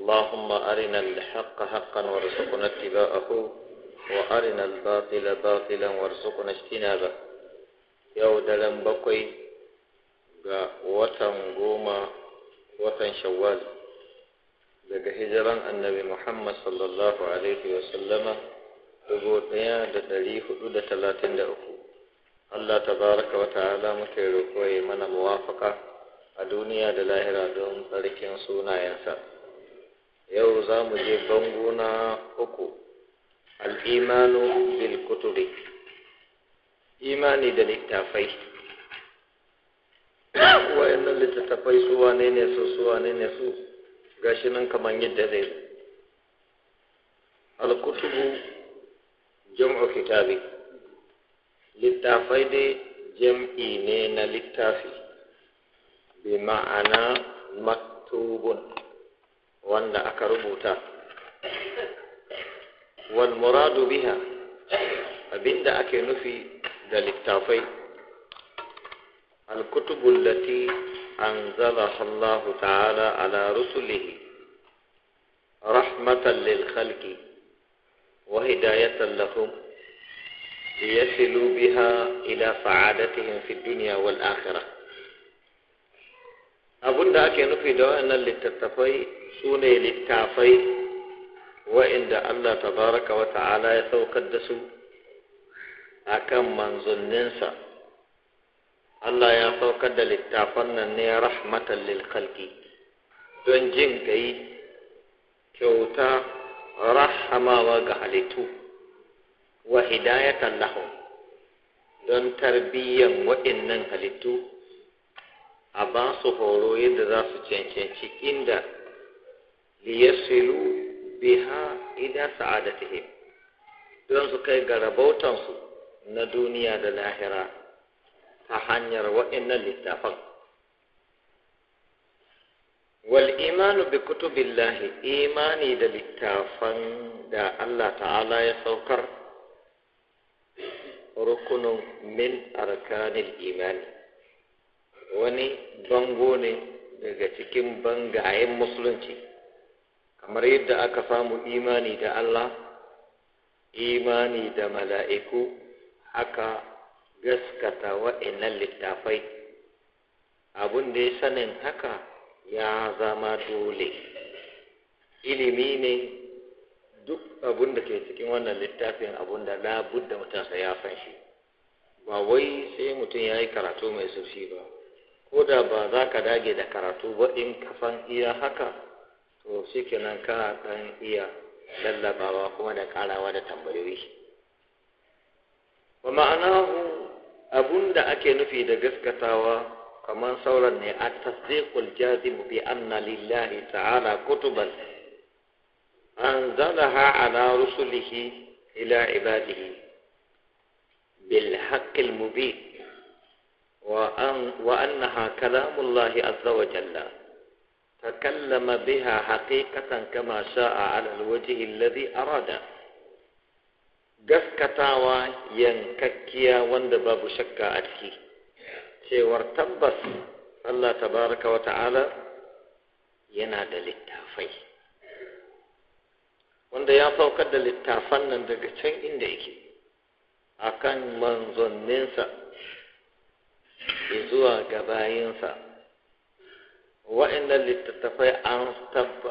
اللهم أرنا الحق حقا وارزقنا اتباعه وأرنا الباطل باطلا وارزقنا اجتنابه yau daren bakwai ga watan goma watan shawwal daga hijiran annabi Muhammad sallallahu Alaihi wasallama dubu ɗaya da dari hudu da talatin da uku. Allah ta baraka wa ta'ala muke roƙo ya mana muwafaka a duniya da lahira don tsarkin sunayensa. yau za mu je bango na uku al'imanu bil kuturi imani da littafai wayannan littattafai su wane ne su su wane ne su gashi nan kamar yadda zai al-kutubu jam'u kitabi littafai dai jam'i ne na littafi bi ma'ana maktubun وأن أكربوتا والمراد بها muradu biha ذلك تافي الكتب التي أنزلها الله تعالى على رسله رحمة للخلق وهداية لهم ليصلوا بها إلى سعادتهم في الدنيا والآخرة abun da ake nufi da wayannan littattafai su ne littafai wa'inda Allah tabaraka wa ta'ala ya saukar da su a kan manzanninsa Allah ya saukar da littafan nan ne rahmatan lil don jin gai kyauta rahamawa ga halittu wa hidayatan lahum don tarbiyyan waɗannan halittu a ba su horo yadda za su cancanci inda liyasilu biha ta sa'adatihim don su kai ga rabautansu na duniya da lahira ta hanyar waɗannan littafan wal imanu bi kutubillahi imani da littafan da Allah ta'ala ya saukar rukunin min arkanil imani wani bango ne daga cikin bangayen musulunci kamar yadda aka samu imani da Allah imani da mala'iku aka gaskata wa'inan littafai abun da ya sanin haka ya zama dole ilimi ne duk abun da ke cikin wannan littafin abun da labudda mutansa ya san shi ba wai sai mutum ya yi karatu mai sushi ba ko da ba za ka dage da karatu ba in kafan iya haka to shi kenan ka ɗan iya lallabawa kuma da karawa da tambayoyi wa ma'anahu abun da ake nufi da gaskatawa kamar sauran ne a tasdiqul jazim bi anna lillahi ta'ala kutuban anzalaha ala rusulihi ila ibadihi bil haqqil mubin وأن وأنها كلام الله عز وجل تكلم بها حقيقة كما شاء على الوجه الذي أراده gaskatawa yankakkiya wanda babu shakka a ciki cewar tabbas Allah tabaraka wa ta'ala yana da littafai wanda ya saukar da littafan nan daga can inda yake akan manzanninsa zuwa ga Wa wa'annan littattafai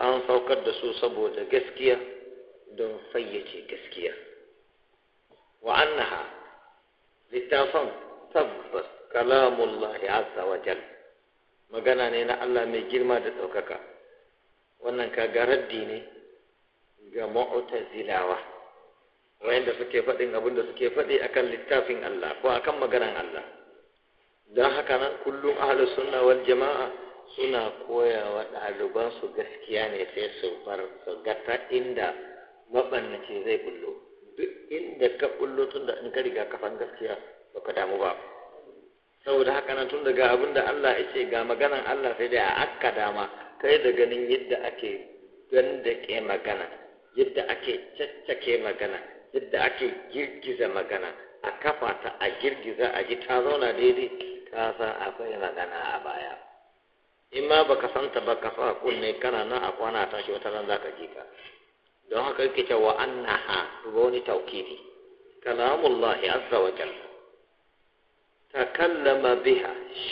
an saukar da su saboda gaskiya don fayyace gaskiya wa'annaha littafan tabbas kalamullahi azza wa jal magana ne na Allah mai girma da ɗaukaka wannan kaga raddi ne ga mu'tazilawa wayanda suke faɗin abin suke faɗi akan littafin Allah ko akan maganan Allah don haka nan kullum ahlus sunna wal jama'a suna koya wa ɗaliban su gaskiya ne sai su bar su gata inda mabannace zai bullo duk inda ka bullo tun da in ka riga kafan gaskiya ba ka damu ba saboda haka nan tun daga abin da Allah ya ce ga maganan Allah sai dai a akka dama kai da ganin yadda ake gandake magana yadda ake caccake magana yadda ake girgiza magana a kafa ta a girgiza a ji ta zauna daidai ka san akwai magana a baya in ma baka santa ba ka fara kunne kana nan a kwana ta shi wata nan za ka je ka don haka yake ce wa annaha ruwa wani taukidi kalamullahi azza wa jalla kallama biha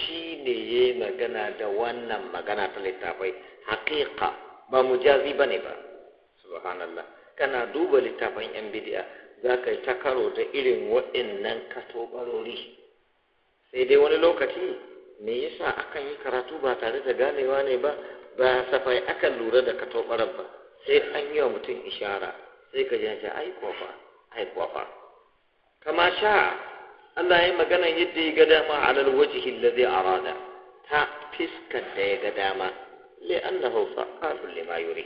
ya yi magana da wannan magana ta littafai haƙiƙa. ba mu jazi ba ne ba. subhanallah kana duba littafan yan bidiya za ka yi ta karo da irin waɗannan katobarori sai dai wani lokaci me yasa akan yi karatu ba tare da ganewa ne ba ba safai akan lura da katobarar ba sai an yi wa mutum ishara sai ka ji ai kofa ai kofa kama sha Allah ya yi magana yadda ya ga dama alal wajhi allazi arada ta fiskar da ya ga dama li'annahu fa'alun lima yuri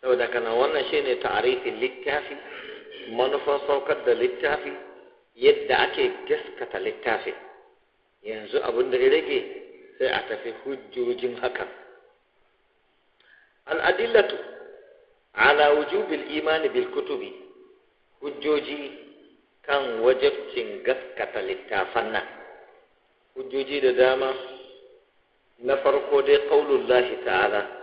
saboda kana wannan shine ta'arifin littafi manufar saukar da littafi yadda ake gaskata littafin yanzu abin da ya rage sai a tafi hujjojin hakan al'adillatu ala wujubil imani bil kutubi hujjoji kan wajabcin gaskata littafan nan hujjoji da dama na farko dai qaulullahi ta'ala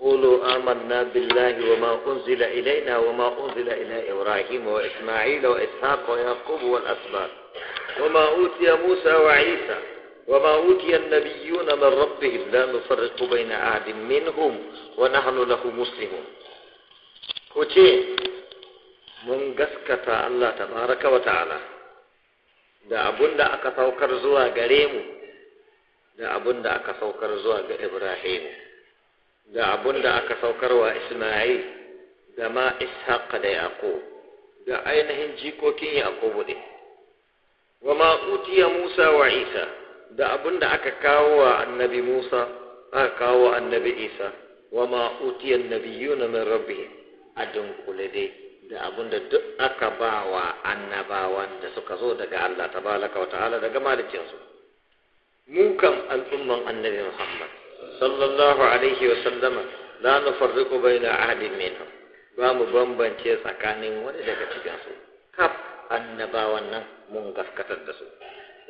قولوا آمنا بالله وما أنزل إلينا وما أنزل إلى إبراهيم وإسماعيل وإسحاق ويعقوب والأسباب وما أوتي موسى وعيسى وما أوتي النبيون من ربهم لا نفرق بين أحد منهم ونحن له مسلمون كوتشي من قسكة الله تبارك وتعالى da abun da aka saukar zuwa gare mu da abun da aka saukar zuwa ga Ibrahimu da abun da aka wa Ismail da ma Ishaq da Yaqub da ainihin jikokin Yaqub ne wa ma utiya Musa wa Isa da abun da aka kawo wa annabi Musa aka kawo annabi Isa wa ma utiya annabiyuna min rabbihim adun kulade dai da abun da duk aka ba wa annabawan da suka zo daga Allah tabaraka wa ta'ala daga su mu kam al'umman annabi Muhammad sallallahu alaihi wa sallama la nufarriqu baina ahadin minhum ba mu bambance tsakanin wani daga cikin su kaf annabawan nan mun gaskatar da su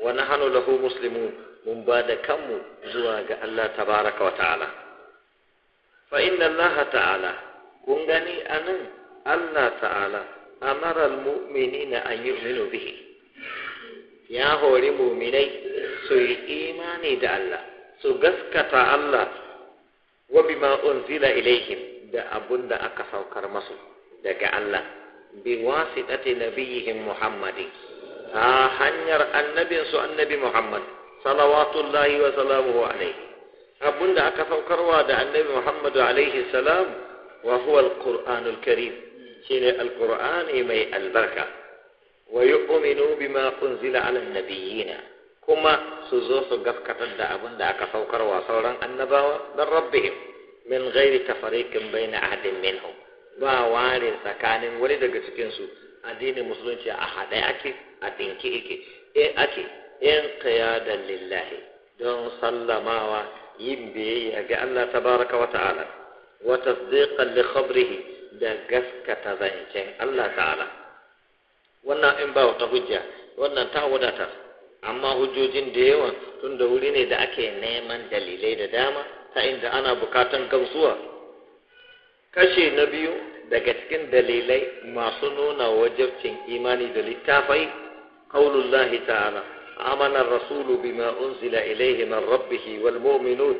wa nahnu lahu muslimun mun ba da kanmu zuwa ga Allah tabaraka wa ta'ala fa inna Allah ta'ala kun gani anan Allah ta'ala amara na an yu'minu bihi ya hori mu'minai su yi imani da Allah su gaskata Allah wa bima unzila ilaihim da abun da aka saukar masu daga Allah bi wasitati nabiyihim Muhammadin a hanyar annabin su annabi Muhammad salawatullahi wa salamuhu alaihi abun da aka saukarwa da annabi Muhammad alaihi salam wa huwa alqur'anul karim shine alqur'ani mai albarka wa yu'minu bima unzila ala nabiyina kuma su zo su gaskatar da abin da aka saukarwa sauran annabawa don rabbihim min gairi tafarikin bai na ahadin minhum ba ware tsakanin wani daga cikinsu addinin musulunci a haɗe ake a dinki e, ake in ake in qiyadan lillahi don sallamawa yin biyayya ga Allah tabaraka wa ta'ala wa tasdiqan li khabrihi da gaskata zancen Allah ta'ala wannan in ba wata hujja wannan ta wadatar amma hujjojin da yawa tun da wuri ne da ake neman dalilai da dama ta inda ana bukatan gamsuwa kashe na biyu daga cikin dalilai masu nuna wajabcin imani da littafai qaulullahi ta'ala amana rasulu bima unzila ilayhi min rabbih wal mu'minun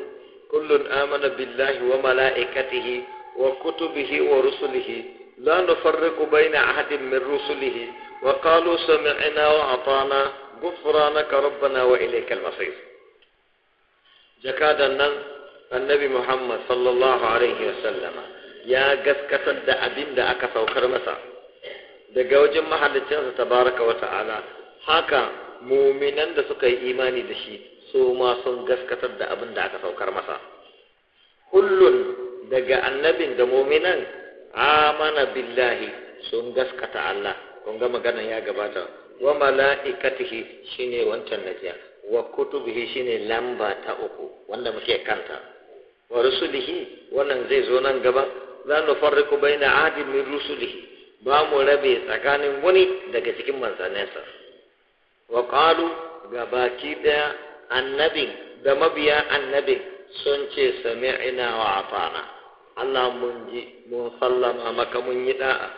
kullun amana billahi wa malaikatihi wa kutubihi wa rusulihi la nufarriqu bayna ahadin min rusulihi wa qalu sami'na wa ata'na غفرانك ربنا وإليك المصير jakadan nan annabi Muhammad sallallahu Alaihi wasallama ya gaskatar da abin aka saukar masa daga wajen mahalicinsa tabaraka wa ta'ala haka muminan da suka yi imani da shi su ma sun gaskatar da abin aka saukar masa kullun daga annabin da muminan amana billahi sun gaskata Allah kun ga ya gabata wa mala'ikatihi shine wancan najiya wa kutubihi shine lamba ta uku wanda muke kanta wa rusulihi wannan zai zo nan gaba Za mu farriku bai na adi min rusulihi ba mu rabe tsakanin wani daga cikin manzanensa wa ga baki ɗaya annabin da mabiya annabin sun ce sami'ina wa afana Allah mun ji mun sallama maka mun yi da'a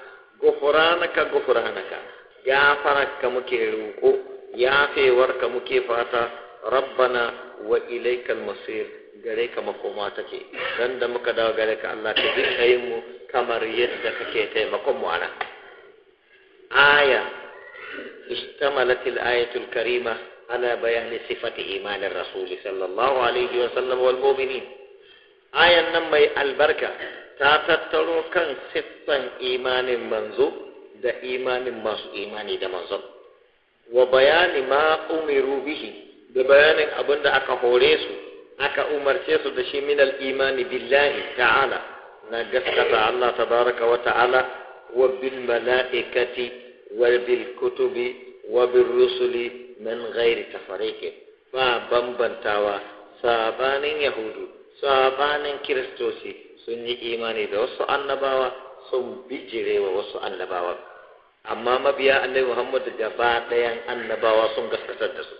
gufuranaka gufuranaka Ya gafararka muke roƙo yafewarka muke fata rabbana wa ilaikal masir gare ka makoma take dan da muka dawo gare ka Allah ka dinka yin mu kamar yadda kake taimakon mu ana aya ishtamalat al-ayatu al-karima ala bayani sifat iman ar-rasul sallallahu alaihi wa sallam wal mu'minin ayan nan mai albarka ta tattaro kan siffan imanin manzo da imanin masu imani da manzon wa bayani ma umiru bihi da bayanin abin da aka hore su aka umarce su da shi min imani billahi ta'ala na gaskata Allah tabaraka wa ta'ala wa bil mala'ikati wa bil kutubi wa bil rusuli min ghairi tafarike ba bambantawa sabanin yahudu sabanin kiristoci sun yi imani da wasu annabawa sun bijire wa wasu annabawa amma mabiya annabi Muhammad gaba ɗayan annabawa sun gaskatar da su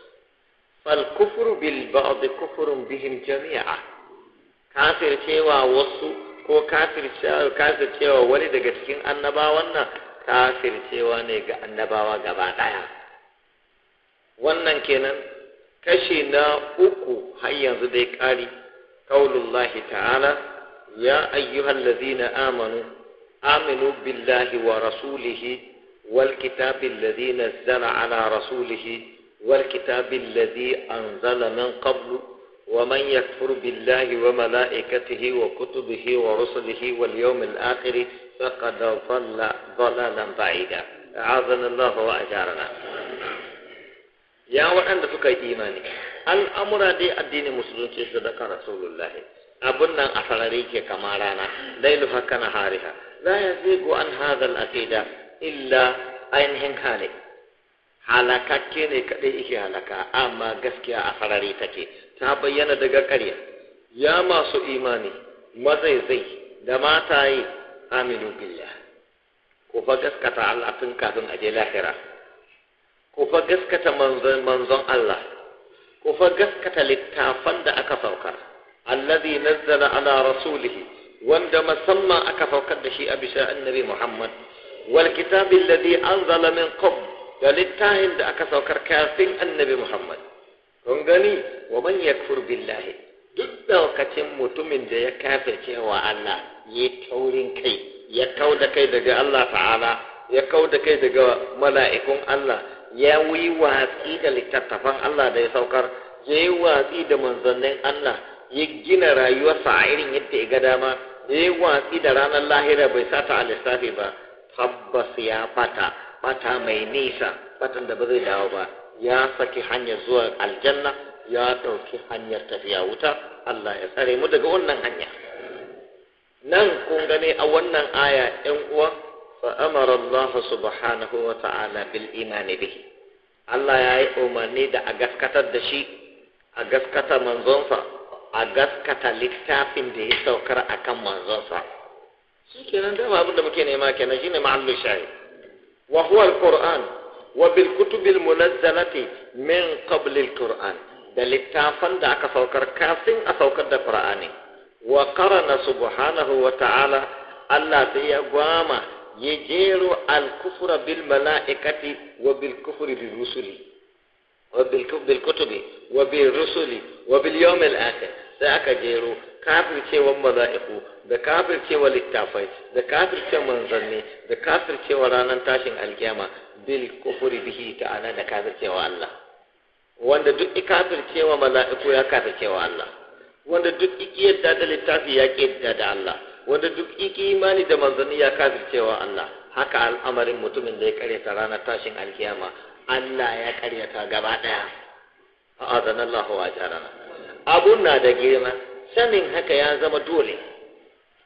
fal kufru bil ba'd kufrun bihim jami'a kafir cewa wasu ko kafir cewa wani daga cikin annabawan nan kafir cewa ne ga annabawa gaba ɗaya wannan kenan kashi na uku har yanzu dai ƙari kaulullahi ta'ala ya ayyuhallazina amanu آمنوا بالله ورسوله والكتاب الذي نزل على رسوله والكتاب الذي أنزل من قبل ومن يكفر بالله وملائكته وكتبه ورسله واليوم الآخر فقد ضل ضلالا بعيدا أعاذنا الله وأجارنا يا waɗanda suka إيماني الأمر دي الدين addinin musulunci رسول الله أبنا أفلريك nan a farare ke la yazigu an hadha al-aqida illa ainihin hali? halik ke ne kadai yake halaka amma gaskiya a farare ta ke. ta bayyana daga karya. ya masu imani Mazai mazaizai da yi. aminu billah ku fa gaskata Allah tun kafin aje lahira ku fa gaskata manzon Allah ku fa gaskata littafan da aka saukar allazi nazzala ala rasulihi wanda musamman aka saukar da shi a bisa annabi Muhammad wal kitabi alladhi anzala min qabl da littafin da aka saukar kafin annabi Muhammad kun gani wa man yakfur billahi duk daukacin mutumin da ya kafirce wa Allah ya taurin kai ya kau da kai daga Allah ta'ala ya kau da kai daga mala'ikun Allah ya wi watsi da littattafan Allah da ya saukar ya yi watsi da manzannin Allah ya gina rayuwarsa a irin yadda ya ga dama da ya watsi da ranar lahira bai sata a lissafi ba tabbas ya bata fata mai nisa fatan da ba zai dawo ba ya saki hanyar zuwa aljanna ya ɗauki hanyar tafiya wuta Allah ya tsare mu daga wannan hanya nan kun gane a wannan aya ɗan uwa fa amara Allah subhanahu wa ta'ala bil imani bihi Allah ya yi umarni da a gaskatar da shi a gaskata manzonsa agas kata littafin da ya saukar a kan manzonsa shi kenan dama abin da muke nema kenan shine ma'allu shahi wa huwa alquran wa bil al munazzalati min qabli quran da littafan da aka saukar kafin a saukar da qur'ani wa qarana subhanahu wa ta'ala Allah sai ya gwama ya jero alkufra bil mala'ikati wa bil kufri bil rusuli وبالكتب وبالرسل وباليوم الآخر sai aka jero cewa Mazaiku, da cewa littafai da cewa manzanni da cewa ranar tashin alkiyama bil kufuri bihi ta'ala da cewa Allah wanda duk cewa mala'iku ya kafircewa Allah wanda duk i yadda da littafi ya ki da Allah wanda duk iki imani da manzanni ya kafircewa Allah haka al'amarin mutumin da ya karyata ranar tashin alkiyama Allah ya karyata gaba daya a'adanallahu wa jarana abun na da girma sanin haka ya zama dole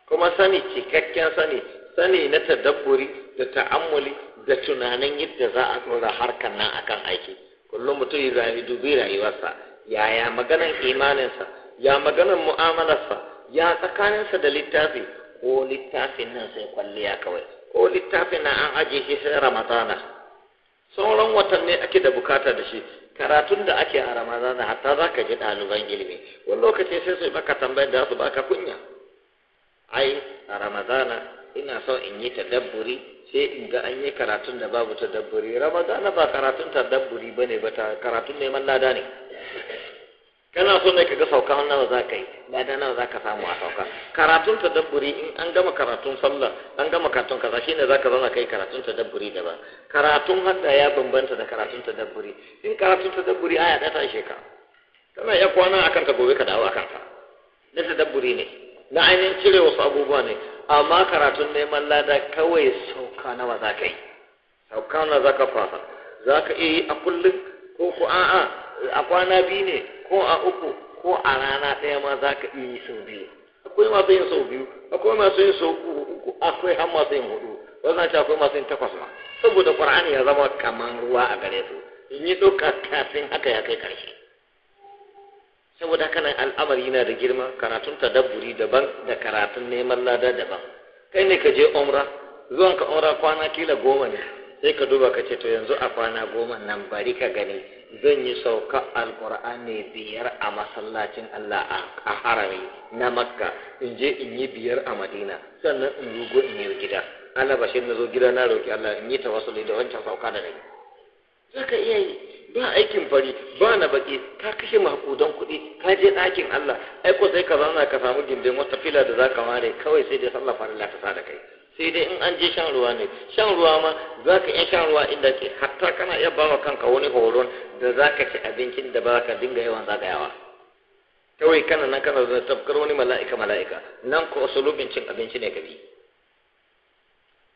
kuma sani cikakken sani sani na tadabburi da ta'ammuli da tunanin yadda za a tsora harkar nan akan aiki kullum mutum ya rayu dubi rayuwarsa yaya maganan imaninsa ya maganan mu'amalarsa ya tsakaninsa da littafi ko littafin nan sai kwalliya kawai ko littafin na an ajiye shi sai ramadana sauran watanni ake da bukata da shi karatun da ake a ramadana hatta za ka ji ɗaliban ilimi wani lokaci sai su maka tambayar da su baka kunya ai a ramadana ina so in yi tadabburi sai in ga an yi karatun da babu tadabburi ramadana ba karatun tadabburi ba ne ba karatun neman lada ne kana so ne ka ga saukan nawa za ka yi lada nawa za ka samu a sauka karatun tadabburi in an gama karatun sallah an gama karatun kaza shine za ka zauna kai karatun tadabburi daban karatun hadda ya bambanta da karatun tadabburi in karatun tadabburi aya ɗaya ta ishe ka kana iya kwana akan ta gobe ka dawo akan ta na tadabburi ne na ainihin cire wasu abubuwa ne amma karatun neman lada kawai sauka nawa za ka yi sauka nawa za ka fasa za ka iya yi a kullum ko ko a'a a kwana biyu ne ko a uku ko a rana ɗaya ma za ka iya yi sau biyu akwai masu yin sau biyu akwai masu yin sau uku akwai har masu yin hudu wannan ce akwai masu yin takwas ma saboda ƙwar'an ya zama kamar ruwa a gare su in yi ɗauka kafin haka ya kai ƙarshe saboda haka nan al'amari yana da girma karatun ta tadabburi daban da karatun neman lada daban kai ne ka je umra zuwanka umra kwana kila goma ne sai ka duba ka ce to yanzu a kwana goma nan bari ka gani zan yi sauka alkur'ani biyar a masallacin Allah a harami na makka in je in yi biyar a madina sannan in rugo in yi gida Allah bashin na zo gida na roki Allah in yi tawassuli da wancan sauka da nake zaka iya yi ba aikin fari ba na baki ka kashe mahakudan kuɗi ka je ɗakin Allah aiko sai ka zauna ka samu gindin wata fila da zaka ware kawai sai dai sallah farilla ta sa da kai sai dai in an je shan ruwa ne shan ruwa ma za ka iya shan ruwa inda ke hatta kana iya ba wa kanka wani horon da za ka ci abincin da ba ka dinga yawan zagayawa kawai kana nan kana zuwa tafkar wani mala'ika mala'ika nan ko usulubin cin abinci ne kabi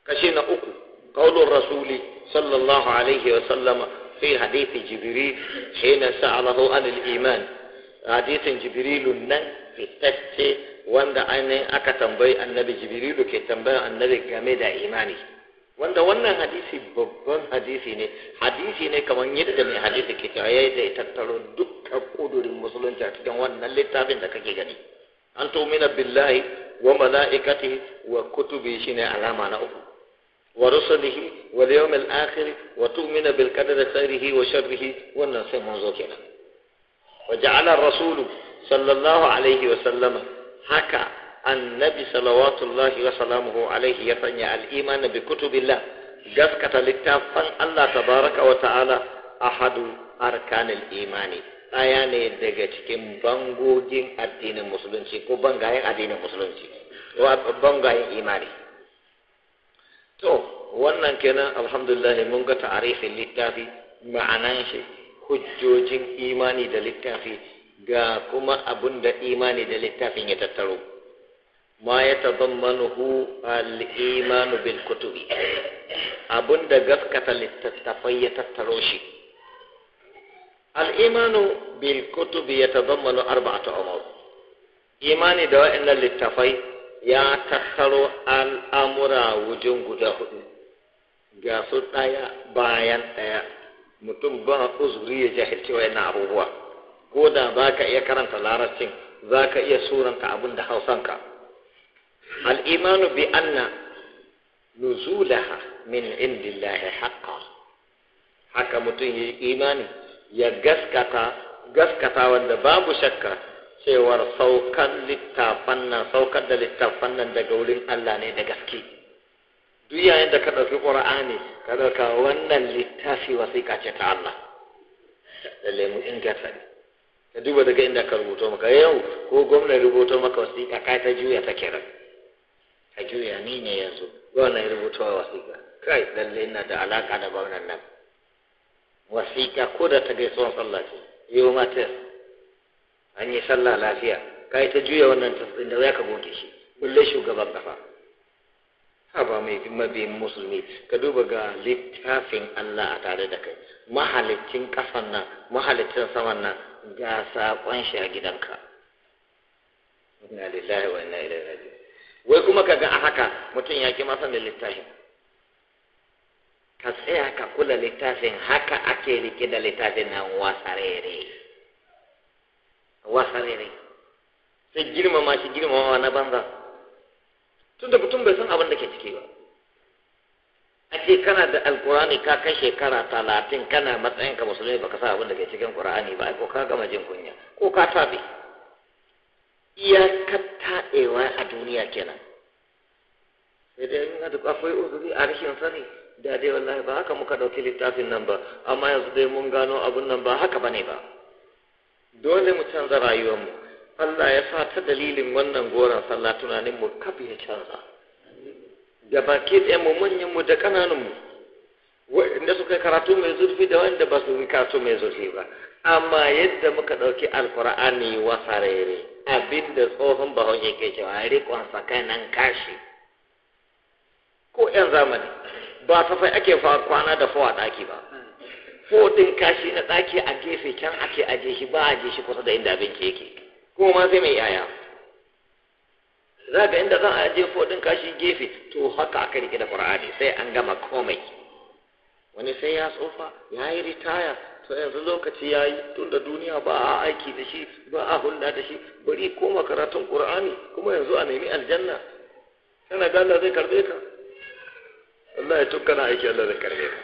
kashe na uku qaulur rasuli sallallahu alaihi wa sallama fi hadisi jibril hina sa'alahu anil iman hadithin jibrilun nan fitacce wanda ainihin aka tambayi annabi jibrilu ke tambayar annabi game da imani wanda wannan hadisi babban hadisi ne hadisi ne kamar yadda mai hadisi ke cewa ya da tattaro dukkan kudurin musulunci a cikin wannan littafin da kake gani an tumina billahi wa mala'ikatihi wa kutubi shine alama na uku wa rusulihi wa yawmil akhir wa tu'mina bil qadari khairihi wa sharrihi wannan sai mun zo kenan wa ja'ala rasulu sallallahu alaihi wa sallama haka annabi salawatullahi wa salamuhu alaihi ya sanya al'imani bi kutubillah gaskata littafan Allah tabaraka wa ta'ala ahadu arkanil imani ɗaya ne daga cikin bangogin addinin musulunci ko bangayen addinin musulunci ko bangayen imani to wannan kenan alhamdulillah mun ga ta'arifin littafi ma'anan shi hujjojin imani da littafi ga kuma abun da imani da littafin ya tattaro ma ya tadammanuhu al-imanu bil kutubi abun da gaskata littattafai ya tattaro shi al’imanu imanu bil kutubi ya tadammanu arba'ata umur imani da wa'annan littafai ya tattaro al'amura wajen guda hudu ga su ɗaya bayan ɗaya mutum ba uzuri ya jahilci wa'annan abubuwa ko da za ka iya karanta larabcin za ka iya suranta abin da hausanka al'imanu bi anna nuzulaha min indillahi haqqa haka mutum ya yi imani ya gaskata gaskata wanda babu shakka cewar saukar littafan nan saukar da littafan nan daga wurin Allah ne da gaske duk yayin da ka ɗauki ƙur'ani ka ɗauka wannan littafi wasiƙa ce ta Allah da lemu in ka duba daga inda ka rubuto maka yau ko gwamna rubuto maka wasiƙa ka ta juya ta kira ka juya ni ne yanzu gwamna ya rubuto wasiƙa kai lalle ina da alaƙa da gwamnan nan wasiƙa ko da ta gaisuwan sallah ce yau ma tes an yi sallah lafiya ka ta juya wannan tasbin da za ka goge shi Kullum shugaban kafa haba mai mabiyin musulmi ka duba ga littafin Allah a tare da kai mahalicin kasan nan mahalicin saman nan ga saƙon shi a gidanka inna lillahi wa ina ilai raji. wai kuma ga a haka mutum ya ki masa da littafin ka tsaya ka kula littafin haka ake rike da littafin nan wasarere wasarere sai girmama shi girmama na banza tunda mutum bai san abin da ke ciki ba a ce kana da alkurani ka kai shekara talatin kana matsayin ka musulmi baka sa abin da ke cikin qur'ani ba ko ka gama jin kunya ko ka tabe iya ka taɗewa a duniya kenan sai dai in duk uzuri a rashin sani da dai wallahi ba haka muka ɗauki littafin nan ba amma yanzu dai mun gano abun nan ba haka bane ba dole mu canza rayuwar mu. Allah ya sa ta dalilin wannan goron sallah tunanin mu kafin ya canza da baki ɗaya mu manyan mu da ƙananan mu wanda suka karatu mai zurfi da wanda ba su karatu mai zurfi ba amma yadda muka ɗauki alkur'ani wasarere abinda tsohon bahon yake cewa rikon nan kashi ko ƴan zamani ba ta fai ake kwana da fawa ɗaki ba ɗin kashi na ɗaki a gefe can ake aje shi ba aje shi kusa da inda abinci yake kuma ma sai mai yaya za ga inda zan aje fo din kashi gefe to haka aka rike da qur'ani sai an gama komai wani sai ya tsofa ya yi ritaya to yanzu lokaci ya yi tun duniya ba a aiki da shi ba a hulɗa da shi bari koma karatun qur'ani kuma yanzu a nemi aljanna kana ga Allah zai karbe ka Allah ya tukana aiki Allah zai karbe ka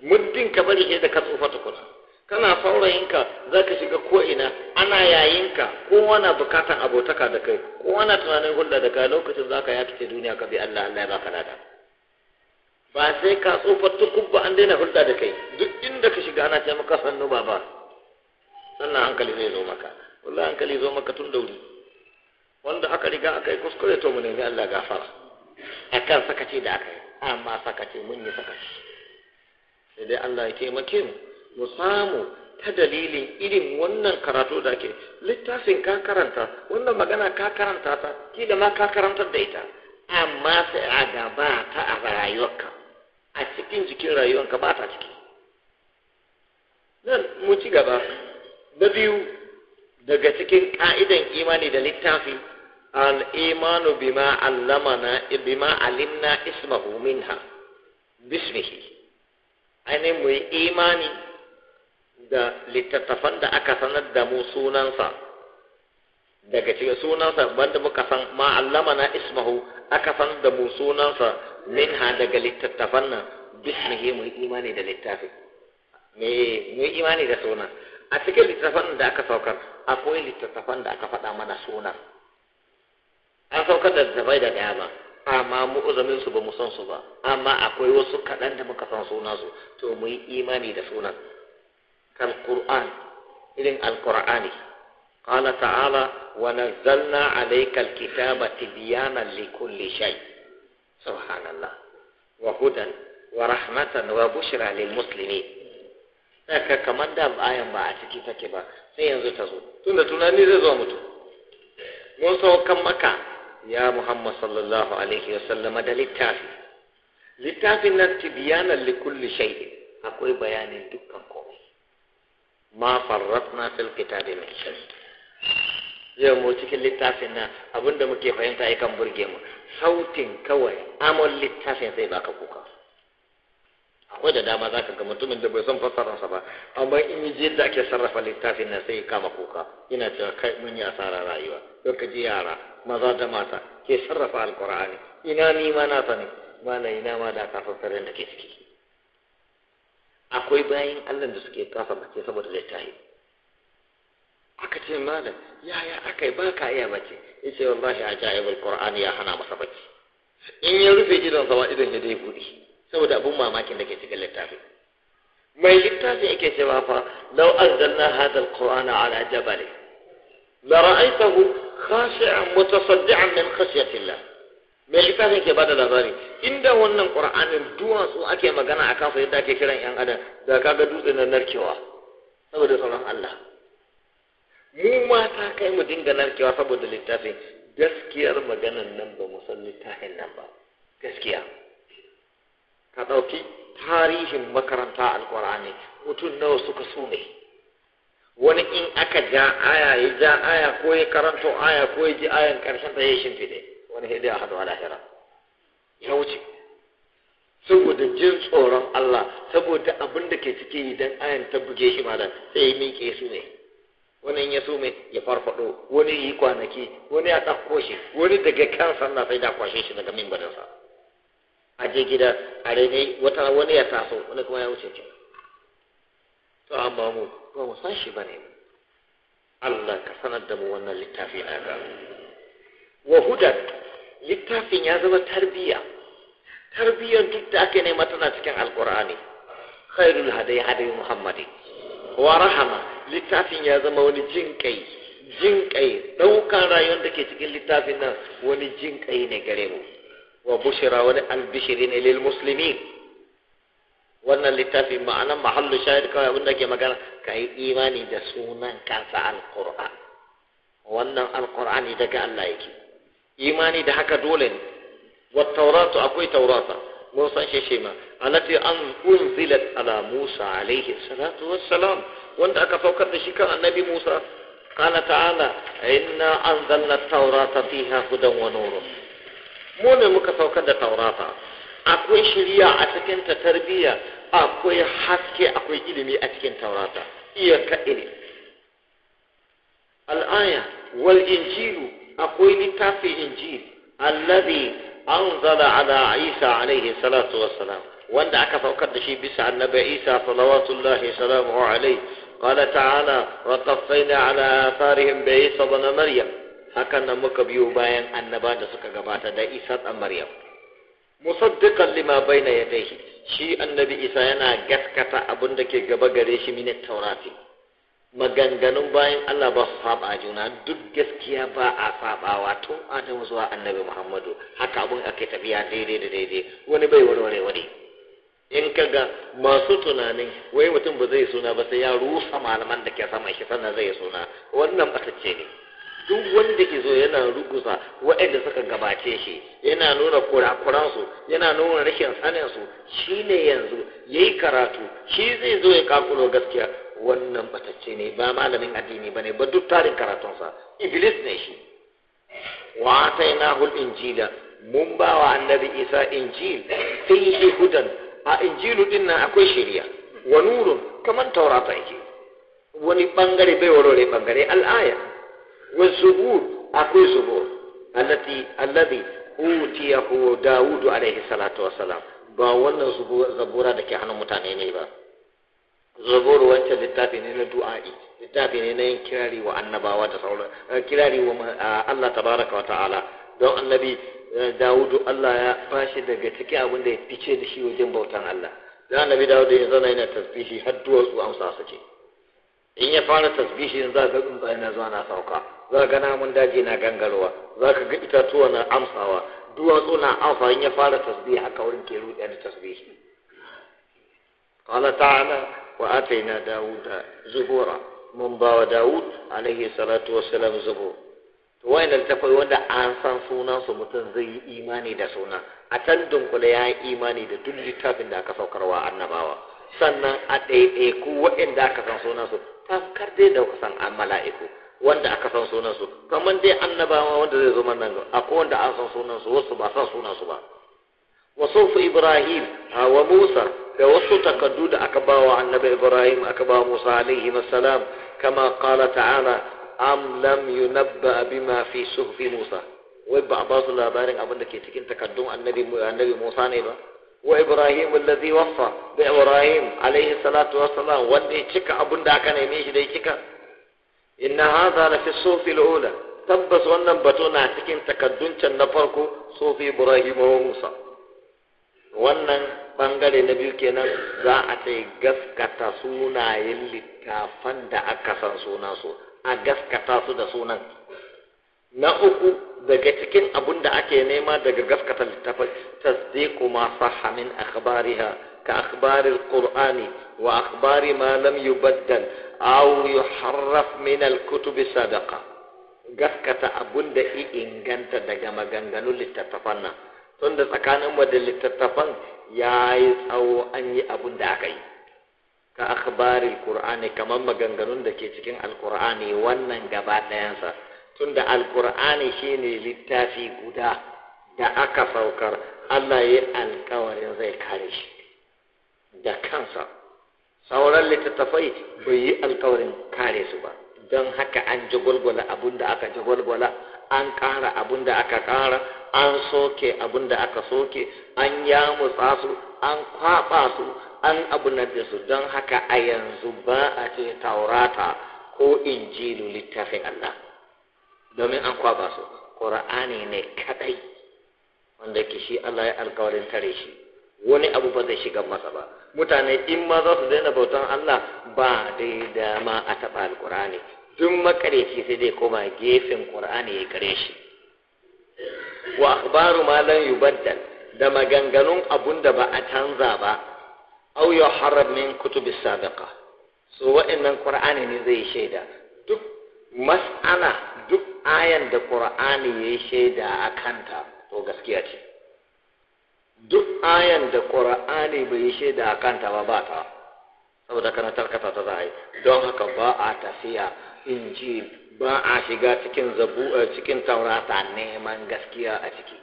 muddin ka bari ke da ka tsofa tukuna kana saurayinka za ka shiga ko'ina ana yayinka kowa na bukatan abotaka da kai kowa na tunanin hulɗa da kai lokacin za ka yakice duniya ka bi Allah Allah ya baka lada ba sai ka tsofa tukubba an daina hulɗa da kai duk inda ka shiga ana ce maka sannu ba ba sannan hankali zai zo maka wallahi hankali zo maka tun da wuri wanda aka riga aka yi kuskure to mu nemi Allah gafara kan sakaci da aka yi amma sakaci mun yi sakaci sai dai Allah ya taimake mu mu samu ta dalilin irin wannan karatu da ke littafin ka karanta wannan magana ka karanta ta da ma ka karantar da ita amma sai a gaba ta a rayuwarka a cikin jikin rayuwarka ba ta ciki nan mu ci gaba na biyu daga cikin ka'idan imani da littafi al-imanu bima allamana bima alimna ismahu minha bismihi ainihin mu yi imani da littattafan da aka sanar da mu sunansa daga cikin sunansa banda muka san allama na ismahu aka sanar da mu sunansa ha daga littattafan nan bismihi mu imani da littafi me mu imani da sunan a cikin littattafan da aka saukar akwai littattafan da aka faɗa mana sunan an saukar da littattafai da dama amma mu uzumin su ba mu san su ba amma akwai wasu kaɗan da muka san sunansu, to mu yi imani da sunan كالقرآن إذن القرآن قال تعالى ونزلنا عليك الكتاب تبيانا لكل شيء سبحان الله وهدى ورحمة وبشرى للمسلمين haka kamar da ayan ba a ciki take ba sai yanzu ta zo tunda tunani zai zo mutu mun kan maka ya muhammad sallallahu alaihi wa sallama da littafi littafin nan tibiyanan li kulli shay'in akwai bayanin dukkan ma farratna fil kitabi min shay yau mu cikin littafin na abinda muke fahimta ya kan burge mu sautin kawai amon littafin zai baka kuka akwai da dama zaka ga mutumin da bai son fassararsa ba amma in yi da ake sarrafa littafin na sai kama kuka ina cewa kai mun yi asara rayuwa yau ka ji yara maza da mata ke sarrafa alkur'ani ina ni ma na sani ma na ina ma da ka da ke ciki akwai bayin Allah da suke kafa mace saboda zai tahi aka ce malam yaya aka yi baka iya mace ya ce wallahi a ja'i bil qur'an ya hana masa bacci in ya rufe idon sama idan ya dai gudi saboda abun mamakin da ke cikin littafi mai littafi yake cewa fa law anzalna hadha al qur'ana ala jabal la ra'aytahu khashi'an mutasaddian min khashyati Allah Me littafin ke bada labari inda wannan qur'anin duwatsu ake magana a kansa yadda ake kiran yan adam da kaga dutse na narkewa saboda sauran Allah mu ma ta kai mu dinga narkewa saboda littafin gaskiyar maganan nan ba mu san littafin nan ba gaskiya ka ɗauki tarihin makaranta alƙur'ani mutum nawa suka so ne wani in aka ja aya ya ja aya ko ya karanto aya ko ya ji ayan ƙarshen ta ya shimfiɗe wani hidi a hadu lahira ya wuce saboda jin tsoron Allah saboda abin da ke ciki idan ayan ta buge shi malam sai ya miƙe su ne wani ya so mai ya farfado wani yi kwanaki wani ya ɗauko shi wani daga kansa na sai da kwashe shi daga mimbarinsa a je gida a rene wata wani ya taso wani kuma ya wuce ce to amma mu ba mu san shi bane Allah ka sanar da mu wannan littafi na ga wa hudan littafin ya zama tarbiyya tarbiyyar duk da aka nema tana cikin alkur'ani khairul hadai hadai muhammadi wa rahama littafin ya zama wani jin kai jin kai daukan rayuwar da ke cikin littafin nan wani jin kai ne gare mu wa bushira wani albishiri ne lil muslimin wannan littafi ma'anan mahallu shahid kawai abinda ke magana ka yi imani da sunan kansa alkur'an wannan alkur'ani daga Allah yake imani da haka dole ne wa tauratu akwai taurata mun san shi shema allati an unzilat ala musa alaihi salatu wassalam wanda aka saukar da shi kan annabi musa qala ta'ala inna anzalna at-taurata fiha hudan wa nur mu ne muka saukar da taurata akwai shari'a a cikin ta tarbiyya akwai haske akwai ilimi a cikin taurata iya ka ilimi al'aya wal injilu akwai littafin injil allazi anzala ala isa alaihi salatu wassalam wanda aka saukar da shi bisa annabi isa salawatullahi salamu alaihi قال تعالى وقفينا على آثارهم بعيسى بن مريم هكذا مكبيو باين أن بعد سكا قباتا دا إيسى أم مريم مصدقا لما بين يديه شي النبي إيسى ينا قسكتا أبن دكي قبا قريش من التوراة maganganun bayan Allah ba su saba juna duk gaskiya ba a faɓawa tun Adamu zuwa Annabi Muhammadu haka abun ake tafiya daidai da daidai wani bai warware wani in ga masu tunanin wai mutum ba zai suna ba sai ya rusa malaman da ke saman shi sannan zai suna wannan ce ne duk wanda ke zo yana rugusa waɗanda suka gabace shi yana nuna kurakuransu yana nuna rashin saninsu ne yanzu ya yi karatu shi zai zo ya kakulo gaskiya wannan batacce ne ba malamin addini bane ba duk tarin karatunsa iblis ne shi wa atainahu al-injila mun ba wa annabi isa injil fihi hudan a injilu din akwai shari'a wa nurun kaman taurata yake wani bangare bai warware bangare al'aya wa zubur akwai zubur allati alladhi utiyahu dawudu alaihi salatu wasalam ba wannan zabura da ke hannun mutane ne ba Zubur wancan littafi ne na du'a'i littafi ne na yin kirari wa annabawa da sauran eh, kirari wa eh, Allah tabaraka wa ta'ala don annabi eh, Dawudu Allah ya bashi daga ciki abin da ya fice da shi wajen bautan Allah don annabi Dawudu ya zana yana tasbihi har duwatsu amsa suke in ya fara tasbihi za ga tsuntsaye na zuwa na sauka za ga namun daji na gangarwa za ka ga itatuwa na amsawa duwatsu na amsa in ya fara tasbihi haka wurin ke ruɗe da tasbihi قال تعالى Ku asaina Dawuda zuhura, mun bawa Dawud alayyashiratu wasu shalamsu ba. Wannan ta kai wanda an san sunansu mutum zai yi imani da suna a can dunkule ya imani da duk littafin da a ka saukarwa annabawa, sannan a ɗai ɗai ko waɗanda a san sunansu. Ta kar dai da kusan amala wanda a ka san sunansu, kamar dai annabawa wanda zai zo man nan ba, a ko wanda an san sunansu wasu ba sa sunansu ba. Wasu wasu Ibrahim a wa Musa. da wasu takaddu da aka ba wa annabi ibrahim aka ba musa alaihi salam kama qala ta'ala am lam yunabba bima fi suhfi musa wai ba a ba su labarin abin da ke cikin takaddun annabi annabi musa ne ba wa ibrahim allazi waffa da ibrahim alaihi salatu wassalam wanda ya cika abin da aka neme shi da ya cika inna hadha la fi suhfi al-ula tabbas wannan bato na cikin takaddun can na farko suhfi ibrahim wa musa wannan bangare na biyu kenan za a ce gaskata sunayen littafan da aka san suna su a gaskata su da sunan na uku daga cikin abun da ake nema daga gaskata littafin tasdiqu kuma sahha akhbariha ka akhbaril qur'ani wa akhbari ma lam yubaddal aw yuharraf min al kutubi sadaqa gaskata abun da inganta daga maganganun littattafan nan Tunda da tsakanin mu da littattafan ya yi tsawo an yi abun da aka yi ka akhbaril qur'ani kamar maganganun da ke cikin alqur'ani wannan gaba ɗayansa tun da alqur'ani shine littafi guda da aka saukar Allah ya alkawarin zai kare shi da kansa sauran littattafai bai yi alkawarin kare su ba don haka an jagwalgwala abun da aka jagwalgwala an ƙara abun da aka ƙara an soke abin da aka soke an yamutsa su an kwaɓa su an na da su don haka a yanzu ba a ce taurata ko injilu littafin Allah domin an kwaɓa su ƙura'ani ne kadai wanda ke shi Allah ya alkawarin tare shi wani abu ba zai shiga masa ba mutane in ma za su daina bautan Allah ba dai dama a taɓa alƙur'ani duk makareci sai dai koma gefen ƙur'ani ya kare shi wa akhbaru ma lan yubaddal da maganganun abun da ba a canza ba aw ya haram min kutubi sabiqa so wa'annan qur'ani ne zai shaida duk mas'ala duk ayan da qur'ani ya shaida a kanta to gaskiya ce duk ayan da qur'ani bai shaida a kanta ba ba ta saboda kana tarkata ta zai don haka ba a tafiya injil ba a shiga cikin zabu eh, cikin taurata neman gaskiya a ciki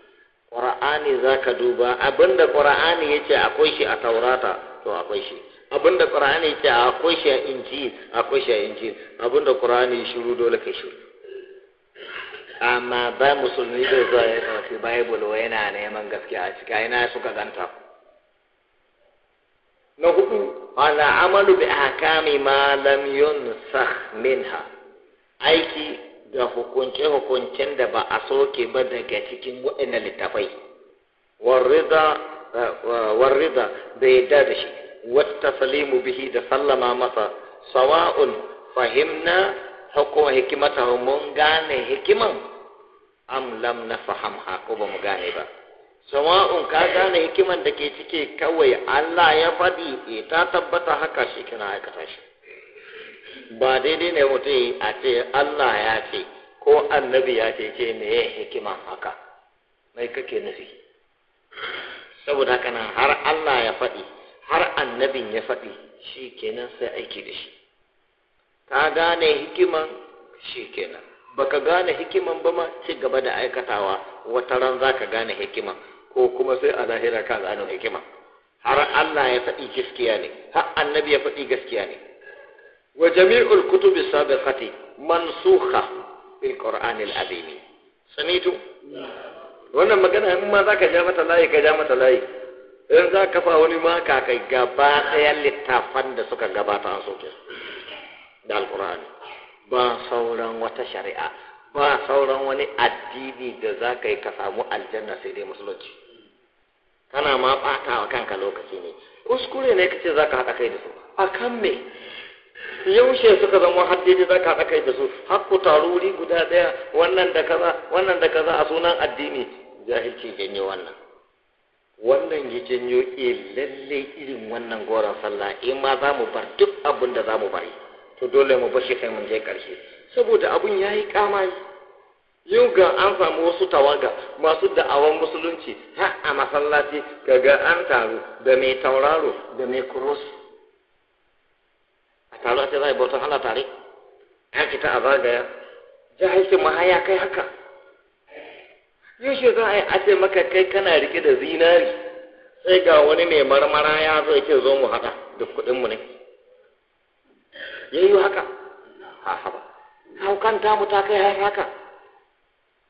qur'ani za ka duba abinda qur'ani ya ce akwai shi a taurata to akwai shi abinda qur'ani ya ce akwai shi a inji akwai shi a inji abinda qur'ani ya shiru dole ka shiru amma ba musulmi zai zo ya bible wa yana neman gaskiya a ciki ina suka ganta na hudu ala amalu bi ahkami ma lam yunsakh minha aiki da hukunce-hukuncen da ba a soke ba daga cikin waɗannan littafai warrida eh, eh, da yadda da shi wata salimu bihi da sallama masa sawa'un fahimna hukuma hikimata mun gane hikiman am lam na faham ko ba mu gane ba sawa'un ka gane hikiman da ke cike kawai Allah ya faɗi eh, ta tabbata haka shi kana aikata shi ba daidai ne mutum a ce Allah ya ce ko annabi ya ce ce me ya hikima haka mai kake nufi saboda haka nan har Allah ya faɗi har annabin ya faɗi shi kenan sai aiki da shi ka gane hikiman shi kenan baka gane hikiman ba ma ci gaba da aikatawa wata ran za ka gane hikiman ko kuma sai a zahira ka gano hikiman har Allah ya faɗi gaskiya ne har annabi ya faɗi gaskiya ne wa jami'ul kutubi sabiqati mansukha bil qur'anil al Sani wannan magana in ma zaka ja mata layi ka ja mata layi in za ka fa wani ma ka kai gaba ɗaya littafan da suka gabata an soke da alquran ba sauran wata shari'a ba sauran wani addini da za ka yi ka samu aljanna sai dai musulunci kana ma ɓata wa kanka lokaci ne kuskure ne ka ce za ka haɗa kai da su a kan me yaushe suka zama haddidi za ka tsakai da su har taruri guda daya wannan da kaza wannan da kaza a sunan addini jahilci janyo wannan wannan ya janyo eh, lalle irin wannan goron sallah in eh, ma za mu bar duk abin da za mu bari to dole mu bashi kai mun je ƙarshe saboda abun ya yi kamari yau ga an samu wasu tawaga masu da'awan musulunci har a masallaci kaga an taru da mai tauraro da mai kurosi a ake a ce za a yi bautan Allah tare ya fita a zagaya jahilcin ma haya kai haka yaushe za a yi a maka kai kana rike da zinari sai ga wani ne marmara ya zo yake zo mu haɗa duk mu ne ya yi haka a kan haukanta mu ta kai har haka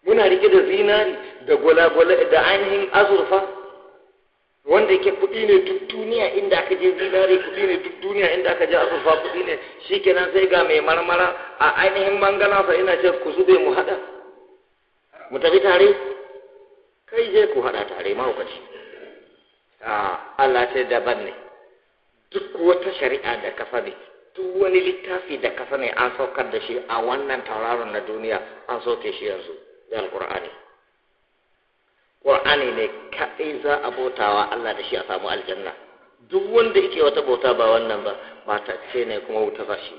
muna rike da zinari da gwalagwala da ainihin azurfa wanda yake kuɗi ne duk duniya inda aka je zinare kuɗi ne duk duniya inda aka je azurfa kuɗi ne shi kenan sai ga mai marmara a ainihin mangana sa ina ce ku zube mu haɗa mu tafi tare kai je ku haɗa tare mahaukaci a Allah ce daban ne duk wata shari'a da kafa ne duk wani littafi da kafa ne an saukar da shi a wannan tauraron na duniya an sauke shi yanzu da alkur'ani Qur'ani ne kaɗai za a bautawa Allah da shi a samu aljanna duk wanda yake wata bauta ba wannan ba ce ne kuma wuta ba shi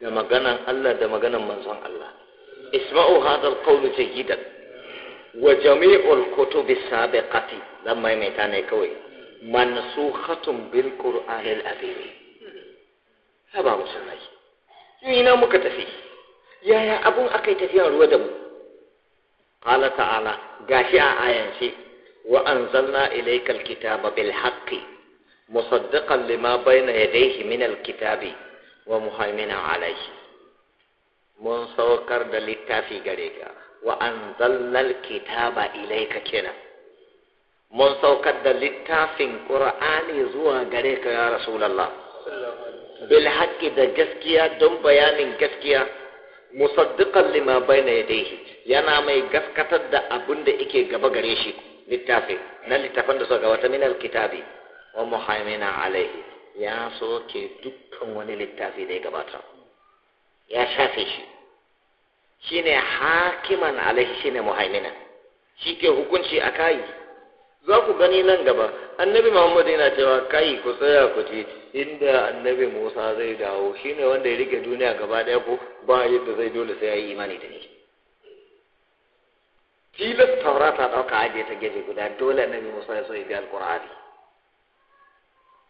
da maganan Allah da maganan manzon Allah isma'u hadal qawlu jayyidan wa jami'ul kutubi sabiqati dan maimaita ne kawai mansukhatun bil qur'anil azim haba musulmai ina muka tafi yaya abun akai tafiya ruwa da mu qala ta'ala gashi a ayan shi wa anzalna ilaykal kitaba bil haqqi musaddiqan lima bayna yadayhi min al kitabi wa muhaimina alayhi mun saukar da littafi gare ka wa anzalna al kitaba ilayka kenan mun saukar da littafin qur'ani zuwa gare ka ya rasulullah da gaskiya don bayanin gaskiya musaddiqan lima yana mai gaskatar da abin da yake gaba gare shi littafi na littafin da suka wata minal kitabi. wa muhaimina alaihi ya soke dukkan wani littafi da ya gabata ya shafe shi shine hakiman alaihi shine muhaimina shi ke hukunci a kayi za ku gani nan gaba annabi muhammadu yana cewa kai ku tsaya ku ce inda annabi musa zai dawo shine wanda ya rike duniya gaba daya ko ba yadda zai dole sai ya yi imani da ni tilas taurata ta ɗauka aje ta gefe guda dole annabi musa ya so ya bi alƙur'ani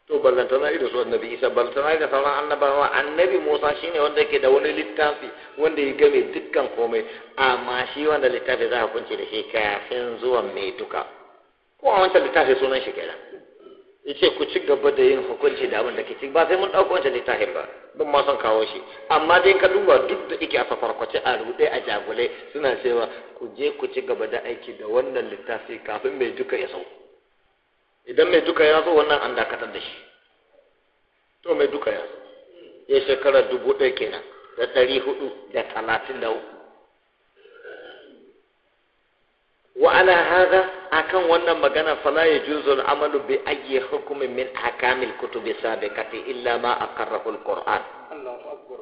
to ballantana ido su annabi isa ballantana da sauran annabawa annabi musa shine wanda yake da wani littafi wanda ya game dukkan komai amma shi wanda littafi za a kunce da shi kafin zuwan mai duka ko a wancan littafi sunan shi kenan yace ku ci gaba da yin hukunci da abin da ke ci ba sai mun ɗauko wancan littafin ba don ma son kawo shi amma dai ka duba duk da ike a farkwace a rude a jagule suna cewa ku je ku ci gaba da aiki da wannan littafi kafin mai duka ya sau idan mai duka ya zo wannan an dakatar da shi to mai duka ya zo ya shekara dubu ɗaya kenan da ɗari hudu da talatin da uku wa ala hada akan wannan magana fala ya juzul amalu bi ayyi hukumin min akamil kutubi sabiqati illa ma aqarrahu alquran Allahu akbar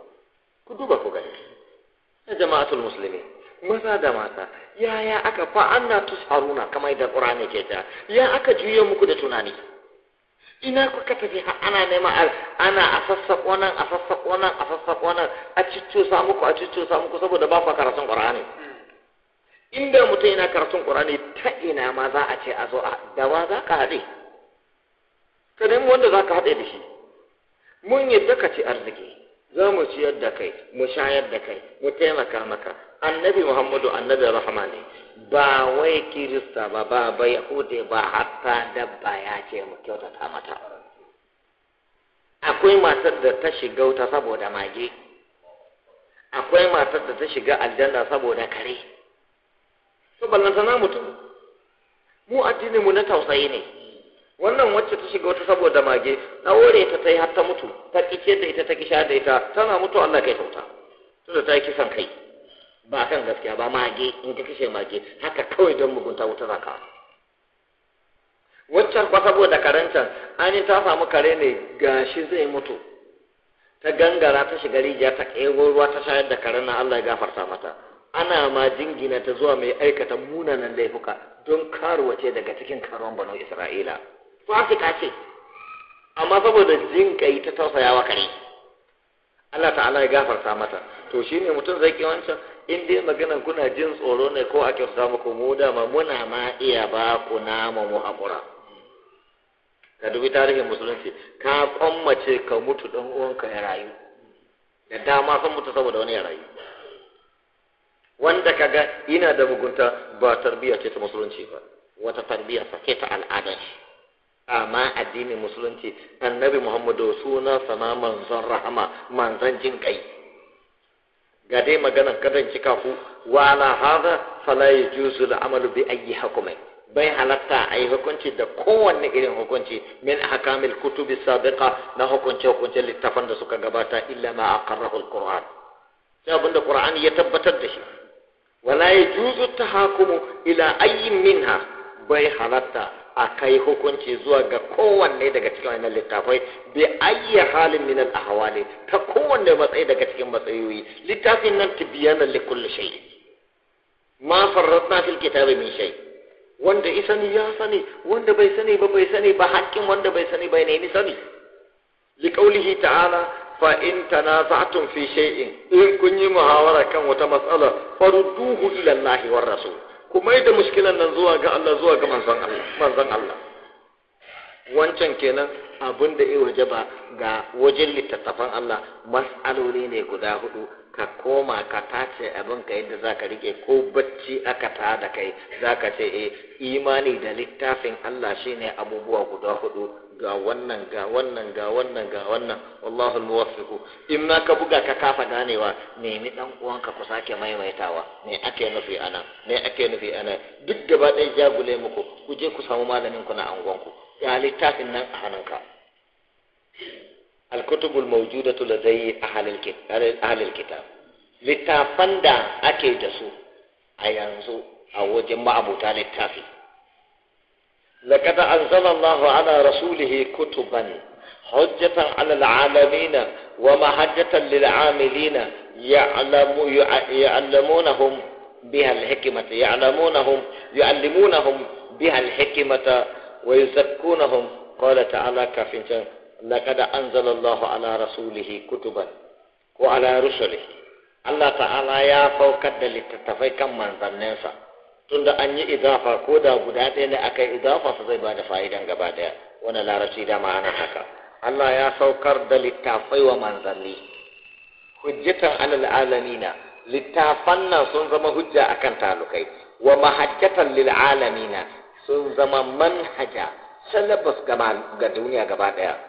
ku ko ku gani ya jama'atul muslimin maza da mata ya aka fa anna tusharuna kamar da qur'ani ke ta ya aka juye muku da tunani ina ka tafi ana neman ana a sassaƙo nan a sassaƙo nan a sassaƙo nan a cicco muku a muku saboda ba ku karatun qur'ani hmm. inda mutum yana karatun ƙurani ta ina ma za a ce a zo a dawa za ka haɗe ka nemi wanda za ka haɗe da shi mun yadda ka ci arziki za mu ciyar da kai mu shayar da kai mu taimaka maka annabi muhammadu annabi rahama ne ba wai kirista ba ba ba yahude ba hatta dabba ya ce mu kyautata mata akwai matar da ta shiga wuta saboda mage akwai matar da ta shiga aljanna saboda kare to ballantana mutum mu addini mu na tausayi ne wannan wacce ta shiga wata saboda mage na wore ta ta yi har ta mutu ta kice da ita ta kisha da ita tana mutu Allah kai to da ta yi kisan kai ba kan gaskiya ba mage in ka kishe mage haka kawai don mugunta wuta za ka waccan kwa saboda karancan an ta samu kare ne gashi zai mutu ta gangara ta shiga rijiya ta ƙego ruwa ta shayar da karen na Allah ya gafarta mata ana ma jingina ta zuwa mai aikata munanan laifuka don karuwa daga cikin karuwan banu isra'ila fasika ce amma saboda jin kai ta tausaya wa kare Allah ta'ala ya gafarta mata to shine mutum zai ki wancan in dai maganan kuna jin tsoro ne ko a kyauta muku mu dama muna ma iya ba ku nama mu ka dubi tarihin musulunci ka kwammace ka mutu dan uwanka ya rayu da dama sun mutu saboda wani ya rayu wanda kaga yana da mugunta ba tarbiya ce ta musulunci ba wata tarbiya sake ta al'ada shi amma addinin musulunci annabi muhammadu suna sama manzon rahama manzon jin kai ga dai magana kadan cika ku wa ala hada fala yajuzu bi ayyi hukumai bai halatta a yi hukunci da kowanne irin hukunci min hakamil kutubi sabiqa na hukunce hukunce littafan da suka gabata illa ma aqarrahu al-qur'an sai abinda qur'ani ya tabbatar da shi wala ta tahakumu ila ayyin minha bai halatta a kai hukunci zuwa ga kowanne daga cikin wannan littafai bi ayyi halin min al ahwali ta kowanne matsayi daga cikin matsayoyi littafin nan tibyana li kulli shay ma farratna fil kitabi min shay wanda i sani ya sani wanda bai sani ba bai sani ba haƙƙin wanda bai sani bai ne ni sani li qawlihi ta'ala fa in tanaza'tum fi shay'in in kun yi muhawara kan wata mas'ala farudduhu ila Allah war rasul kuma da mushkilan nan zuwa ga Allah zuwa ga manzon Allah manzon Allah wancan kenan abin da ya waje ga wajen littattafan Allah mas'aloli ne guda hudu ka koma ka tace abin ka yadda za rike ko bacci aka ta da kai zaka ce e imani da littafin Allah shine abubuwa guda hudu ga wannan ga wannan ga wannan ga wannan wallahu muwaffiqu in ma ka buga ka kafa ganewa nemi dan uwanka ku sake maimaitawa me ake nufi ana me ake nufi ana duk gaba ɗaya jagule muku ku je ku samu malamin ku na angon ku littafin nan a hannunka alkutubul mawjudatu ladayhi ahlil kitab littafan da ake da su a yanzu a wajen ma'abuta littafi لقد أنزل الله على رسوله كتبا حجة على العالمين ومحجة للعاملين يعلم يعلمونهم بها الحكمة يعلمونهم يعلمونهم بها الحكمة ويزكونهم قال تعالى كافي لقد أنزل الله على رسوله كتبا وعلى رسله الله تعالى يا فوق الدليل تتفيكم من ظننسا tunda an yi idafa ko da guda ɗaya ne aka yi idafa su zai bada fa'idan gaba ɗaya wani larabci da ma'anar haka Allah ya saukar da littafai wa manzanni hujjatan alal alamina littafan nan sun zama hujja akan talukai wa mahajjatan lil alamina sun zama manhaja salabas ga duniya gaba ɗaya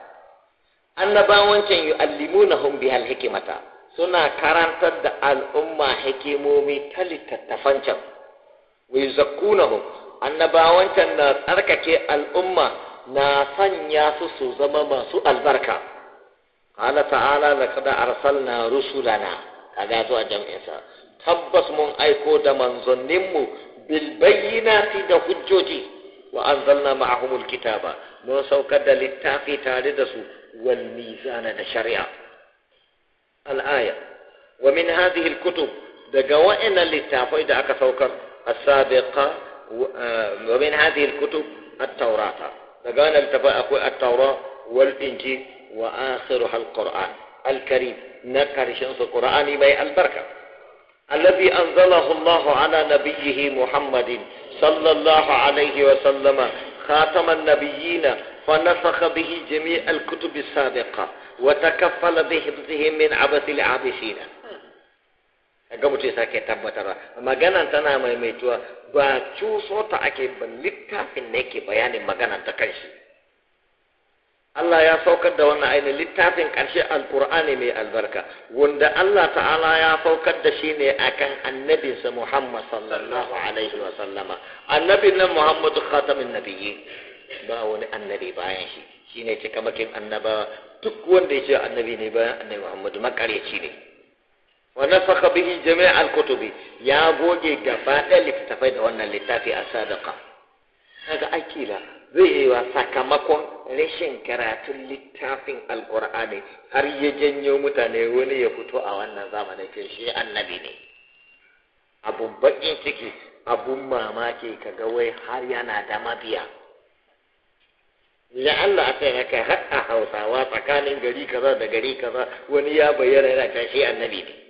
annabawancin yu'allimunahum bihal hikimata suna karantar da al'umma hikimomi ta littattafan can wa yuzakkunahum annabawancan na tsarkake al'umma na sanya su su zama masu albarka qala ta'ala laqad arsalna rusulana kaga zuwa jam'in sa tabbas mun aiko da manzanninmu bil bayyinati da hujjoji wa anzalna ma'ahumul kitaba mun saukar da littafi tare da su wal mizana da shari'a al aya wa min hadhihi al kutub daga wa'ina littafai da aka saukar السابقة آه، ومن هذه الكتب التوراة فقال التفاق التوراة والإنجيل وآخرها القرآن الكريم نكر شنص القرآن بي البركة الذي أنزله الله على نبيه محمد صلى الله عليه وسلم خاتم النبيين فنسخ به جميع الكتب السابقة وتكفل بحفظه من عبث العابثين ga mutum ya sake tabbatarwa magana tana maimaituwa ba cuso ta ake ba littafin ne ke bayanin magana ta kanshi Allah ya saukar da wannan ainihin littafin ƙarshe alkur'ani mai albarka wanda Allah ta'ala ya saukar da shi ne akan annabinsa Muhammad sallallahu alaihi wa sallama annabin nan Muhammadu khatamin nabiyyi ba wani annabi bayan shi shine cikamakin annaba duk wanda ya ce annabi ne bayan annabi Muhammadu makaryaci ne wa nafaka bihi jami' al-kutubi ya goge gaba ɗaya littattafai da wannan littafi a sadaka kaga akila zai yi wa sakamakon rashin karatun littafin alkur'ani har ya janyo mutane wani ya fito a wannan zamanin ke shi annabi ne abun bakin ciki abun mamaki kaga wai har yana da mabiya ya Allah a sai haka har a hausawa tsakanin gari kaza da gari kaza wani ya bayyana yana tashi annabi ne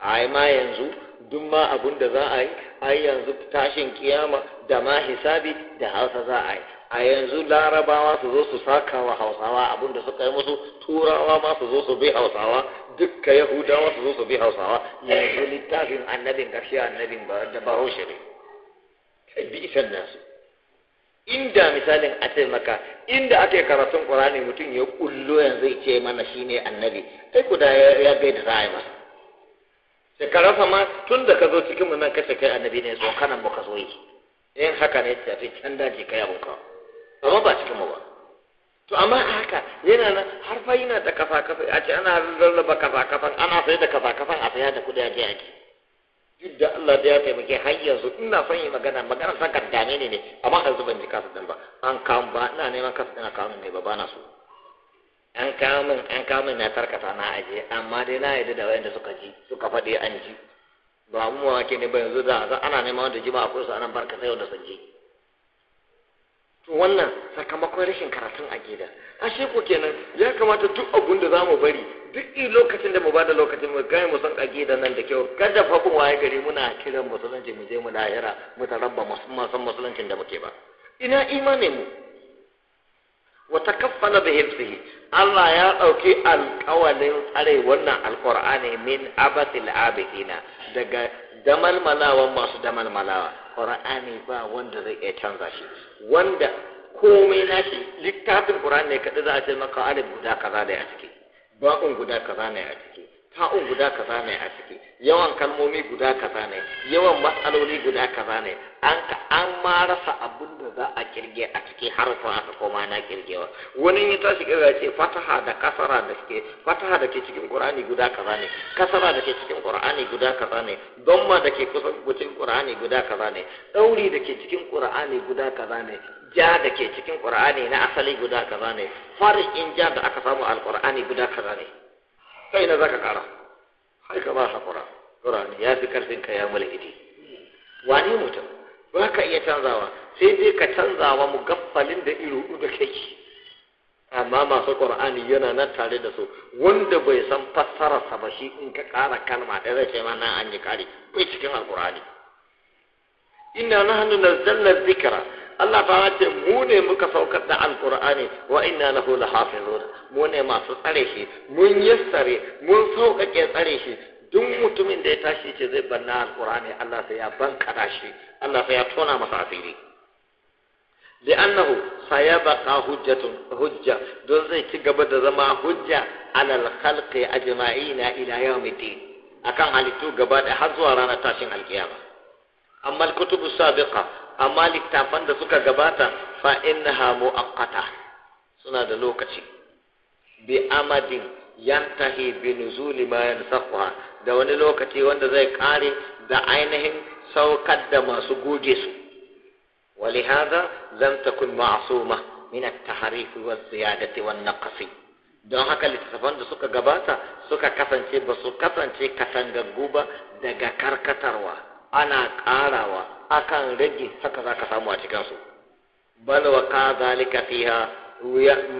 ai ma yanzu duk ma abun da za a yi ai yanzu tashin kiyama da ma hisabi da hausa za a yi a yanzu larabawa su zo su saka wa hausawa abun da suka yi musu turawa ma su zo su bi hausawa dukka yahudawa su zo su bi hausawa yanzu littafin annabin ƙarshe annabin da bahaushe ne bi isan nasu inda misalin a ce maka inda ake karatun ƙur'ani mutum ya kullo yanzu ya ce mana shine annabi ai ku da ya gaida za a yi masa shekarar fama tun da ka zo cikin mu nan kashe kai annabi ne so kanan mu ka zo yi in eh, haka ne fi can daji kai abun ka amma ba cikin mu ba to amma haka yana nan har fa yana da kafa kafa a ce ana rarraba kafa kafan ana sai da kafa kafan a saya da kudi a jiya ke duk da Allah da ya taimake har yanzu ina son yi magana magana sakar dame ne ne amma yanzu ban ji kasa ba an kawo ba ina neman kasa ɗin a kawo ne ba ba na so an kawo min an kawo min na tarkata na aje amma dai na yadda da wayanda suka ji suka faɗi an ji ba mu ke ne ba yanzu da ana neman wanda ji ba a kursu ana barka sai wanda sun ji to wannan sakamakon rashin karatun a gida a ko kenan ya kamata duk abun da zamu bari duk lokacin da mu bada lokacin mu kai mu san a gida nan da kyau kada fa mu waye gari muna kiran musulunci mu je mu lahira mu tarabba musamman musuluncin da muke ba ina imanin mu wata kafala da hifzihi Allah ya ɗauki alƙawalin tsare wannan alƙur'ani min abatil abidina daga damalmalawan masu damalmalawa ƙur'ani ba wanda zai iya canza shi wanda komai na shi littafin ƙur'ani ne kaɗai za a ce maka alif guda kaza ne a ciki ba'un guda kaza ne a ciki fa'un guda kaza ne a ciki yawan kalmomi guda kaza ne yawan matsaloli guda kaza ne an an ma rasa abin da za a kirge a ciki har harfin aka koma na kirgewa wani ya tashi kirga ce fataha da kasara da ke fataha da ke cikin qur'ani guda kaza ne kasara da ke cikin qur'ani guda kaza ne domma da ke kusan cikin qur'ani guda kaza ne dauri da ke cikin qur'ani guda kaza ne ja da ke cikin qur'ani na asali guda kaza ne farin ja da aka samu alqur'ani guda kaza ne kai na za kara hai ka ba hakura. ya fi karfin ka ya mulkiti wani mutum ba ka iya canzawa sai dai ka canzawa mu gaffalin da iru da kai amma masu ƙur'ani yana nan tare da su wanda bai san fassara sa ba shi in ka ƙara kalma da zai ce ma nan an yi kare bai cikin alqur'ani inna nahnu nazzalna dhikra Allah ta ce mu ne muka saukar da alkur'ani wa inna lahu lahafizun mu ne masu tsare shi mun yassare mun sauƙaƙe tsare shi duk mutumin da ya tashi ce zai banna alkur'ani Allah sai ya bankara shi Allah sai ya tona masa asiri لأنه سيبقى حجة حجة دون زي تقبل زما حجة على الخلق أجمعين إلى يوم الدين أكان على har zuwa حزوا tashin تاشين القيامة أما الكتب السابقة amma littafan da suka gabata fa innaha muaqqata suna da lokaci bi amadin yantahi bi nuzuli ma yansakha da wani lokaci wanda zai kare da ainihin saukar da masu goge su ولهذا لم تكن معصومة من التحريف والزيادة والنقص don haka littattafan da suka gabata suka kasance ba su kasance katangaggu ba daga karkatarwa ana ƙarawa akan rage haka za ka samu a cikinsu bal wa ka zalika fiha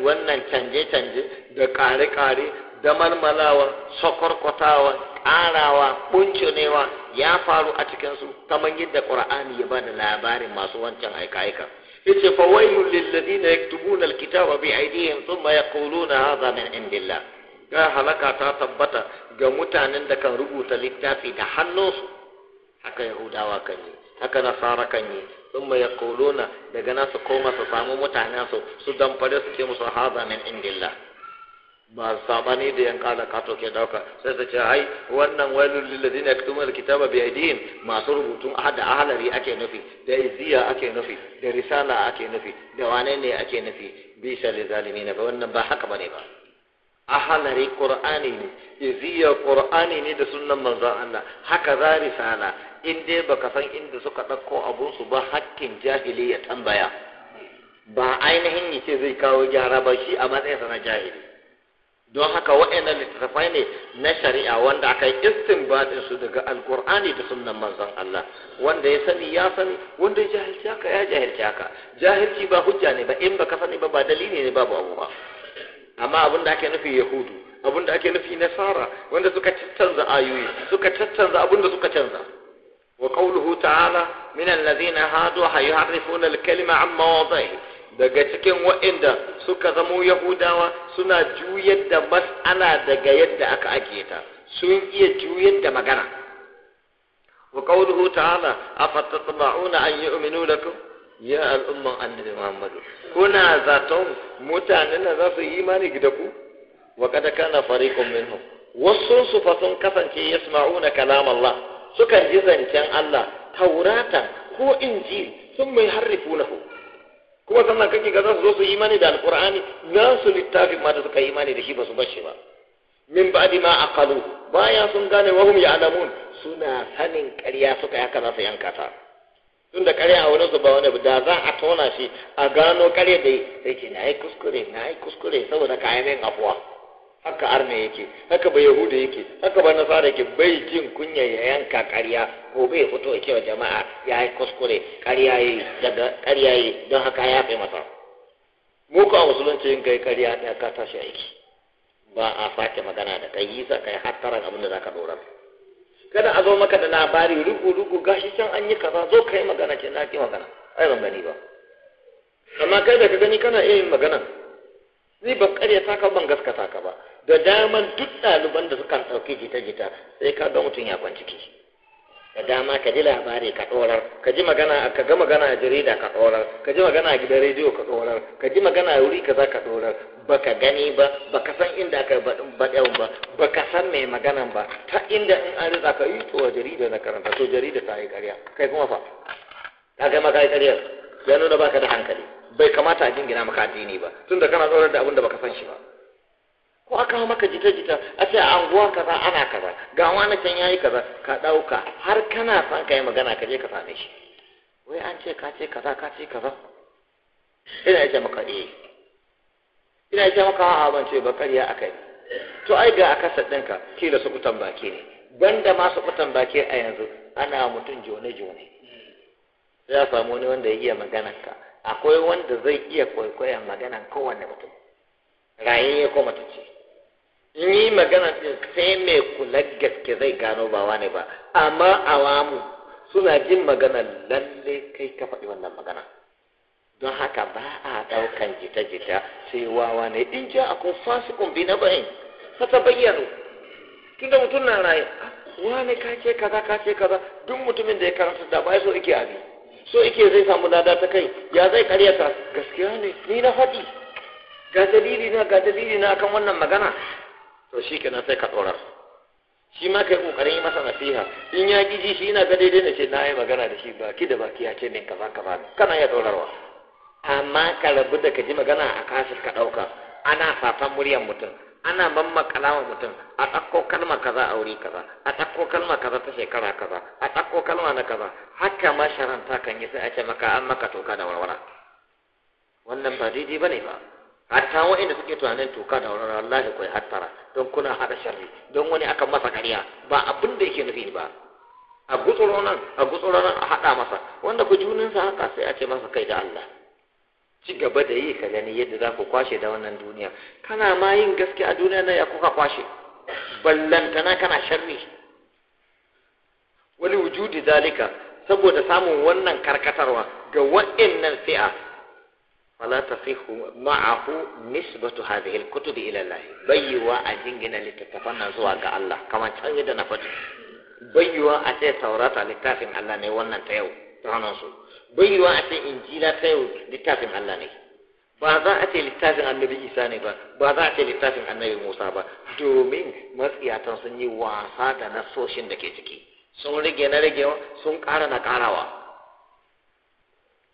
wannan canje-canje da ƙare-ƙare da malmalawa sokorkotawa ƙarawa kuncinewa ya faru a cikinsu kamar yadda qur'ani ya bada labarin masu wancan aika-aika yace fa wayu lil ladina yaktubuna alkitaba bi aydihim thumma yaquluna hadha min indillah ga halaka ta tabbata ga mutanen da kan rubuta littafi da hannunsu haka yahudawa kan yi haka nasara kan yi sun mai na daga nasu koma su samu mutane su su damfare su ce musu haza min indillah ba sabani da yanka da kato ke dauka sai su ce ai wannan wailul lil kuma da kitaba bi aydihim masu rubutun ahada ahlari ake nufi da iziya ake nufi da risala ake nufi da wane ne ake nufi bi shal na ba wannan ba haka bane ba ahalari qur'ani ne iziya qur'ani ne da sunnan manzon Allah haka za risala in dai baka san inda suka ɗauko abunsu ba hakkin jahili ya tambaya ba ainihin ya ce zai kawo gyara ba shi a matsayinsa na jahili don haka waɗannan littattafai ne na shari'a wanda aka yi istinbadin su daga alkur'ani da sunan manzon Allah wanda ya sani ya sani wanda ya jahilci haka ya jahilci haka jahilci ba hujja ne ba in baka sani ba ba dalili ne babu abu ba amma abin da ake nufi yahudu abin da ake nufi nasara wanda suka canza ayoyi suka canza abin da suka canza وقوله تعالى من الذين هادوا يحرفون الكلمة عن مواضعه daga cikin waɗanda suka zamo yahudawa suna juyar da mas'ala daga yadda aka ake ta sun iya juyar da magana wa qawluhu ta'ala afatatma'una an yu'minu lakum ya al'umman annabi muhammadu kuna zaton mutanen nan za su yi imani da ku wa kad kana fariqun minhum wasu su fa sun kasance yasma'una kalam Allah sukan ji zancen Allah taurata ko injil sun mai harrifunahu kuma sannan kake ga za su zo su imani da alqur'ani Na su littafin ma da yi imani da shi ba su bashi ba min ba'di ma aqalu baya sun gane wa hum ya'lamun suna sanin ƙarya suka yaka za su yanka ta da ƙarya a wurin wani da za a tona shi a gano ƙarya da yake ce na yi kuskure na yi kuskure saboda kayan afuwa haka arna yake haka ba yahuda yake haka ba nasara yake bai jin kunya ya yanka ƙarya gobe bai fito cewa jama'a ya yi kuskure ƙarya yi daga ƙarya yi don haka ya fi masa mu a musulunci yin kai ƙarya ɗaya ka tashi aiki ba a sake magana da kai yi sa kai hattaran abin da zaka dora kada a zo maka da labari rugu rugu gashi can an yi kaza zo kai magana ce na ki magana ai ban gani ba amma kai da ka gani kana iya yin magana ni ban ƙarya ta ka ban gaskata ka ba ga daman duk ɗaliban da sukan ɗauki jita-jita sai ka ga mutum ya kwanci ki da dama ka ji labari ka ɗorar ka ji magana ka ga magana a jarida ka ɗorar ka ji magana a gidan rediyo ka ɗorar ka ji magana a wuri kaza ka ɗorar baka gani ba baka san inda aka baɗin ba baka san mai maganan ba ta inda in an riza ka yi to jarida na karanta to jarida ta yi ƙarya kai kuma fa ta kai maka yi ƙaryar ya nuna baka da hankali bai kamata a jingina maka addini ba tunda kana tsorar da abin da baka san shi ba ko aka maka jita-jita a ce a anguwa kaza ana kaza ga wani can yayi kaza ka ɗauka har kana san ka yi magana ka je ka same shi wai an ce ka ce kaza ka ce kaza ina ce maka eh ina ce maka a ban ce ba ƙarya akai to ai ga akasa ɗinka kila su kutan baki ne banda su kutan baki a yanzu ana mutum jone-jone ya samu wani wanda ya iya ka akwai wanda zai iya kwaikwayon magana kowane mutum raye ko ce. ni magana ɗin sai mai kula gaske zai gano ba wani ba amma awamu suna jin magana lalle kai ka faɗi wannan magana don haka ba a ɗaukan jita-jita sai wawa ne in ja akwai fasikun bi na bayan fata bayyano tun da mutum na raye ah, wani ka ce kaza ka ce kaza duk mutumin da ya karanta da ba so ike abi so ike zai samu lada ta kai ya zai karyata gaskiya ne ni na faɗi ga dalili na ga dalili na akan wannan magana to shi kenan sai ka tsorar shi ma kai kokarin yi masa nasiha in ya ji shi ina ga daidai na ce na yi magana da shi baki da baki ya ce min kaza kaza kana ya tsorarwa amma ka rabu da ka ji magana a kasir ka ɗauka ana fafan muryar mutum ana mamma wa mutum a ɗakko kalma kaza a wuri kaza a ɗakko kalma kaza ta shekara kaza a ɗakko kalma na kaza haka ma sharanta kan yi sai a ce maka an maka toka da warwara wannan ba daidai ba ne ba hatta wa'inda suke tunanin toka da wani wallahi kai hattara don kuna hada sharri don wani akan masa ƙarya ba abin da yake nufi ba a gutsuro nan a gutsuro nan a hada masa wanda ku junin sa haka sai a ce masa kai da Allah ci gaba da yi ka gani yadda za ku kwashe da wannan duniya kana ma yin gaske a duniya na ya kuka kwashe ballantana kana sharri wani wujudi zalika saboda samun wannan karkatarwa ga wa'annan fi'a fala tasihu ma'ahu nisbatu hadhihi al-kutubi ila Allah bayyuwa a jingina littattafan nan zuwa ga Allah kamar can yadda na faɗi bayyuwa a ce taurata littafin Allah ne wannan ta yau ta hannun su bayyuwa a ce injila ta yau littafin Allah ne ba za a ce littafin annabi isa ne ba ba za a ce littafin annabi musa ba domin matsiyatan sun yi wasa da nasoshin da ke ciki sun rage na ragewa sun ƙara na ƙarawa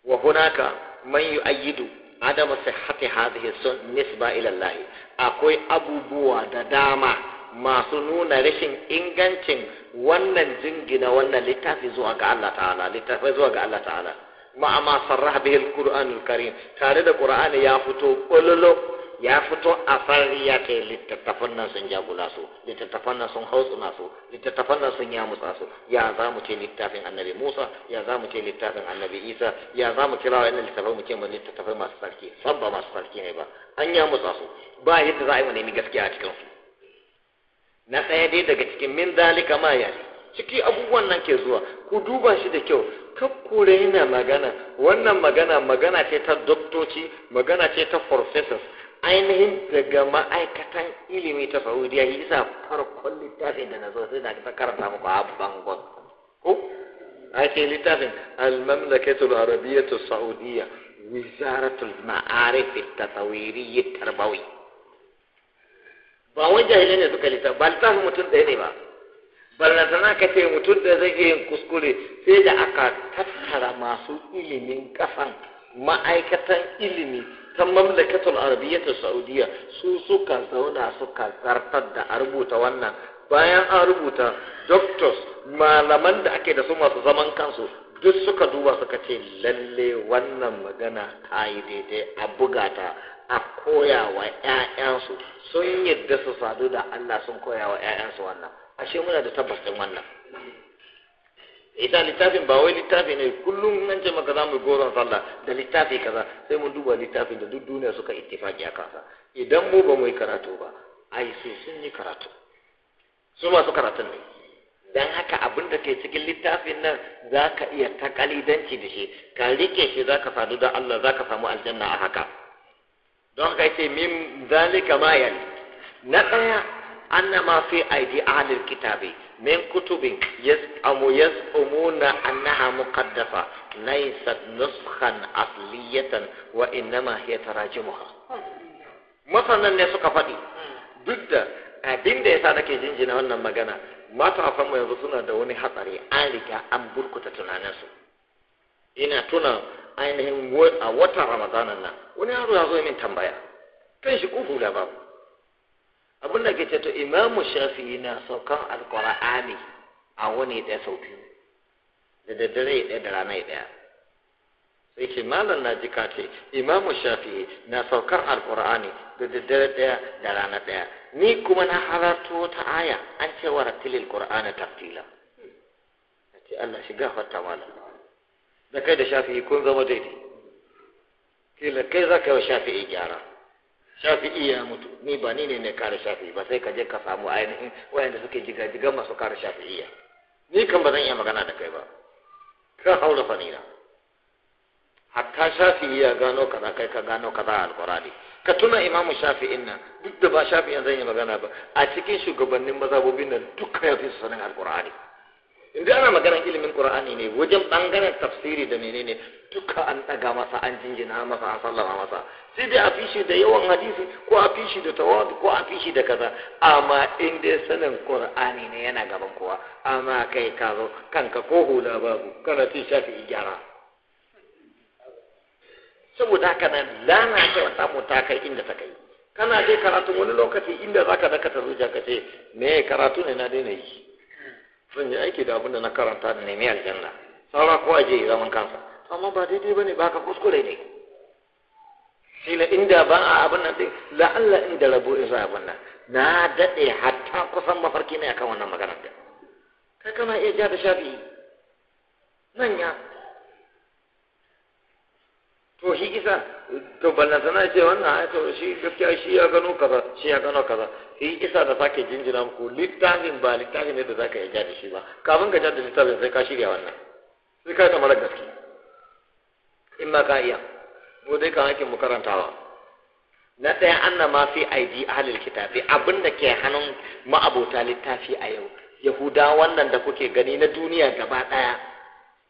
wa hunaka man yu'ayyidu adam sihhati hadhihi sun nisba ila akwai abubuwa da dama masu nuna rashin ingancin wannan jingina wannan littafi zuwa ga Allah ta'ala littafi zuwa ga Allah ta'ala ma amma sarraha bihi al karim tare da Qur'ani ya fito kololo ya fito a farri ya kai littattafan nan sun jagula su littattafan nan sun suna su littattafan nan sun yamutsa su ya za mu ce littafin annabi musa ya za mu ce littafin annabi isa ya za mu kira wa'annan littattafai mu ce mu littattafai masu sarki san ba masu sarki ne ba an yamutsa su ba yadda za a yi mu nemi gaskiya a cikin su na ɗaya dai daga cikin min zalika ma ya ciki abubuwan nan ke zuwa ku duba shi da kyau kakkure yana magana wannan magana magana ce ta doktoci magana ce ta professors ainihin daga ma'aikatan ilimi ta saudiya shi isa farkon littafin da na zo sai na ta karanta muku a bangon ko ake littafin al-mamlakatul arabiyyatu saudiya wizaratul ma'arif at-tasawiriyya tarbawi ba wai jahilai ne suka littafi ba littafin mutum ɗaya ne ba ballantana ka ce mutum da zai yin kuskure sai da aka tattara masu ilimin kafan ma'aikatan ilimi ta mamlakatul arabiyyatu saudiya su suka zauna suka zartar da a rubuta wannan bayan an rubuta doctors malaman da ake da su masu zaman kansu duk suka duba suka ce lalle wannan magana ta yi daidai a buga ta a koya wa 'ya'yansu sun yadda su sadu da Allah sun koya wa 'ya'yansu wannan ashe muna da tabbas ɗin wannan ita littafin ba wai littafi ne kullum nan ce maka zamu goron sallah da littafi kaza sai mun duba littafin da duk duniya suka ittifaki a kansa idan mu ba mu yi karatu ba ai su sun yi karatu su masu karatun ne dan haka abin da ke cikin littafin nan zaka ka iya takalidanci da shi ka rike shi za sadu da Allah zaka samu aljanna a haka don haka yace min zalika ma yali na daya annama fi aidi ahlil kitabi min kutubin yas'amu yas'umuna annaha muqaddafa laysat nuskhan asliyatan wa innama hiya tarajimuha masanan ne suka faɗi duk da abin da yasa nake jinjina wannan magana matasan mu yanzu suna da wani hatsari an riga an burkuta tunaninsu ina tuna ainihin a watan ramadanan nan wani yaro ya zo min tambaya kan shi kuhu da babu abin da ke ceto imamu shafi na saukan alkur'ani a wani ɗaya sau biyu da daddare ɗaya da rana ɗaya sai ke malam na ji ce imamu shafi na saukan alkur'ani da daddare ɗaya da rana ɗaya ni kuma na halarto ta aya an ce wa ratilil qur'ana tartila ce Allah shi gafarta malam da kai da shafi kun zama daidai kila kai za ka yi wa shafi'i gyara shafi'i ya mutu ni ba ni ne ne kare shafi'i ba sai ka je ka samu ainihin wayanda suke jiga-jiga masu kare iya ni kan ba zan iya magana da kai ba kan haula fanina hatta shafi'i ya gano kaza kai ka gano kaza alqurani ka tuna imamu shafi'in nan duk da ba shafi'in zan yi magana ba a cikin shugabannin mazhabobin nan dukkan ya fi sanin alqurani in ana maganar ilimin qur'ani ne wajen bangaren tafsiri da menene duka an daga masa an jinjina masa an sallama masa sai dai a fishi da yawan hadisi ko a fishi da tawadu ko a fishi da kaza amma in dai sanin qur'ani ne yana gaban kowa amma kai ka zo kanka ko hula babu kana ce shafi gyara saboda haka nan lana ta wata ta kai inda ta kai kana dai karatu wani lokaci inda zaka daka ta zuciya ka ce me karatu ne na daina yi zan yi aiki da abinda na karanta da nemi aljanna saura kowa je zaman kansa amma ba daidai ba ne ba ka kuskure ne shine inda ba a abin nan din la'alla inda rabu in sa abin nan na daɗe hatta kusan mafarki ne akan wannan maganar da kai kana iya ja da shafi ya to shi isa to ballantana ce wannan ya to shi gaskiya shi ya gano kaza shi ya gano kaza shi isa da sake jinjina muku littafin ba littafin ne da zaka yi da shi ba kafin ka da littafin sai ka shirya wannan sai ka kamar gaske in ma ka iya ko dai ka hakin mu karantawa na ɗaya anna ma fi aidi ahlil kitabi abin da ke ma ma'abota littafi a yau yahuda wannan da kuke gani na duniya gaba ɗaya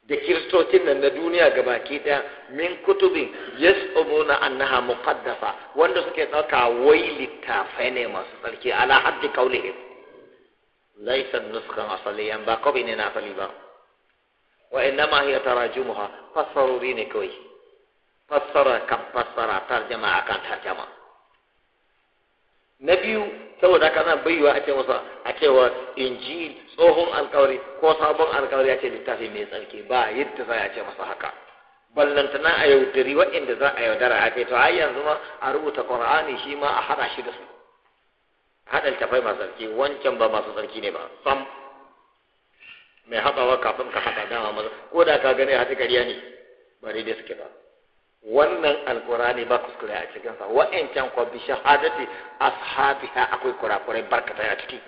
da kiristocin nan na duniya ga baki ɗaya min kutubin yes na annaha muqaddafa wanda suke ɗauka wai littafai ne masu tsarki ala haddi kaulihim laysa nuskan asaliyan ba kobi ne na asali ba wa innama hiya tarajumuha fassarori ne kawai fassara kan fassara tarjama akan tarjama na biyu saboda haka nan baiwa a ce masa a cewa injil tsohon alkawari ko sabon alkawari ya ce littafi mai tsarki ba yadda za a ce masa haka ballantana a yaudari waɗanda za a yaudara a ce to ai yanzu ma a rubuta qur'ani shi ma a haɗa shi da su haɗa littafai masu tsarki wancan ba masu tsarki ne ba sam mai haɗawa kafin ka haɗa dama maza ko da ka gani haɗi ƙarya ne ba da suke ba wannan alkurani ba kuskure a cikinsa wa'ancan kwa bi shahadati ashabiha akwai kurakurai barkatai a ciki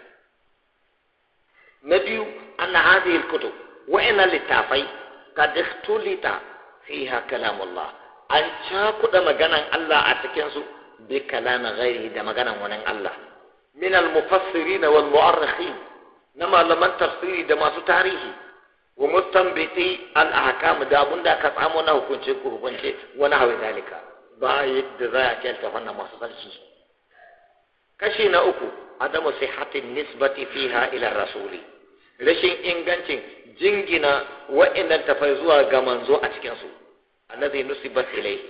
na biyu anna hadhihi alkutub wa'ina littafai kad ikhtulita fiha kalamullah an cakuɗa maganan Allah a cikin su bi kalamin da maganan wani Allah min almufassirin wal mu'arrikhin na malaman tafsiri da masu tarihi wa mustanbiti al ahkam da abun da ka samu na hukunce ku hukunce wani hawi zalika ba yadda za a kyalta wannan masu sarki kashi na uku adamu sihhatin nisbati fiha ila rasuli rashin ingancin jingina wa'annan tafai zuwa ga manzo a cikin su allazi nusibat ilayhi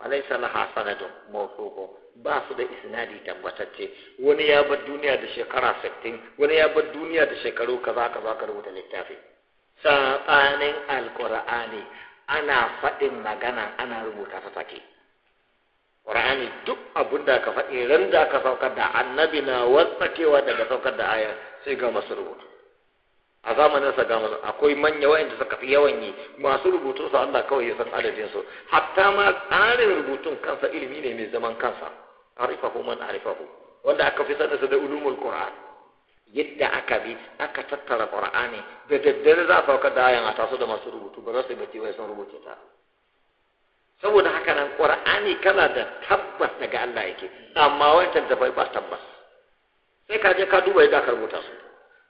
alaysa laha sanadun mawthuqun ba su da isnadi tabbatacce wani ya bar duniya da shekara 60 wani ya bar duniya da shekaru kaza kaza ka rubuta littafi saɓanin alƙur'ani ana faɗin magana ana rubuta ta take ƙur'ani duk abin da aka faɗi ran da aka saukar da annabi na wasakewa daga saukar da aya sai ga masu rubutu a zamanin sa ga masu akwai manya wa'anda suka fi yawan yi masu rubutu su Allah kawai ya san adadin su hatta ma tsarin rubutun kansa ilimi ne mai zaman kansa arifahu man arifahu wanda aka fi sanin da ulumul qur'an yadda aka bi aka tattara qur'ani da daddare za a sauka da ayan a taso da masu rubutu ba za su yi bacci ba sun rubuce ta saboda haka nan qur'ani kana da tabbas daga Allah yake amma wancan da bai ba tabbas sai ka je ka duba yadda aka rubuta su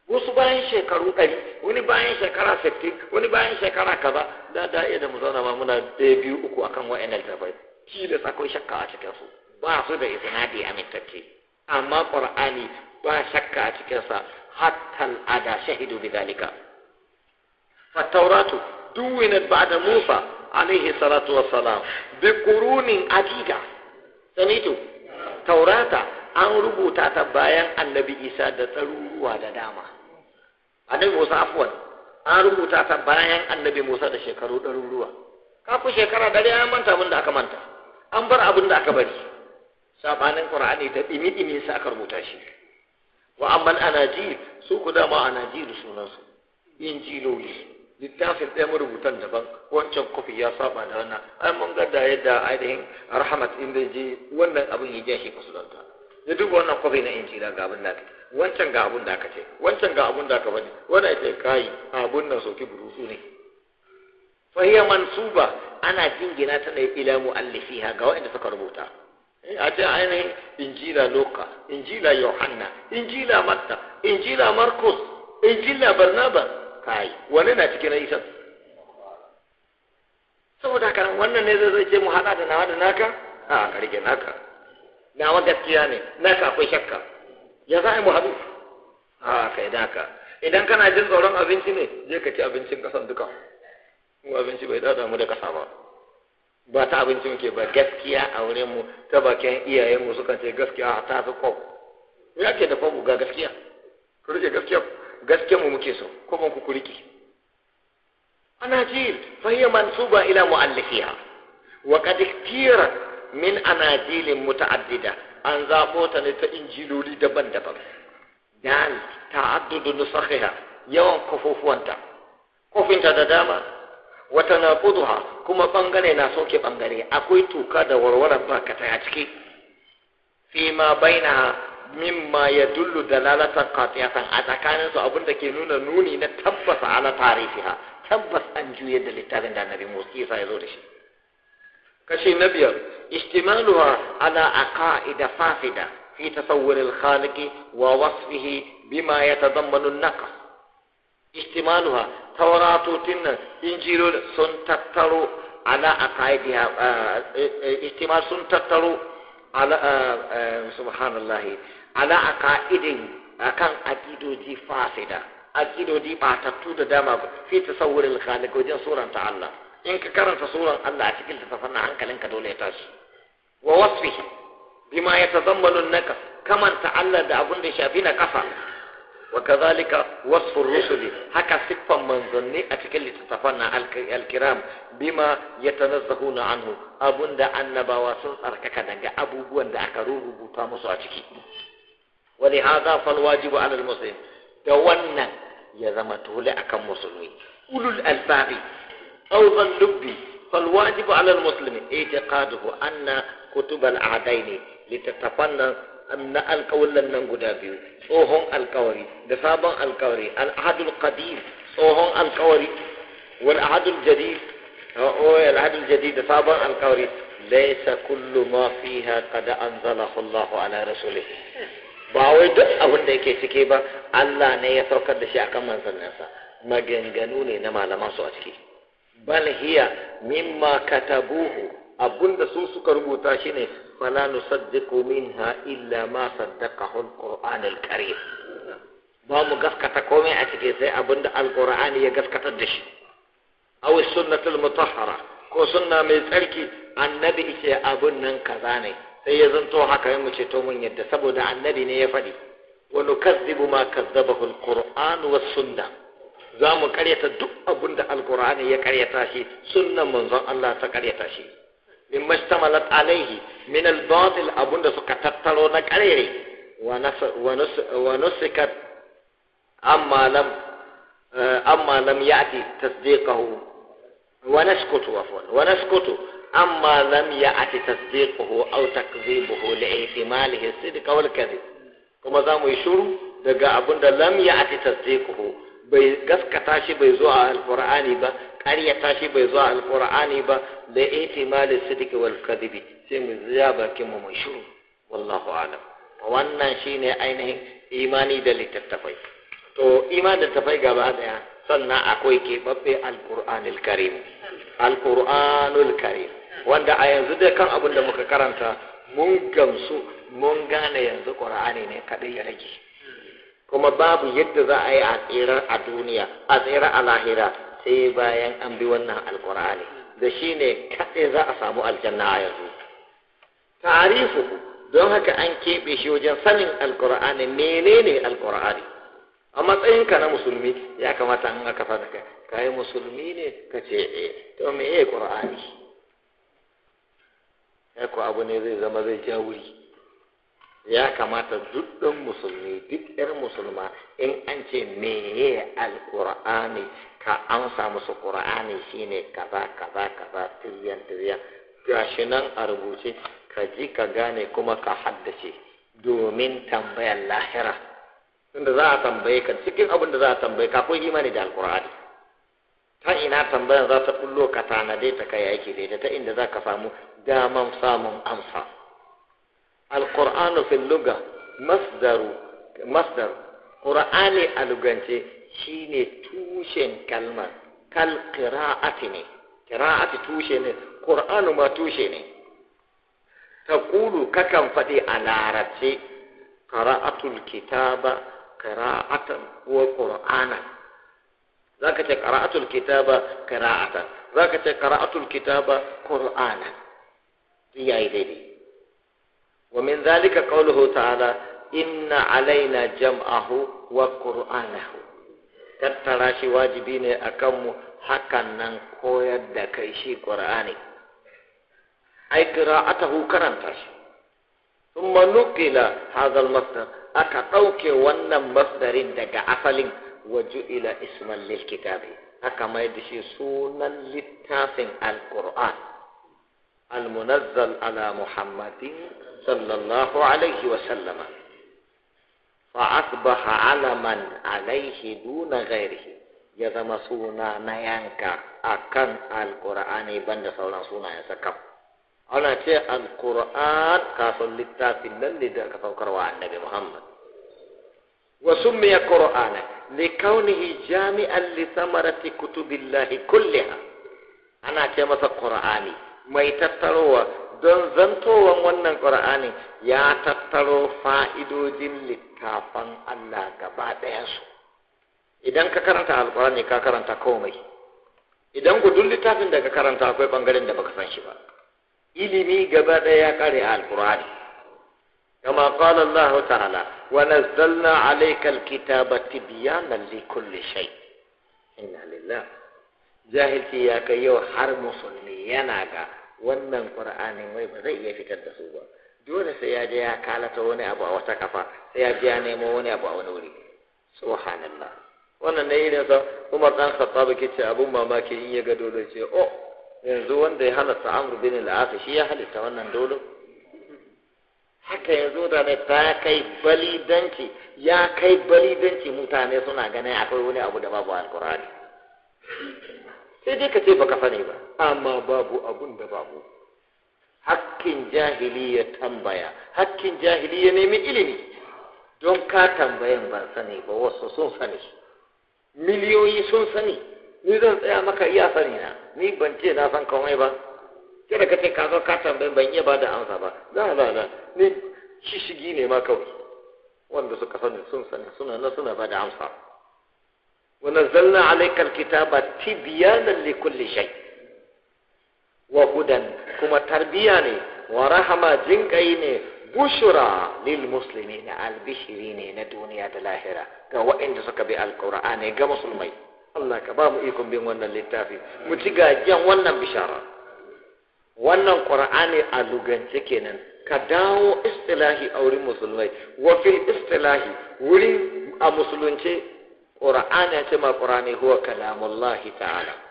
wasu bayan shekaru ɗari wani bayan shekara sittin wani bayan shekara kaza da da iya da mu zauna ma muna ɗaya biyu uku akan wa'annan shi da sakon shakka a cikin su ba su da isnadi amintacce amma qur'ani ba shakka a cikinsa hattan ada shahidu bi zalika fa tauratu duwinat ba'da musa alaihi salatu wassalam bi qurunin adiga. sanitu taurata an rubuta ta bayan annabi isa da tsaruruwa da dama annabi musa afwan an rubuta ta bayan annabi musa da shekaru ɗaruruwa kafin shekara dare an manta abin da aka manta an bar abin da aka bari sabanin qur'ani ta dimi-dimi sa aka rubuta shi wa amman ji su ku dama da sunansu yin jiloli littafin ɗaya marubutan daban wancan kofi ya saba da wannan ai mun ga da yadda ainihin rahmat in zai je wannan abin ya jan shi fasulanta ya duba wannan kofi na injila ga abin da aka wancan ga abin da aka ce wancan ga abin da aka bani wannan ita kai abun nan soki burusu ne fahiya mansuba ana jingina ta ne ila mu'allifiha ga wanda suka rubuta Eh, a ce injila loka injila yohanna injila matta injila markus injila barnaba kai wani na cikin isa saboda kan wannan ne zai ce mu hada da nawa da naka a ka rike naka nawa gaskiya ne naka akwai shakka ya za a yi mu haɗu a kai naka idan kana jin tsoron abinci ne je ka ci abincin kasan duka mu abinci bai dada mu da kasa ba ba ta abinci muke ba gaskiya a wurin mu ta bakin iyayen mu suka ce gaskiya a tafi kwab me ake da kwab ga gaskiya ku rike gaskiya gaskiya mu muke so ko ban ku ana ji fa hiya mansuba ila muallifiha wa qad kira min anajil mutaaddida an zabo ta ne ta injiloli daban-daban dan ta'addudu nusakhiha yawan kofofuwanta kofinta da dama wata na kuma bangare na soke bangare akwai tuka da warwarar ka taya ciki fi ma baina mimma ya dullu dalalatan qati'atan a tsakanin su abinda ke nuna nuni na tabbas ala tarifiha tabbas an juye da littafin da annabi Musa ya zo da shi kashi na biyar istimaluha ala aqaida fasida fi tasawwur al-khaliqi wa wasfihi bima yatadammanu an-naqs istimaluha tauratotin nan injiro sun tattaro ala a kaidiya uh, uh, ihtimal sun tattaro subhanallah ala uh, a ka'idin akan akidoji fasida akidoji batattu da dama fi tasawwuril khaliq wajen suran Allah in ka karanta suran Allah a cikin tafafan hankalinka dole ya tashi wa wasfihi bima yatadammalu naka. nakas Allah da abun shafi na kasa. wa kazalika wasfu rusuli haka siffan manzanni a cikin littattafan na alkiram bima yatanazzahuna anhu abunda annabawa sun tsarkaka daga abubuwan da aka rubuta musu a ciki wa lihadha fal wajibu ala muslim da wannan ya zama dole akan musulmi ulul albabi awzan lubbi fal wajibu ala muslimi i'tiqaduhu anna kutubal a'daini littattafan na alƙawullan nan guda biyu tsohon alkawari da sabon alkawari al'adul qadim tsohon alkawari wal ahadul jadid al'adul jadid da sabon alkawari laisa kullu ma fiha qad anzalahu Allah ala rasulihi ba wai duk abin da yake cike ba Allah ne ya saukar da shi akan manzanninsa maganganu ne na malaman su a ciki bal hiya mimma katabuhu abunda su suka rubuta shine فلا نصدق منها إلا ما صدقه القرآن الكريم بامو قفكة كومي أتكي سي أبند القرآن يقفكة الدش أو السنة المطهرة ko sunna mai tsarki annabi ce abun nan kaza ne sai ya zanto haka ya muce to mun yadda saboda annabi ne ya faɗi Wani nukazzibu ma kazzabahu alquran was sunna za mu karyata duk abun da alqur'ani ya karya shi sunnan manzon Allah ta karya shi mimma shtamalat alaihi min al abunda suka tattaro na karere wa nusikat amma lam amma lam ya'ti tasdiqahu wa naskutu wa naskutu amma lam ya'ti tasdiquhu aw takdhibuhu li'ihtimalihi sidqa wal kadhib kuma za mu shuru daga abin da ya ati bai bai zo a Alƙur'ani ba ya shi bai zuwa alƙur'ani ba da ihtimali sidiki wal kadibi sai mu ziya bakin mu mu shiru wallahu alam wannan shine ainihin imani da littattafai to imani da littattafai gaba daya sannan akwai keɓaɓɓe alƙur'anul karim alƙur'anul karim wanda a yanzu dai kan abin da muka karanta mun gamsu mun gane yanzu ƙur'ani ne kaɗai ya rage kuma babu yadda za a yi a tsira a duniya a tsira a lahira ɗaya bayan an bi wannan alkur'ani da shi ne kaɗai za a samu aljanna a yanzu ta'arifu don haka an keɓe shi wajen sanin alkur'ani menene alkur'ani a matsayinka na musulmi ya kamata an aka fara ka kai musulmi ne ka ce e to me ye qur'ani ko abu ne zai zama zai ja wuri ya kamata duk ɗan musulmi duk ɗan musulma in an ce meye ye alkur'ani ka amsa musu shi shine kaza kaza kaza tiriyan tiriyan gashi nan a rubuce ka ji ka gane kuma ka haddace domin tambayar lahira tunda za a tambaye ka cikin abin da za a tambaye ka kun imani da alqur'ani ta ina tambayar za ta ɓullo ka tanade ta kai aiki da ta inda za ka samu daman samun amsa alqur'anu fil lugha masdaru masdar ƙura'ani a lugance shine tushen kalmar kal qira'ati ne qira'ati tushe ne qur'anu ma tushe ne taqulu kakan faɗi a larabce qira'atul kitaba qira'atan wa qur'anan zaka ce qira'atul kitaba qira'atan zaka ce qira'atul kitaba qur'anan yayi daidai wa min zalika qawluhu ta'ala inna alaina jam'ahu wa qur'anahu tattara shi wajibi ne a kanmu hakan nan koyar da kai shi ƙur'ani ai qira'atahu karanta shi thumma nuqila hadha masdar aka ɗauke wannan masdarin daga asalin waju ila isman lil kitabi aka mai da shi sunan littafin al-qur'an al-munazzal ala muhammadin sallallahu alaihi wa sallama فأصبح علما عليه دون غيره يزم سونا نيانكا أكن القرآن بند سولا سونا يسكب أنا تي القرآن كاسل لتافي للي دعك فوكروا عن نبي محمد وسمي قرآن لكونه جامعا لثمرة كتب الله كلها أنا تي مسا قرآن ما يتطلوا دون زنتو ومنن قرآن يا تطلوا فائدو جلت littafan Allah gaba ɗayansu idan ka karanta alkurani ka karanta komai idan ku duk littafin da ka karanta akwai bangaren da baka san shi ba ilimi gaba ɗaya ya kare a alkurani kama qala Allah ta'ala wa nazzalna alayka alkitaba tibyana li kulli shay inna lillah jahilci ya kai yau har musulmi yana ga wannan qur'anin wai ba zai iya fitar da su ba dole sai ya je ya kalata wani abu a wata kafa sai ya je ya nemo wani abu a wani wuri subhanallah wannan ne irin sa Umar dan Khattab ke ce abun mamaki in ya ga dole ce oh yanzu wanda ya halatta Amr bin al-As shi ya halitta wannan dole haka yanzu da ne ta kai balidanci ya kai balidanci mutane suna ganin akwai wani abu da babu alkurani sai dai ka ce baka ne ba amma babu abun da babu hakkin jahili tambaya hakkin jahili ya nemi ilimi don ka tambayan ban sani ba wasu sun sani miliyoyi sun sani ni zan tsaya maka iya sani na ni ban ce na san komai ba kada ka ce ka zo ka tambayi ban iya ba da amsa ba za a na ni shishigi ne ma kawai wanda suka sani sun sani suna na suna ba da amsa wa nazzalna alaikal kitaba tibyanan li kulli shay wa hudan kuma tarbiya ne wa rahama jinkai ne bushura lil muslimi na albishiri ne na duniya da lahira ga waɗanda suka bi alƙur'ani ga musulmai Allah ka ba mu ikon bin wannan littafi mu ci gajiyan wannan bishara wannan qur'ani a lugance kenan ka dawo istilahi a wurin musulmai wa fil istilahi wurin a musulunce qur'ani ce ma qur'ani huwa kalamullahi ta'ala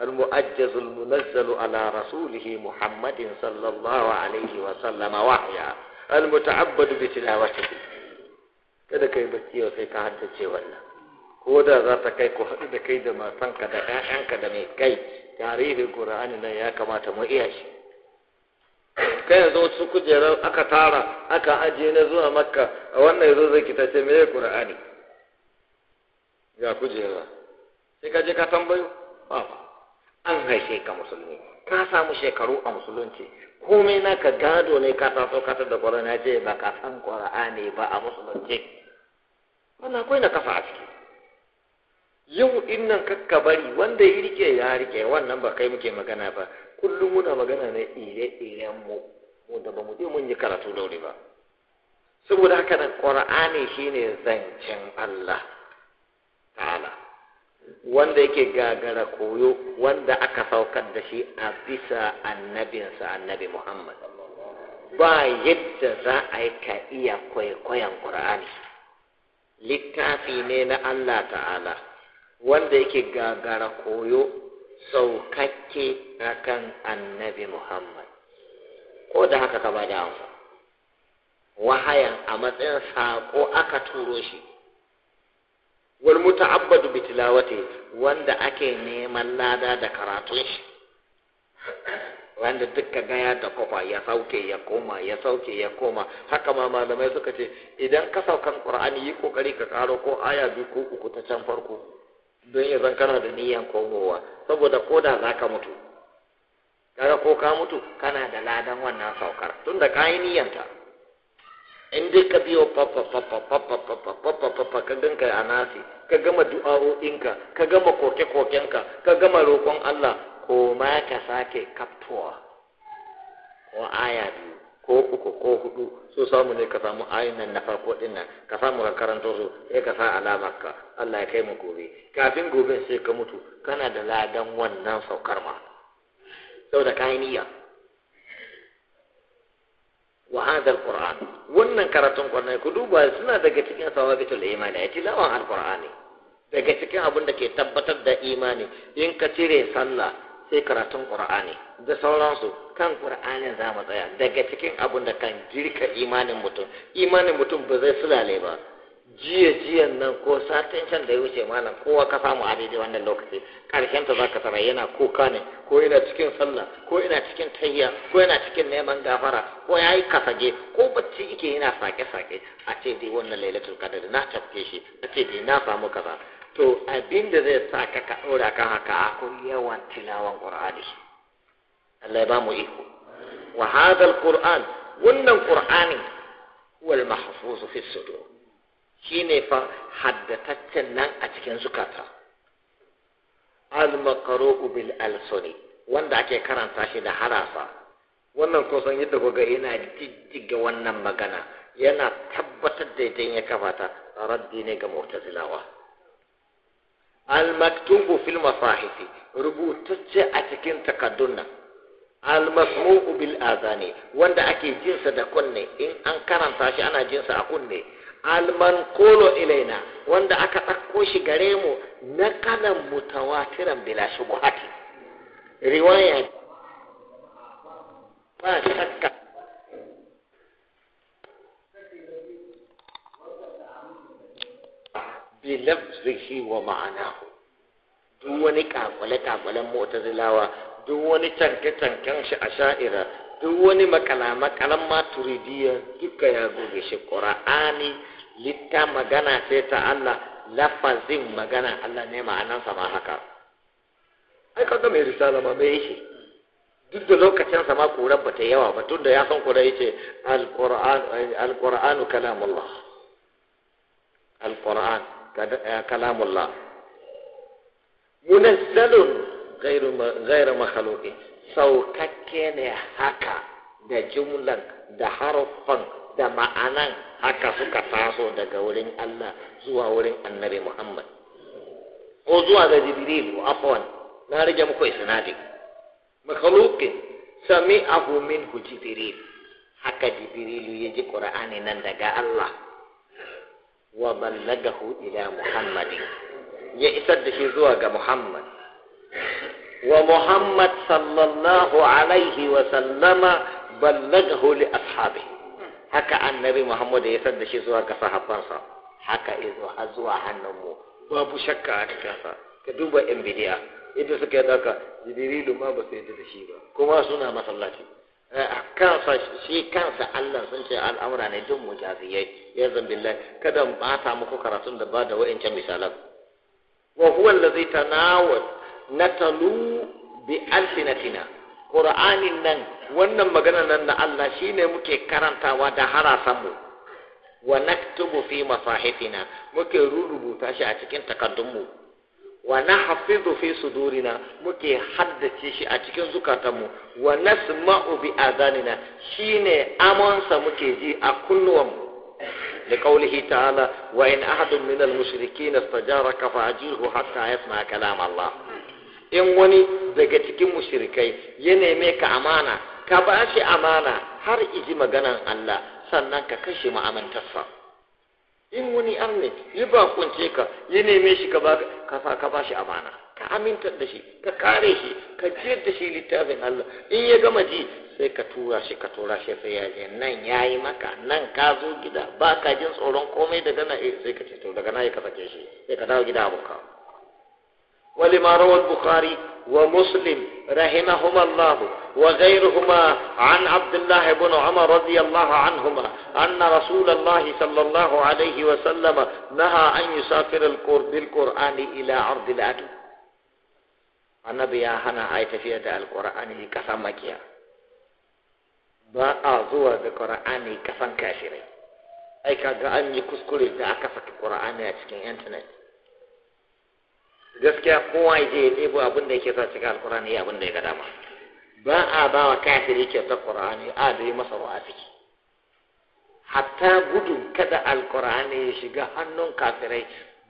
المؤجز المنزل على رسوله محمد صلى الله عليه وسلم وحيا المتعبد بتلاوته kada kai bacci yau sai ka haddace wannan ko da za ta kai ku haɗu da kai da matanka da ƴaƴanka da mai kai tarihin qur'ani nan ya kamata mu iya shi kai yanzu wasu kujerar aka tara aka ajiye na zuwa makka a wannan yazo zai kita ce meye qur'ani ga kujera sai ka je ka tambayo ba an haife ka musulmi ka samu shekaru a musulunci komai na ka gado ne ka taso ka da ƙwarana ce ba ka san ƙwara'ani ba a musulunci wannan akwai na kafa a ciki yau din nan kakka bari wanda ya rike ya rike wannan ba kai muke magana ba kullum muna magana na ire-iren mu mu da ba mu je mun yi karatu da wuri ba saboda haka nan ƙwara'ani shine zancen Allah ta'ala wanda yake gagara koyo wanda aka saukar da shi a bisa annabinsa annabi Muhammad ba yadda za a yi ka iya kwaikwayon ƙur'ani. littafi ne na Allah ta'ala wanda yake gagara koyo saukakke akan annabi Muhammad ko da haka ka ba da wahayan a matsayin saƙo aka turo shi wal muta'abbadu bi tilawati wanda ake neman lada da karatun shi wanda dukka gaya da kofa ya sauke ya koma ya sauke ya koma haka ma malamai suka ce idan ka saukan qur'ani yi kokari ka karo ko aya biyu ko uku ta can farko don ya zan kana da niyyar komowa saboda koda ka mutu kaga ko ka mutu kana da ladan wannan saukar tunda ka yi niyyanta in dai ka biyo ka ganka a nasi ka gama du'a'o'inka ka gama koke-kokenka ka gama roƙon Allah ko ma ka sake kaftuwa wa aya biyu ko uku ko hudu so samu ne ka samu ayin na farko din nan ka samu ka karanto su sai ka sa alamar ka Allah ya kai mu gobe kafin gobe sai ka mutu kana da ladan wannan saukar ma saboda ka niyya wa hadal alquran wannan karatun kwana ku duba suna daga cikin sawabitul imani ai tilawan alqur'ani daga cikin abun da ke tabbatar da imani in ka cire sallah sai karatun qur'ani da sauransu kan qur'ani za mu tsaya daga cikin abin da kan jirka imanin mutum imanin mutum ba zai sulale ba jiya jiyan nan ko satin can da ya wuce malam kowa ka samu a wannan lokaci karshen ta zaka tara yana kuka ne ko yana cikin sallah ko yana cikin tayya ko yana cikin neman gafara ko yayi kasage ko bacci yake yana sake sake a ce dai wannan lailatul qadr na tafke shi a ce dai na samu kaza to abin da zai sa ka ka dora kan haka akwai yawan tilawan qur'ani Allah ya ba mu iko wa hadha al-qur'an wannan qur'ani huwa mahfuz fi sudur Shi ne fa haddataccen nan a cikin zukata almakaro maqruu bil wanda ake karanta shi da harafa wannan ko yadda kuga yana diddiga wannan magana yana tabbatar da idan ya kafata raddi ne ga mu'tazilawa al fil masahifi rubutacce a cikin takaddun nan al bil azani wanda ake jinsa da kunne in an karanta shi ana jinsa a kunne almankolo ilaina wanda aka ɗauko shi gare mu na kanan mutawatiran bila shubuhati riwaya ba shakka bilafzihi wa ma'anahu duk wani kakule mota zilawa duk wani tanke-tanken shi a sha'ira duk wani makala-makalan maturidiya duka ya goge shi ƙura'ani litta magana sai ta Allah lafazin magana Allah ne sa ma haka ai kaga mai risala ma mai yake duk da lokacin sa ma kurar ba ta yawa ba tun da ya san kura yace alquran alquran kalamullah alquran eh, kalamullah munazzalun ghairu ghairu makhluqi saukakke ne haka da jumlan da harfan da ma'anan haka suka taso daga wurin Allah zuwa wurin annabi Muhammad ko zuwa ga Jibril afwan na rage muku isnadi makhluqin sami'ahu minhu Jibril haka Jibril ya ji Qur'ani nan daga Allah wa ballagahu ila Muhammadin ya isar da shi zuwa ga Muhammad wa Muhammad sallallahu alaihi wa sallama ballagahu li ashabihi haka annabi Muhammad ya da shi zuwa ga sahabbansa haka izo zuwa hannunmu babu shakka a cikinsa ka duba yan bidiya idan suka yi haka jibrilu ma ba su yadda da shi ba kuma suna masallaci eh, kansa shi kansa Allah sun ce al'amura ne duk mujaziyai ya zambillah kada mu bata muku karatun da ba da wa'ancan misalan wa huwa allazi tanawat natalu bi alsinatina ƙura'anin nan wannan magana nan na Allah shi ne muke karantawa da harasanmu wa naktubu fi masahifina muke rubuta shi a cikin takardunmu wa nahfizu fi sudurina muke haddace shi a cikin zukatanmu wa nasma'u bi azanina shine amonsa muke ji a kunnuwanmu لقوله تعالى وإن أحد من المشركين استجارك فأجره حتى يسمع كلام الله in wani daga cikin mushrikai ya neme ka amana ka ba shi amana har iji maganan Allah sannan ka kashe amintarsa in wani arne ya kunce ka ya neme shi ka ka ba shi amana ka aminta da shi ka kare shi ka jiyar da shi littafin Allah in ya gama ji sai ka tura shi ka tura shi sai ya je nan ya yi maka nan ka zo gida ba ka jin tsoron komai daga na eh, sai ka ce to daga na ya ka shi sai ka dawo gida abokan ولما روى البخاري ومسلم رحمهما الله وغيرهما عن عبد الله بن عمر رضي الله عنهما أن رسول الله صلى الله عليه وسلم نهى أن يسافر القر بالقرآن إلى عرض الأكل النبي يا آهنا آية فيها القرآن كفن مكيا با أعظوها بقرآن كفن كافرين أي كأني كسكولي دا أكفك القرآن يتكين انترنت gaskiya kowa ya je ya ɗebo abin da yake sa cikin alkur'ani ya abin da ya ga dama ba a ba wa kafiri kyautar qur'ani a da yi masa ru'a ciki hatta gudun kada alkur'ani ya shiga hannun kafirai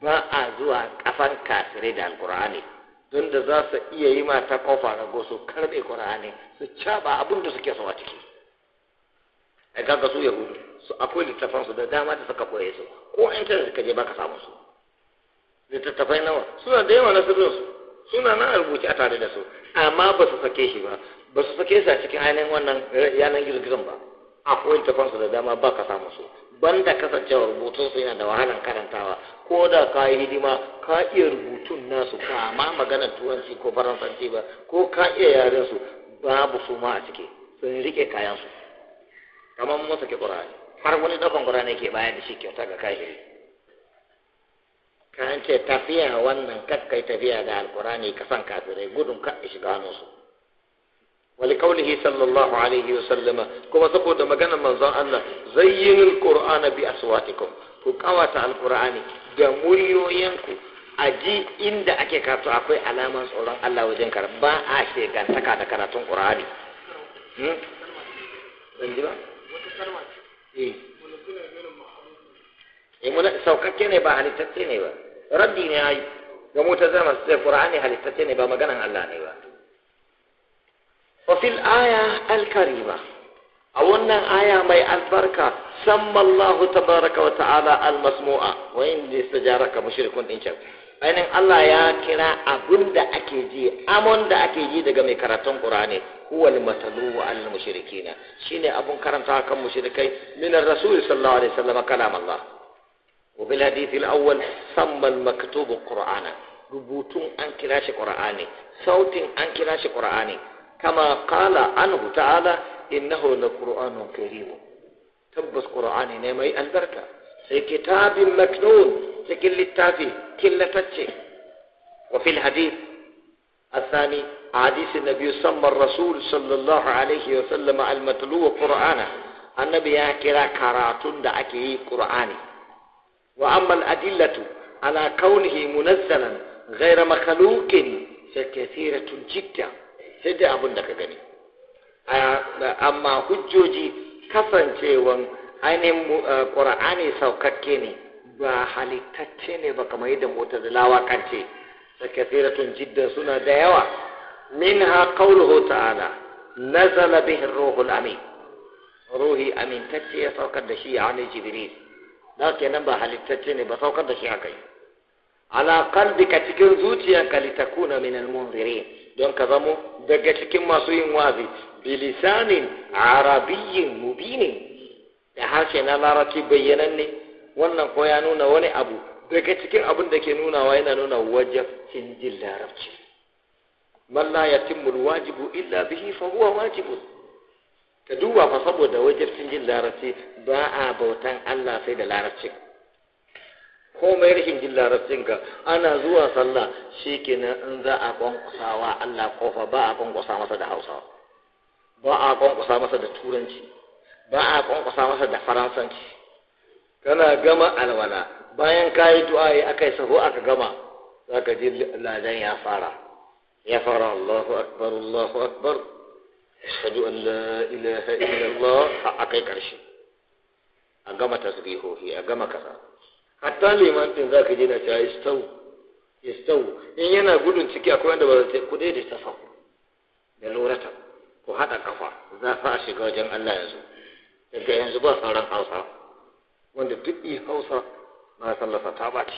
ba a zuwa kafan kafirai da alkur'ani don da za su iya yi ma ta kofa rago su karɓe qur'ani su caɓa abin da suke so a ciki a kaga su yahudu su akwai littafansu da dama da suka koye su ko in ka je baka samu su littattafai nawa suna da yawa na su suna na a rubuce a tare da su amma ba su sake shi ba ba su sake shi a cikin ainihin wannan eh, yanar girgizan ba akwai littafansu da dama ba ka samu su banda kasancewa rubutun su yana da wahalan karantawa ko da ka yi hidima ka iya rubutun nasu ka ma maganar turanci ko faransanci ba ko ka iya yaren su babu su ma a ciki sun rike kayan su kamar mun sake ƙura'ani har wani ɗaukan ƙura'ani ke bayar da shi kyauta ga kahiri ka ce tafiya wannan kakkai tafiya da alkurani ka san kafirai gudun ka shiga hannunsu wali kaulihi sallallahu alaihi wa sallama kuma saboda maganar manzon Allah zayyinul qur'ana bi aswatikum ku kawata alkurani da muryoyinku a ji inda ake karatu akwai alaman tsoron Allah wajen kar ba a shegantaka da karatun qur'ani hmm? eh, eh mun ne ba halittacce ne ba rabbi ne yayi ga mutazila masu sai qur'ani halittace ne ba maganan Allah ne ba wa aya al a wannan aya mai albarka sammallahu tabaraka wa ta'ala al masmu'a wa inda istajaraka mushrikun din can ainihin Allah ya kira abin da ake ji amon da ake ji daga mai karatun Qur'ani huwal matalu wa al shine abun karanta kan mushrikai min ar-rasul sallallahu alaihi wasallam kalam Allah وفي الحديث الأول سمى المكتوب قرآنا ربوتون أنكراش قرآني صوت أنكراش قرآني كما قال عنه تعالى إنه لقرآن كريم تبس قرآني نيمي البركة في كتاب مكنون cikin littafi killatacce wa fil hadith الثاني حديث النبي صلى الرسول صلى الله عليه وسلم المتلو قرآنا النبي يا كرا كراتون دا أكي قرآني وأما الأدلة على كونه منزلا غير مخلوق فكثيرة جدا سيدة أبو لك amma hujjoji kasancewan ainihin ƙura'ani eh, saukakke ne ba halittacce ne ba kamar yadda mota da lawakance da kasiratun jidda suna da yawa min ha kauluhu ta'ala nazala bihin ruhul amin ruhi amintacce ya saukar da shi a wani jibril na nan ba halittacce ne ba saukar da shi haka yi ala ka cikin zuciyarka litakuna min almunziri don ka zamo daga cikin masu yin wazi bilisanin arabiyyin mubini da harshe na larabci ne. wannan ko ya nuna wani abu daga cikin abin da ke nunawa yana nuna wajabcin jin larabci man la yatimmu alwajibu illa bihi fa huwa wajibun ka duba fa saboda wajibcin jin larabci ba a bautan Allah sai da larabcin komai rashin jin larabcin ka ana zuwa sallah shikenan in za a kwankwasawa Allah kofa ba a kwankwasa masa da Hausa ba a kwankwasa masa da Turanci ba a kwankwasa masa da Faransanci kana gama alwala bayan kayi aka yi sahu aka gama zaka ji ladan ya fara ya fara Allahu akbar Allahu akbar ashhadu an la ilaha illallah a kai karshe a gama tasbihohi a gama kasa hatta liman din zaka je na cewa istau istau in yana gudun ciki akwai wanda ba zai kudai da tafa da lorata ko hada kafa za fa a shiga wajen Allah yanzu daga yanzu ba sauran Hausa wanda duk yi Hausa ma sallafa ta ce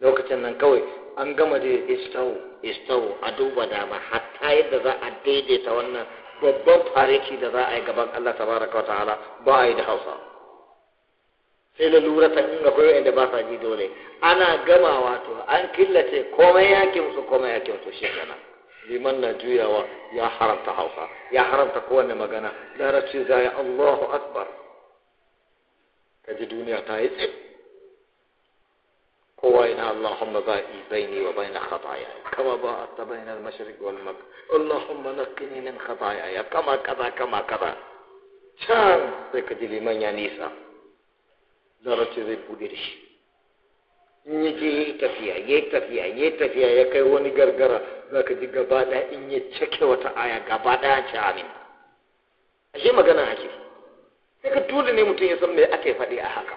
lokacin nan kawai an gama da istau istau a duba dama hatta yadda za a daidaita wannan babban fariki da za a yi gaban Allah tabaraka ta'ala ba a yi da Hausa sai da lura ta inga koyo inda ba sa ji dole ana gama wato an killace komai ya kimsu komai ya kimsu shi kenan liman na juyawa ya haramta Hausa ya haramta kowanne magana larabci za ya Allahu akbar kaji duniya ta yi tsit kowa ina Allahumma ba'i baini wa baina khataaya kama ba'adta baina al-mashriq na maghrib Allahumma naqqini min khataaya kama kaza kama kaza can sai ka ji liman ya nisa zarace zai bude da shi in ya je yi tafiya yi tafiya yi tafiya ya kai wani gargara za ka ji gaba ɗaya in ya cike wata aya gaba ɗaya ce amin ashe magana ake sai ka dole ne mutum ya san me ake faɗi a haka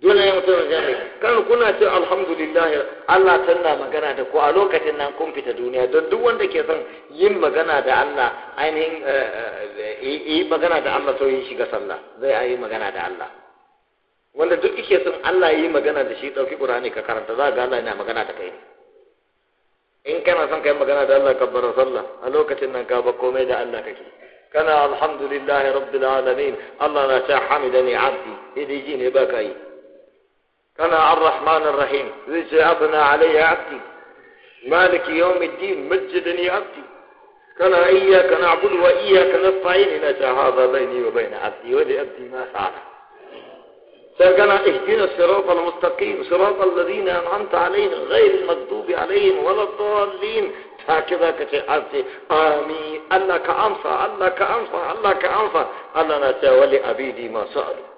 dole ne mutum ya mai kan kuna ce alhamdulillah Allah tana magana da ku a lokacin nan kun fita duniya don duk wanda ke son yin magana da Allah ainihin eh, eh, eh, yi magana da Allah to yin shiga sallah zai yi magana da Allah wanda duk yake son Allah yi magana da shi dauki Qur'ani ka karanta za ga Allah yana magana da kai in kana son kai magana da Allah ka kabbara sallah a lokacin nan ka ba komai da Allah kake kana alhamdulillah rabbil alamin Allah na ta hamidani abdi idai ji ne ba ka yi أنا الرحمن الرحيم ذي أبنى علي عبدي مالك يوم الدين مجدني عبدي كان إياك نعبد وإياك نستعين إن هذا بيني وبين عبدي ولعبدي ما فعل فكان اهدنا الصراط المستقيم صراط الذين أنعمت عليهم غير المكذوب عليهم ولا الضالين هكذا عبدي آمين الله كأنصى الله كأنصى الله كأنصى الله نتولي أبيدي ما سألوا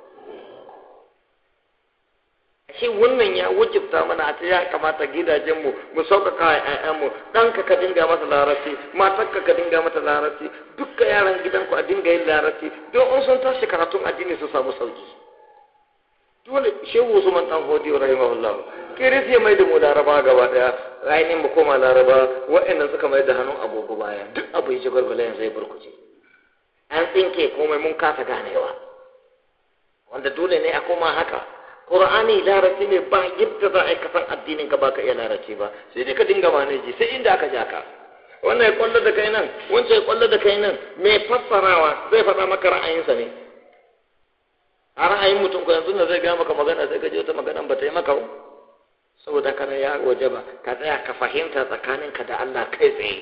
shi wannan ya wajibta mana a ya kamata gidajenmu mu sauƙaƙa wa ‘ya'yanmu ɗanka ka dinga masa larabci matarka ka dinga mata larabci dukkan yaran gidanku a dinga yin larabci don an san tashi karatun addini su samu sauki dole shehu man dan hodiyo rahimahullah kiris ya mai da mu laraba gaba daya rainin mu koma laraba wa'annan suka mai da hannun agogo baya duk abu ya ji gwargwala yanzu ya burkuce an tsinke komai mun kasa ganewa wanda dole ne a koma haka qur'ani larabci ne ba yadda za a yi kasar addinin ka baka iya larabci ba sai dai ka dinga maneji sai inda aka ja ka wannan ya kwallo da kai nan wancan ya kwallo da kai nan mai fassarawa zai faɗa maka ra'ayinsa ne a ra'ayin mutum ko yanzu da zai gaya maka magana sai ka je wata magana ba ta yi maka saboda kana ya waje ba ka tsaya ka fahimta tsakaninka da Allah kai tsaye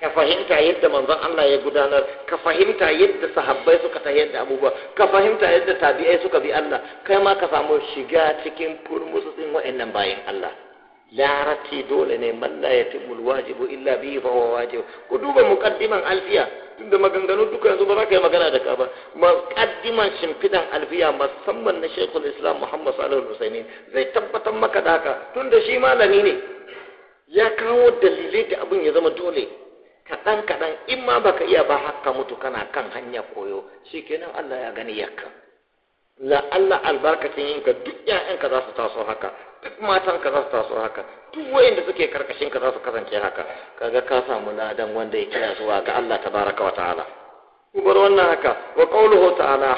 ka fahimta yadda manzon Allah ya gudanar ka fahimta yadda sahabbai suka ta yadda abubuwa ka fahimta yadda tabi'ai suka bi Allah kai ma ka samu shiga cikin furmusutsin waɗannan bayan Allah larati dole ne man la yatimul illa bihi fa huwa wajib ku duba muqaddiman alfiya tunda maganganu duka yanzu ba za ka yi magana da ka ba muqaddiman shimfidan alfiya musamman na Sheikhul Islam Muhammad Salihu Husaini zai tabbatar maka da haka tunda shi malami ne ya kawo dalilai da abin ya zama dole kaɗan kaɗan in ma baka iya ba haka mutu kana kan hanya koyo kenan Allah ya gani yakka la Allah albarkacin yinka duk ƴaƴanka za su taso haka duk matanka za su taso haka duk da suke karkashin ka za su kasance haka kaga ka samu ladan wanda ya kira zuwa ga Allah tabaraka wa ta'ala kuma wannan haka wa qawluhu ta'ala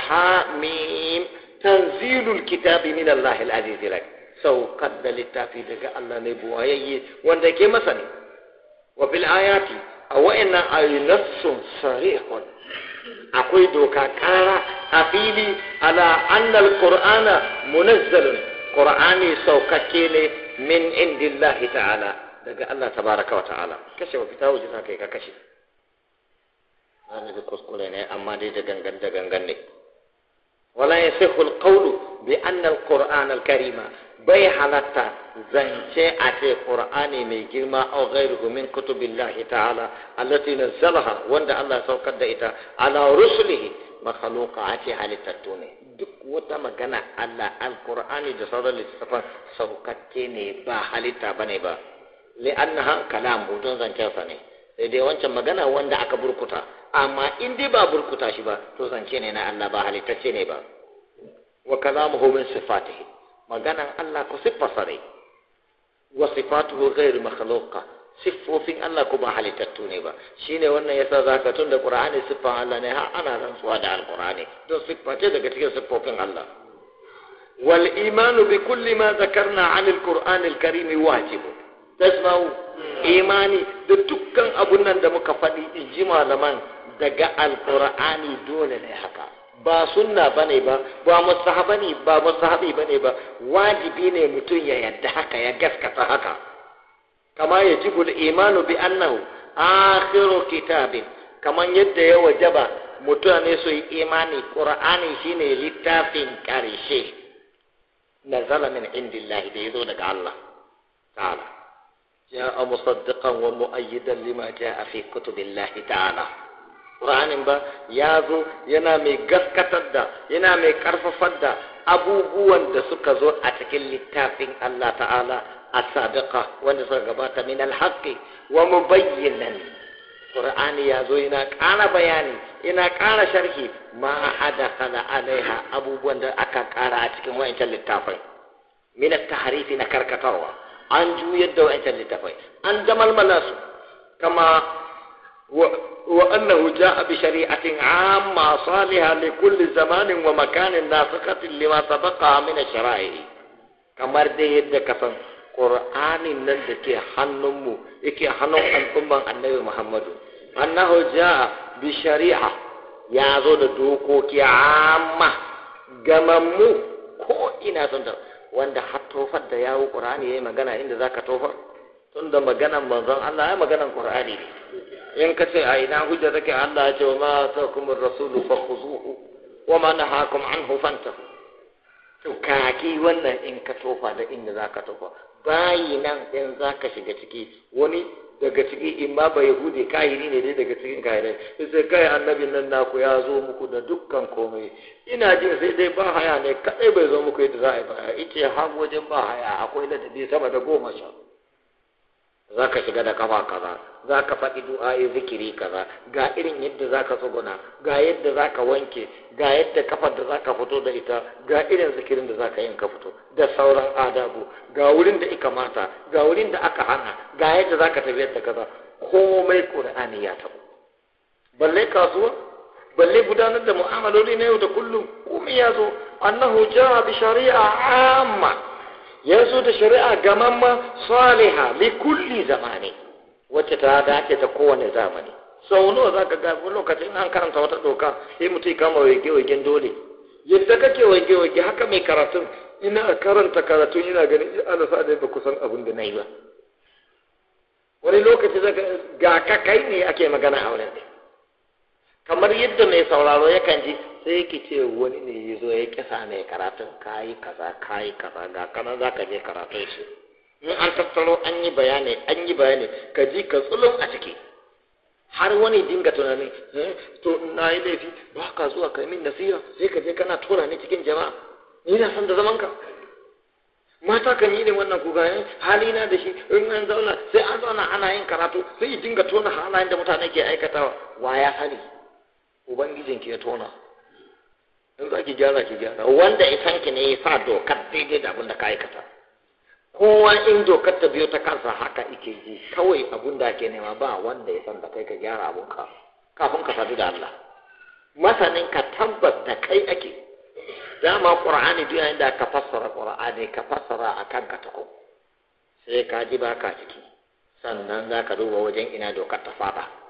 mim tanzilul kitabi min Allah al-aziz saukar da littafi daga Allah ne buwayayye wanda ke masa ne wa bil ayati a wa'annan ayoyi nassun sarihun akwai doka kara a fili ala annal qur'ana munazzalun qur'ani saukakke ne min indillahi ta'ala daga Allah tabaraka wa ta'ala kashe wa fita wajen haka ka kashe da kuskure ne amma dai da gangan da gangan ne wala yasihul qawlu bi anna al-qur'ana al-karima bai halatta zance a ce qur'ani mai girma aw ghairuhu min kutubillahi ta'ala allati nazzalaha wanda Allah ya saukar da ita ala rusulihi makhluqa a ce halittattu ne duk wata magana Allah alqur'ani da sauran littafan saukakke ne ba halitta bane ba li'annaha kalam don zancensa ne sai dai wancan magana wanda aka burkuta amma in dai ba burkuta shi ba to zance ne na Allah ba halittacce ne ba wa kalamuhu min sifatihi maganan Allah ku siffarsa ne wa sifatuhu ghairu makhluqa siffofin Allah ko ba halittattu ne ba shine wannan yasa zaka tun da Qur'ani siffan Allah ne har ana rantsuwa da Al-Qur'ani don siffa ce daga cikin siffofin Allah wal imanu bi kulli ma zakarna 'anil Qur'anil Karim wajibun tasma'u imani da dukkan abun nan da muka faɗi ijima laman daga alkur'ani dole ne haka ba sunna ne ba ba mustahabani ba mustahabi bane ba wajibi ne mutum ya yadda haka ya gaskata haka kama ji al-imanu bi annahu akhiru kitabin kaman yadda ya wajaba mutane su yi imani qur'ani shine littafin karshe nazala min indillahi da yazo daga Allah ta'ala ja'a musaddiqan wa mu'ayyidan lima ja'a fi kutubillahi ta'ala Qur'anin ba ya zo yana mai gaskatar da yana mai karfafar da abubuwan da suka zo a cikin littafin Allah ta'ala as-sadiqa wanda suka gabata min al-haqqi wa mubayyinan Qur'ani ya zo yana ƙara bayani yana ƙara sharhi ma hadakala alaiha abubuwan da aka ƙara a cikin wa'ancan littafai min at-tahrifi na karkatawa an juyar da wa'ancan littafai an damalmala su kama وأنه جاء بشريعة عامة صالحة لكل زمان ومكان ناسخة لما سبقها من الشرائع kamar dai yadda ka san ƙur'anin nan da ke mu yake hannun al'umman annabi muhammadu annahu ja'a bi shari'a ya zo da dokoki amma gamammu ko ina sun ta wanda har tofar da yawo ƙur'ani ya yi magana inda za ka tofar tun da manzon allah ya magana ƙur'ani ne in ka ce a ina hujja take Allah ya ce wa ma sakumur rasulu fa khuzuhu wa ma nahakum anhu fantahu to kaki wannan in ka tofa da in za ka tofa bayi nan in za ka shiga ciki wani daga ciki in ma ba yahudi kahiri ne dai daga cikin kahirai sai kai annabi nan naku ya zo muku da dukkan komai ina jin sai dai ba haya ne kadai bai zo muku yadda za a yi ba ice har wajen ba haya akwai ladabi sama da goma sha za ka shiga da kafa kaza za ka faɗi du'a ya zikiri kaza ga irin yadda za ka tsuguna ga yadda za ka wanke ga yadda kafar da za ka fito da ita ga irin zikirin da za ka yin ka fito da sauran adabu ga wurin da ika mata ga wurin da aka hana ga yadda za ka tafiyar da kaza komai ƙur'ani ya taɓa balle kasuwa balle gudanar da mu'amaloli na yau da kullum komai ya zo annahu ja'a bi shari'a amma yanzu da shari'a gamamma saliha li kulli zamani wacce ta dace ta kowane zamani sau nawa za ka gafi lokacin an karanta wata doka sai mutum kama wage-wagen dole yadda kake wage-wage haka mai karatun ina karanta karatun ina ganin ana sa da ba kusan abin da na yi ba wani lokaci ga ka kai ne ake magana a wurin kamar yadda mai sauraro yakan ji sai yake ce wani ne ya zo ya kisa mai karatun kayi kaza kayi kaza ga kana za ka je karatun shi in an tattaro an yi bayani an yi bayani ka ji ka tsulun a ciki har wani dinga tunani, eh, to na yi laifi ba ka zuwa ka min nasiha sai ka je kana tura ni cikin jama'a ni na san da zaman ka mata kan yi ne wannan kuka yin eh, hali na da shi in an zauna sai an zauna ana yin karatu sai dinga tona halayen da mutane ke aikatawa wa ya sani ubangijin ke tona in za ki gyara ki gyara wanda isan ki ne ya sa dokar daidai da abin da ka aikata kowa in dokar ta biyo ta kansa haka ike ji kawai abun da ke nema ba wanda ya san da kai ka gyara abun ka kafin ka sadu da Allah masanin ka tabbas da kai ake dama qur'ani duk inda ka fassara qur'ani ka fassara akan ka tako sai ka ji ba ka ciki sannan za ka duba wajen ina dokar ta fada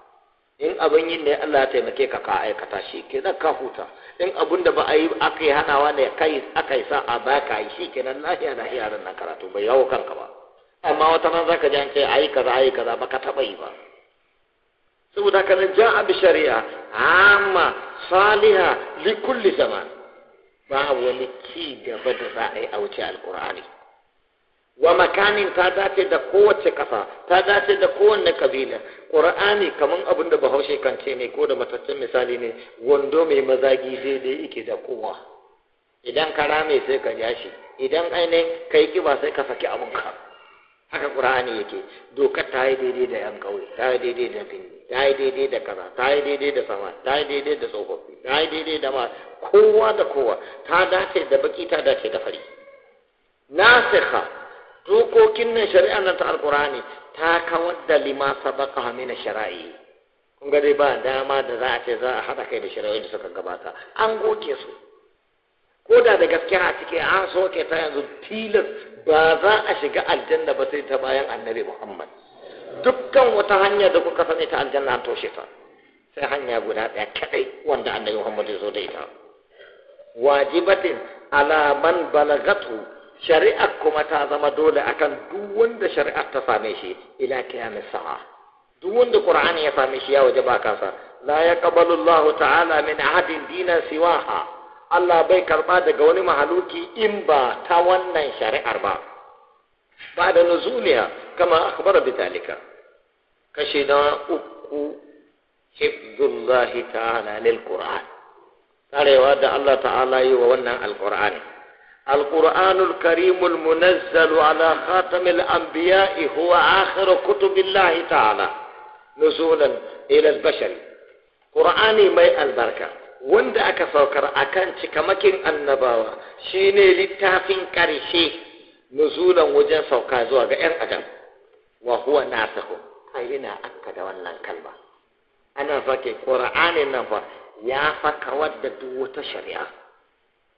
in abin yin ne Allah ya taimake ka ka aikata shi kenan ka huta in abin da ba a yi aka yi hanawa ne kai aka yi a ba ka yi shi kenan lafiya na yaran nan karatu bai yawo kanka ba amma wata nan zaka ji an ce ayi kaza ayi kaza baka taba yi ba saboda nan ja'a bi shari'a amma saliha li kulli zaman ba wani ci gaba da za a yi a wuce alkur'ani wa makanin ta dace da kowace kasa ta dace da kowanne kabila qur'ani kaman abin da bahaushe kan ce ne ko da matattun misali ne wando mai mazagi daidai yake da kowa idan ka rame sai ka ja idan ainihin kai kiba sai ka saki ka. haka qur'ani yake dokar ta yi daidai da yan kauye ta yi daidai da binni ta yi daidai da kaza ta yi daidai da sama ta yi daidai da tsofaffi ta yi daidai da ma kowa da kowa ta dace da baki ta dace da fari nasiha dokokin nan shari'a nan ta alkurani ta kawar da lima sabaka na shari'a. kun ga dai ba dama da za a ce za a haɗa kai da shari'o'i da suka gabata an goke su ko da da gaskiya a ciki an soke ta yanzu tilas ba za a shiga aljanna ba sai ta bayan annabi muhammad dukkan wata hanya da kuka sani ta aljanna an toshe ta sai hanya guda ɗaya kaɗai wanda annabi muhammad ya zo da ita wajibatin ala man balagatu shari'ar kuma ta zama dole akan duk wanda shari'ar ta same shi ila kiyamis sa'a duk wanda qur'ani ya same shi ya waje ba kansa la yaqbalu Allahu ta'ala min ahadin dina siwaha Allah bai karba daga wani mahaluki in ba ta wannan shari'ar ba ba da nuzuliya kama akhbara bitalika kashi na uku hifzullahi ta'ala lil qur'an tarewa da Allah ta'ala yi wa wannan alqur'ani القرآن الكريم المنزل على خاتم الأنبياء هو آخر كتب الله تعالى نزولا إلى البشر قرآني مي البركة وند أكفوكر أكان تكمكين النباوة شيني لتافين كارشي نزولا وجن فوكازوا غير أدم وهو ناسخ هاينا أكد ولن كلمة أنا فاكي قرآن النبا يا فكوات دوة شريعة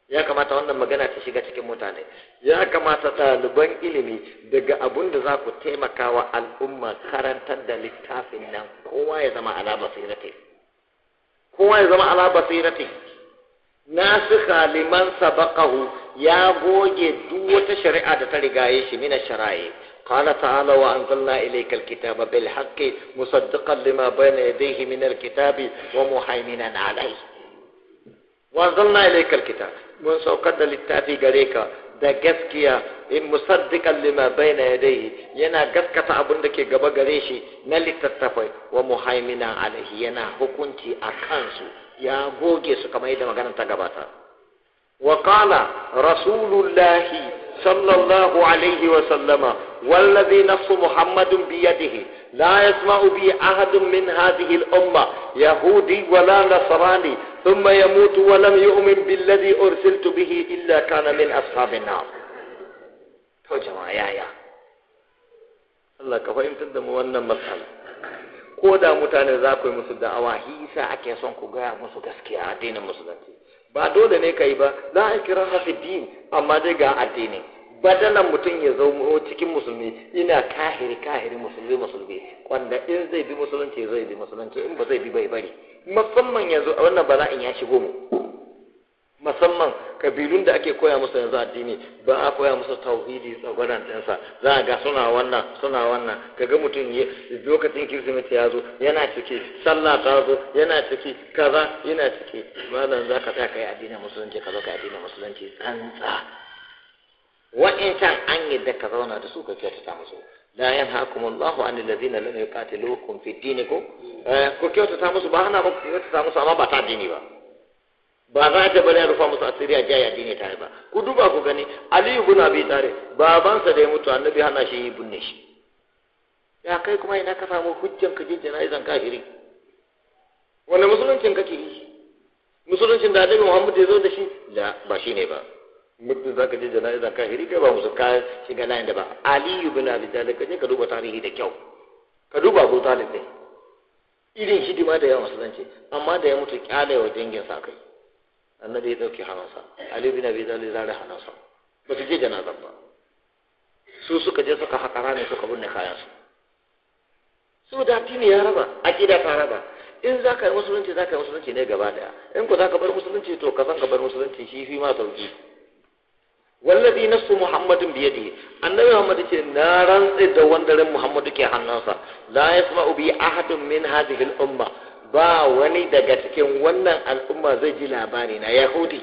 ya kamata wannan magana ta shiga cikin mutane ya kamata ɗaliban ilimi daga abun da za ku taimaka wa al'umma karantar da littafin nan kowa ya zama ala basirati kowa ya zama ala na su haliman sabakahu ya goge duk wata shari'a da ta rigaye shi mina shara'i قال تعالى وأنزلنا إليك الكتاب بالحق مصدقا لما بين يديه من الكتاب ومهيمنا عليه وأنزلنا إليك الكتاب mun saukar da littafi gare ka da gaskiya in musaddiqan lima baina yadayhi yana gaskata abin da ke gaba gare shi na littattafai wa muhaimina alaihi yana hukunci a kansu ya goge su kamar yadda magana ta gabata wa qala rasulullahi sallallahu alaihi wa sallama والذي نفس محمد بيده لا يسمع به أحد من هذه الأمة يهودي ولا نصراني ثم يموت ولم يؤمن بالذي أرسلت به إلا كان من أصحاب النار to jama'a yaya Allah ka fahimtar da mu wannan matsala ko da mutane za ku yi musu da'awa hisa ake son ku gaya musu gaskiya addinin musulunci ba dole ne kai ba za a kira hafi din amma dai ga addinin nan mutum ya zo cikin musulmi ina kahiri kahiri musulmi musulmi wanda in zai bi musulunci ya zai bi musulunci in ba zai bi bai bari musamman yanzu a wannan bala'in ya shigo mu musamman kabilun da ake koya musu yanzu addini ba a koya musu tauhidi tsagwaran ɗinsa za a ga suna wannan suna wannan kaga mutum ya lokacin kirsimeti ya zo yana ciki sallah ta zo yana ciki kaza yana ciki malam za ka tsaya ka yi addinin musulunci ka zo ka yi addinin musulunci tsantsa wa'incan an yadda ka zauna da su ka kyautata musu la yanhaakum Allahu an alladhina lam yuqatilukum fi dinikum eh, ku kyautata musu ba hana ba ku kyautata musu amma ba ta dini ba ba za ta bari a rufa musu asiri a jaya dini ta ba ku duba ku gani bi ibn Abi Talib babansa da ya mutu annabi hana shi yi binne shi ya kai kuma ina ka samu hujjan ka je jana'izan kafiri wani musuluncin kake yi musuluncin da annabi Muhammad ya zo da shi da ba ne ba muddin zaka je ka hiri kai ba musu ka shiga layin da ba aliyu bin abi talib ka je ka duba tarihi da kyau ka duba abu talib dai irin hidima da ya musulunci amma da ya mutu kyale wa dangin sa kai annabi ya dauki hannunsa aliyu bin abi talib zare hannunsa ba su je jana'izan ba su suka je suka haƙa rami suka binne kayan su su da tini ya raba aqida ta raba in za ka yi musulunci za ka yi musulunci ne gaba daya in ku za ka bar musulunci to ka san ka bar musulunci shi fi ma sauki wallazi nasu muhammadin biyadi annabi muhammad ce na rantsi da wanda muhammadu ke hannunsa la yasma'u bi ahadun min hadhihi al-umma ba wani daga cikin wannan al'umma zai ji labari na yahudi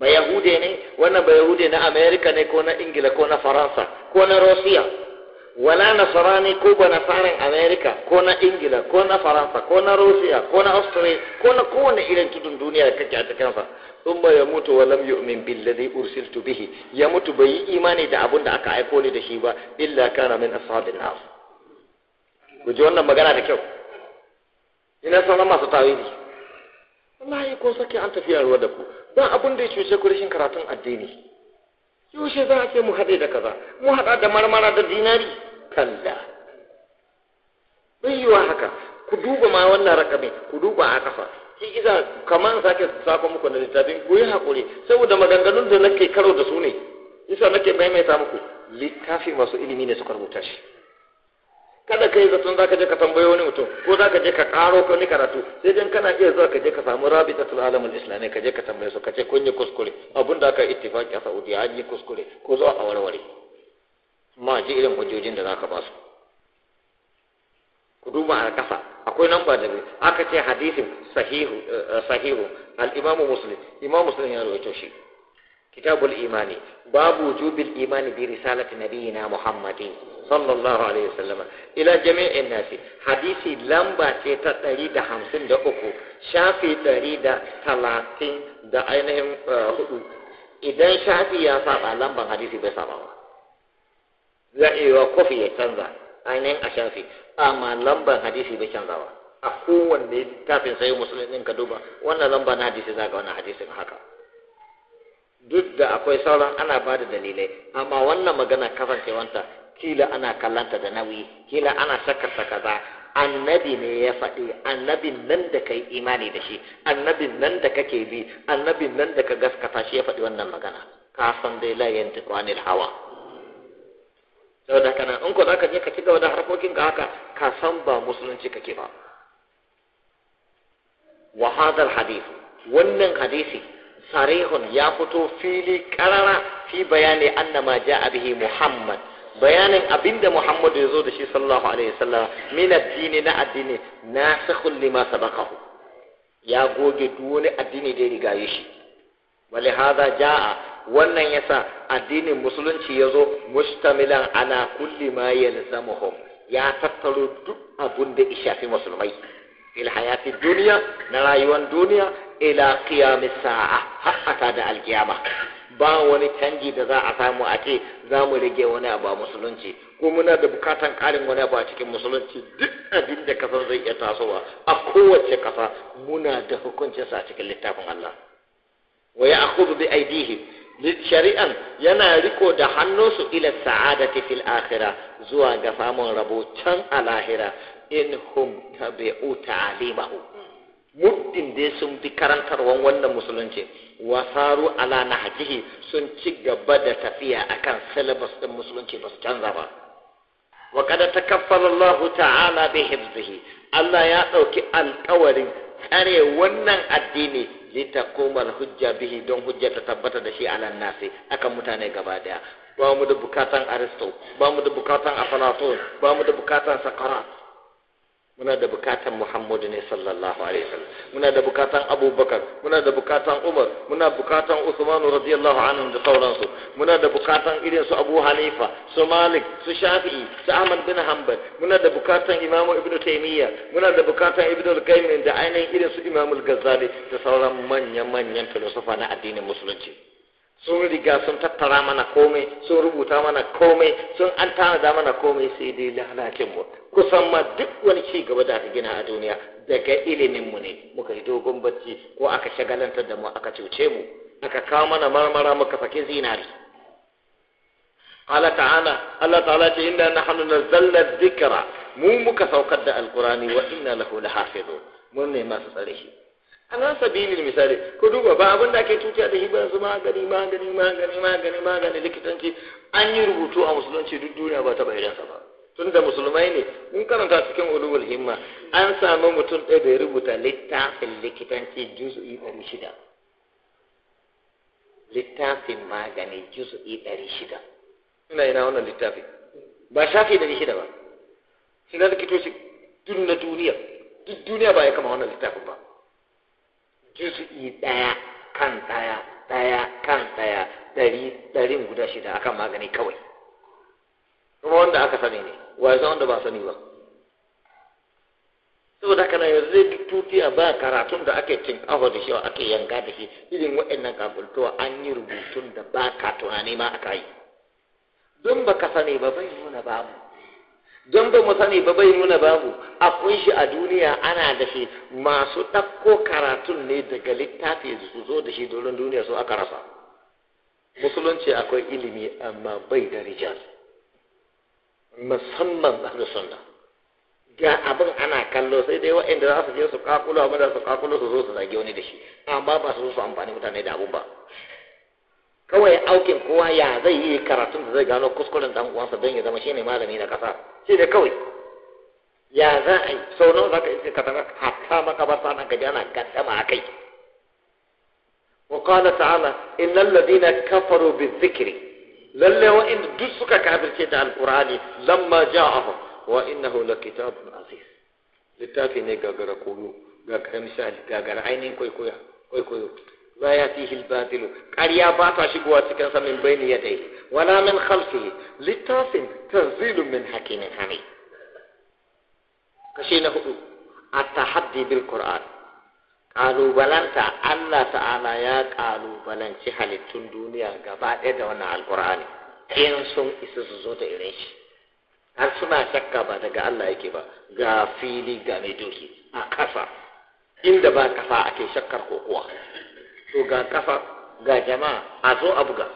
ba yahude ne wannan ba yahude na america ne ko na ingila ko na faransa ko na russia wala nasara ne ko ba nasaran america ko na ingila ko na faransa ko na russia ko na austria ko na kowane irin tudun duniya da kake a cikinsa thumma yamutu wa lam yu'min ladhi ursiltu bihi ya mutu bai yi imani da abun da aka aiko ni da shi ba illa kana min ashabin nar ku ji wannan magana da kyau ina sauran masu tawili wallahi ko sake an tafiya ruwa da ku dan abun da ya cuce ku rashin karatun addini yaushe za a ce mu haɗe da kaza mu haɗa da marmara da dinari kalla bai yiwa haka ku duba ma wannan rakamin ku duba a kafa shi isa kamar sake sako muku na littafin ku yi hakuri saboda maganganun da nake karo da su ne isa nake maimaita muku littafi masu ilimi ne suka rubuta shi kada kai zaton zaka je ka tambayo wani mutum ko zaka je ka karo ka ni karatu sai dan kana iya zuwa ka je ka samu alam al islami ka je ka tambaye su ka ce kun yi kuskure abin da aka ittifaki a saudi an yi kuskure ko zuwa a warware ma ji irin hujjojin da zaka ba su ku duba a kasa akwai nan ba dabi aka ce hadisin sahihu eh, eh, sahihu al-imamu muslim imamu muslim ya rawaito shi kitabul imani babu wujubil imani bi risalati nabiyina muhammadin sallallahu alaihi wasallam ila jami'in nasi hadisi lamba ce ta 153 shafi 130 da ainihin eh, hudu idan shafi ya saba lamban hadisi bai saba ba za a yi wa kofi ya canza ainihin a shafi ma lambar hadisi bai ba, a kowanne sayi sai musulmin ka duba wannan lamba na hadisi za ga wannan hadisin haka duk da akwai sauran ana ba da dalilai amma wannan magana kasancewanta kila ana kallanta da nauyi kila ana shakarta kaza annabi ne ya faɗi annabin nan da kai imani da shi annabin nan da kake bi annabin nan da ka gaskata shi ya faɗi wannan magana ka san dai layin yantiqu hawa saboda kana in ko zaka je ka ci gaba da harkokin ka haka ka san ba musulunci kake ba wa hadal hadith wannan hadisi sarihun ya fito fili karara fi bayani annama ja'a bihi muhammad bayanin abinda muhammad ya zo da shi sallallahu alaihi wasallam min addini na addini nasikhun lima sabaqahu ya goge duk wani addini da ya riga shi ولهذا Ja'a. wannan yasa addinin musulunci ya zo mustamilan ana kulli ma yalzamuhum ya tattaro duk abun da shafi musulmai fil hayati duniya na rayuwar duniya ila qiyam sa'a hatta da alkiyama ba wani canji da za a samu a ce za mu rage wani abu a musulunci ko muna da bukatan karin wani abu a cikin musulunci duk abin da kasan zai iya tasowa a kowace kasa muna da hukuncinsa a cikin littafin Allah wa ya bi aidihi shari'an yana riko da hannunsu ila da fil akhira zuwa ga famun rabo can a lahira in hum tabi'u ta'alimahu muddin dai sun bi karantarwan wannan musulunci wasaru ala nahjihi sun ci gaba da tafiya akan syllabus din musulunci ba su canza ba wa kada ta Allah ta'ala bi hifzihi Allah ya dauki alƙawarin tsare wannan addini lita komal hujja bihi don hujja ta tabbata da shi alan nasi akan mutane gaba daya ba mu da bukatan aristo ba mu da bukatan aflatun ba mu da bukatan sakara. muna da bukatan muhammadu ne sallallahu alaihi wasallam muna da bukatan abubakar muna da bukatan umar muna bukatan usmanu radiyallahu anhu da sauransu muna da bukatan irin su abu hanifa su malik su shafi'i su ahmad bin hanbal muna da bukatan imamu ibnu taymiya muna da bukatan ibnu al-qayyim da ainihin irin su imamu al-ghazali da sauran manyan manyan filosofa na addinin musulunci sun riga sun tattara mana komai sun rubuta mana komai sun an tanada mana komai sai dai lalacin mu kusan ma duk wani ci gaba da aka gina a duniya daga ilimin mu ne muka yi dogon bacci ko aka shagalantar da mu aka cuce mu aka kawo mana marmara muka fake zinari Allah ta'ala Allah ta'ala ce inna nahnu nazzalna dhikra mu muka saukar da alqurani wa inna lahu lahafizun mun ne masu tsare shi ala sabilin misali ko duba ba abin da ake cuta da hibar su magani magani magani magani magani likitanci an yi rubutu a musulunci duk duniya ba ta bayansa ba tun da musulmai ne mun karanta cikin ulul himma an samu mutum ɗaya da ya rubuta littafin likitanci juz'i ɗari shida littafin magani juz'i ɗari shida ina ina wannan littafin ba shafi ɗari shida ba shi na likitoci duk na duniya duk duniya ba ya kama wannan littafin ba juz'i ɗaya kan ɗaya ɗaya kan ɗaya ɗari ɗarin guda shida akan magani kawai kuma wanda aka sani ne wa san wanda ba sani ba saboda haka yanzu zai tutiya ba karatun da ake cin aho da shi ake yanka da shi irin waɗannan kafultuwa an yi rubutun da ba ka tunani ma aka yi don ba ka sani ba bai nuna mu. don ba mu sani ba bai nuna babu akwai shi a duniya ana da shi masu ɗauko karatun ne daga littafi su zo da shi doron duniya su aka rasa musulunci akwai ilimi amma bai da rijal musamman ba da sunna ga abin ana kallo sai dai da za su je su kakulo abin da su kakulo su zo su zage wani da shi amma ba su zo su amfani mutane da abun ba kawai aukin kowa ya zai yi karatun da zai gano kuskuren dan uwansa don ya zama ne malami na kasa shi ne kawai ya za a yi sau nawa ka iske ka tana hatta sa nan gaji ana gaddama a kai wa qala ta'ala innal ladina kafaru bizikri lalle wa in duk suka kafirce da alqur'ani lamma ja'ahum wa innahu lakitabun aziz littafi ne gagara koyo gagara misali gagara ainihin kwaikwayo la yatihi al-batil ƙarya ba ta shigowa cikin sa min bayni yadayhi wala min khalfihi littafin tanzilun min hakimin hamid kashi na hudu at-tahaddi bil qur'an kalubalanta Allah ta'ala ya kalubalanci halittun duniya gaba ɗaya da wannan alqur'ani in sun isa su zo da irin shi har shakka ba daga Allah yake ba ga fili ga mai a kasa inda ba kasa ake shakkar kokowa to ga kafa ga jama'a a zo a buga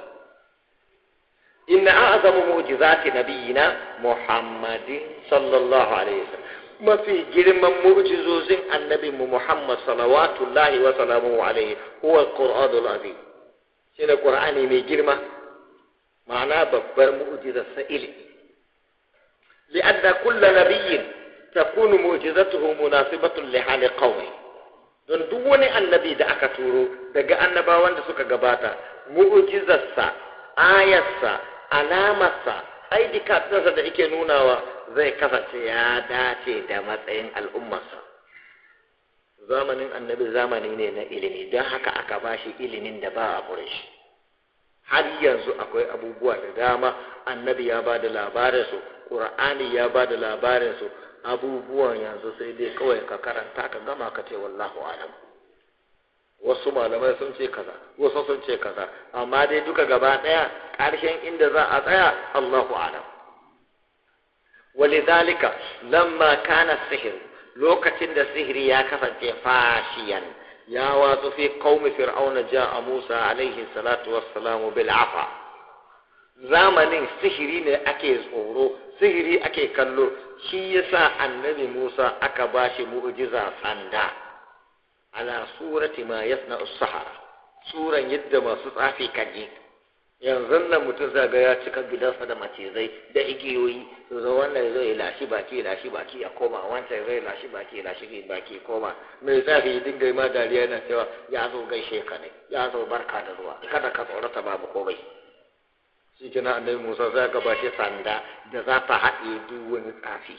inna a'zamu mu'jizati nabiyina muhammadin sallallahu alaihi wasallam mafi girman mu'jizozin annabin mu muhammad sallallahu wa salamuhu alaihi huwa alqur'anul azim shine qur'ani mai girma ma'ana babbar mu'jizar sa ilimi li'anna kullu nabiyyin takunu mu'jizatuhu munasibatan li hali qawmihi don duk wani annabi da aka turo daga annabawan da suka gabata mu'ujizarsa ayarsa alamarsa aidi da ike nunawa zai kasance ya dace da matsayin al'ummarsa zamanin annabi zamani ne na ilimi don haka aka ba shi ilimin da ba a shi har yanzu akwai abubuwa da dama annabi ya ba da labarinsu ƙur'ani ya ba da labarinsu abubuwan yanzu sai dai kawai ka karanta ka gama ka ce wallahu alam wasu malamai sun ce kaza wasu sun ce kaza amma dai duka gaba daya karshen inda za a tsaya Allahu alam walidhalika lamma kana sihir lokacin da sihiri ya kasance fashiyan ya watsu fi qaumi fir'auna ja'a Musa alaihi salatu wassalamu bil afa zamanin sihiri ne ake tsoro sihiri ake kallo shi yasa annabi Musa aka ba shi mu'jiza sanda ala surati ma yasna as-sahara suran yadda masu tsafi kaje yanzu nan mutum ga ya cika gidansa da macizai da igiyoyi su zo wannan zai lashi baki lashi baki ya koma wancan zai lashi baki lashi baki koma mai tsafi dinga ma dariya na cewa ya zo gaishe ka ne ya zo barka da zuwa kada ka tsorata babu komai shi kina annabi musa sai ka bashi sanda da za ta haɗe duk wani tsafi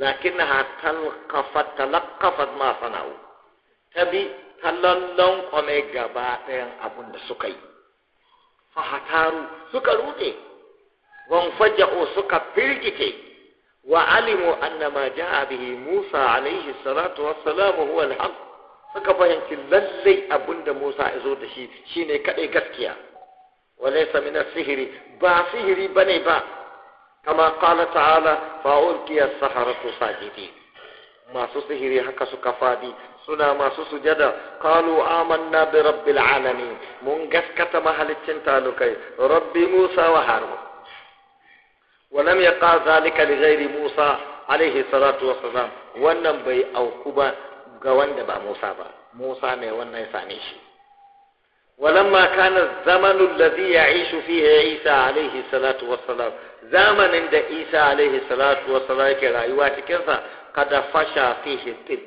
ha talqafat talaqqafat ma sana'u tabi tallallon kome gaba ɗayan abun da suka yi fahataru suka rute wanfaja'u suka firgite wa alimu annama ja'a bihi musa alaihi salatu wassalam huwa alhaq suka fahimci lallai abun da musa ya zo da shi shine kadai gaskiya وليس من السحر با سحر بني با كما قال تعالى فألقي السحرة ساجدين ما سحر هكا سكفادي suna masu sujada kalu amanna bi rabbil alamin mun gaskata mahalicin talukai rabbi musa wa harun wa lam yaqa zalika li ghairi musa alaihi salatu wassalam wannan bai auku ba ga wanda ba musa ba musa ne wannan ya same shi ولما كان الزمن الذي Isa فيه عيسى عليه الصلاة والسلام زمن عند عيسى عليه الصلاة والسلام كرايوات كذا قد فشى فيه الطب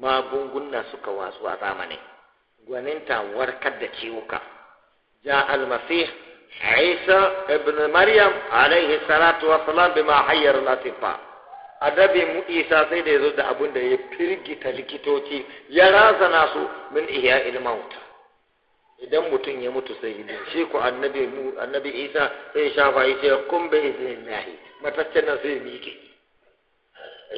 ما بنغنا سكا واسوا زمنه gwaninta warkar da ciwuka ja almasih isa ibn maryam alaihi salatu wassalam bima hayyar latifa adabi mu isa sai da yazo da abun da ya firgita likitoci ya razana su min ihya il idan mutum ya mutu sai ido shi ko annabi mu annabi Isa sai shafa yace kun bai iznillahi mataccen nan sai miƙe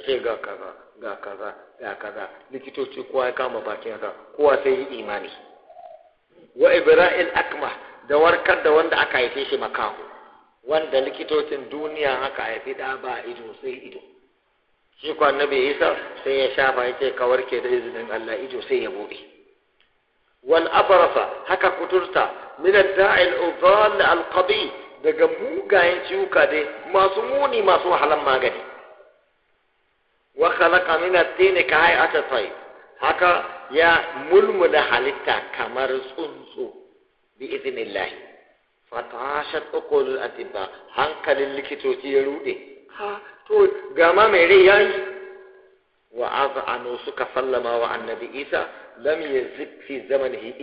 ce ga kaza ga kaza ga kaza likitoci kowa ya kama bakin sa kowa sai yi imani wa ibra'il akma da warkar da wanda aka haife shi makaho wanda likitocin duniya haka haifi da ba ido sai ido shi ko annabi Isa sai ya shafa yace ka warke da izinin Allah ido sai ya bude Wan abrasa haka kuturta min ad-da'i al-udhal al-qadi daga mugayen ciwuka dai masu muni masu wahalan magani wa khalaqa min at-tin ka hay'ati tayyib haka ya mulmula halitta kamar tsuntsu bi idhnillah fatashat uqul atibba hankalin likitoci ya rude ha to gama mai rai yayi wa az'anu suka sallama wa annabi isa lam yazid fi zamanihi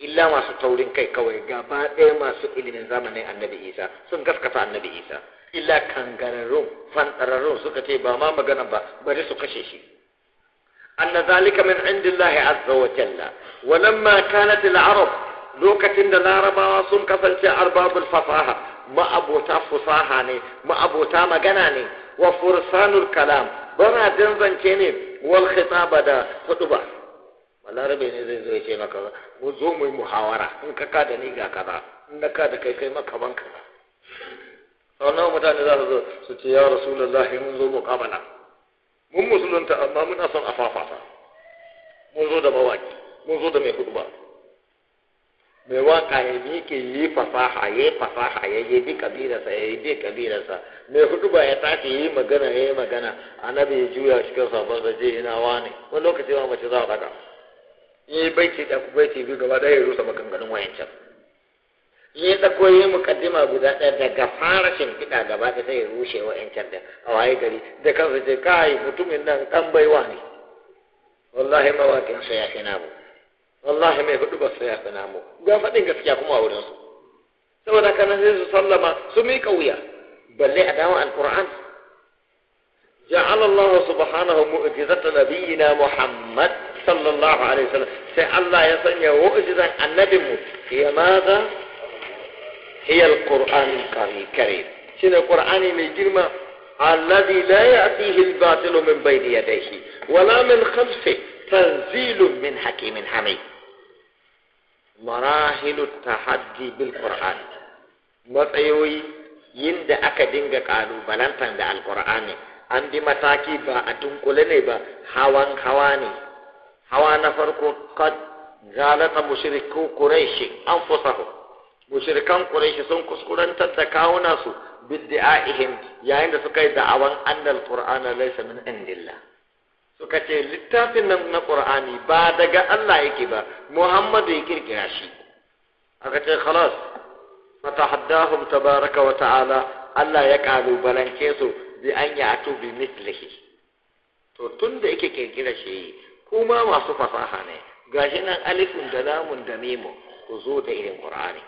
illa masu taurin kai kawai gaba ɗaya masu ilimin zamani annabi isa sun gaskata annabi isa illa kangararrun fantsararrun suka ce ba ma magana ba bari su kashe shi anna min indillahi azza wa jalla wa lamma kanat lokacin da larabawa sun kasance arbabul fasaha ma'abota fusaha ne ma'abota magana ne wa fursanul kalam bana zance ne wal khitaba da ba. larabe ne zai zo ya ce maka mu zo mu yi muhawara in ka ka da ni ga kaza in na ka da kai kai maka ban kaza sau nawa mutane za su zo su ce ya rasulullahi mun zo muqabala mun musulunta amma muna son a fafafa mun zo da mawaki mun zo da mai hudba mai waka ya ke yi fasaha ya yi fasaha ya yi bi kabilarsa ya yi bi kabilarsa mai hudba ya tashi yi magana ya yi magana annabi ya juya cikin sabon da ina wani wani lokaci ma mace za a ɗaga in yi baiti da ku baiti biyu gaba ɗaya ya rusa maganganun wayancan in yi ɗako yi mukaddima guda ɗaya daga fara shimfiɗa gaba ɗaya sai ya rushe wayancan da a waye gari da kansa ce kai mutumin nan ɗan baiwa ne wallahi mawaƙinsa ya fi namu wallahi mai hudu ba su ya fi namu ga faɗin gaskiya kuma a wurinsu saboda kanan sai su sallama su miƙa wuya balle a dawo alƙur'an ja'ala Allah subhanahu mu'jizatan nabiyina Muhammad sallallahu alaihi wasallam sai Allah ya sanya wa'izan annabinmu ya maza hiya alquran karim shine qur'ani mai girma alladhi la ya'tihi albatil min bayni yadayhi wala min khalfihi tanzil min hakimin hamid مراحل التحدي بالقرآن matsayoyi yin da aka dinga ƙalubalantar da alkur'ani an bi mataki ba a tunkule ne ba hawan hawa ne hawa na farko kad galata mushriku quraishi anfusahum mushrikan quraishi sun kuskurantar da kawuna su bid'a'ihim yayin da suka yi da'awan annal qur'ana laysa min indillah suka ce littafin nan na qur'ani ba daga Allah yake ba Muhammadu ya kirkira shi aka ce khalas fatahaddahum tabaraka wa ta'ala Allah ya kalubalance su bi an ya'tu bi mislihi to tunda yake kirkira shi kuma masu fasaha ne gashi nan alifun da lamun da mimun ku zo da irin qur'ani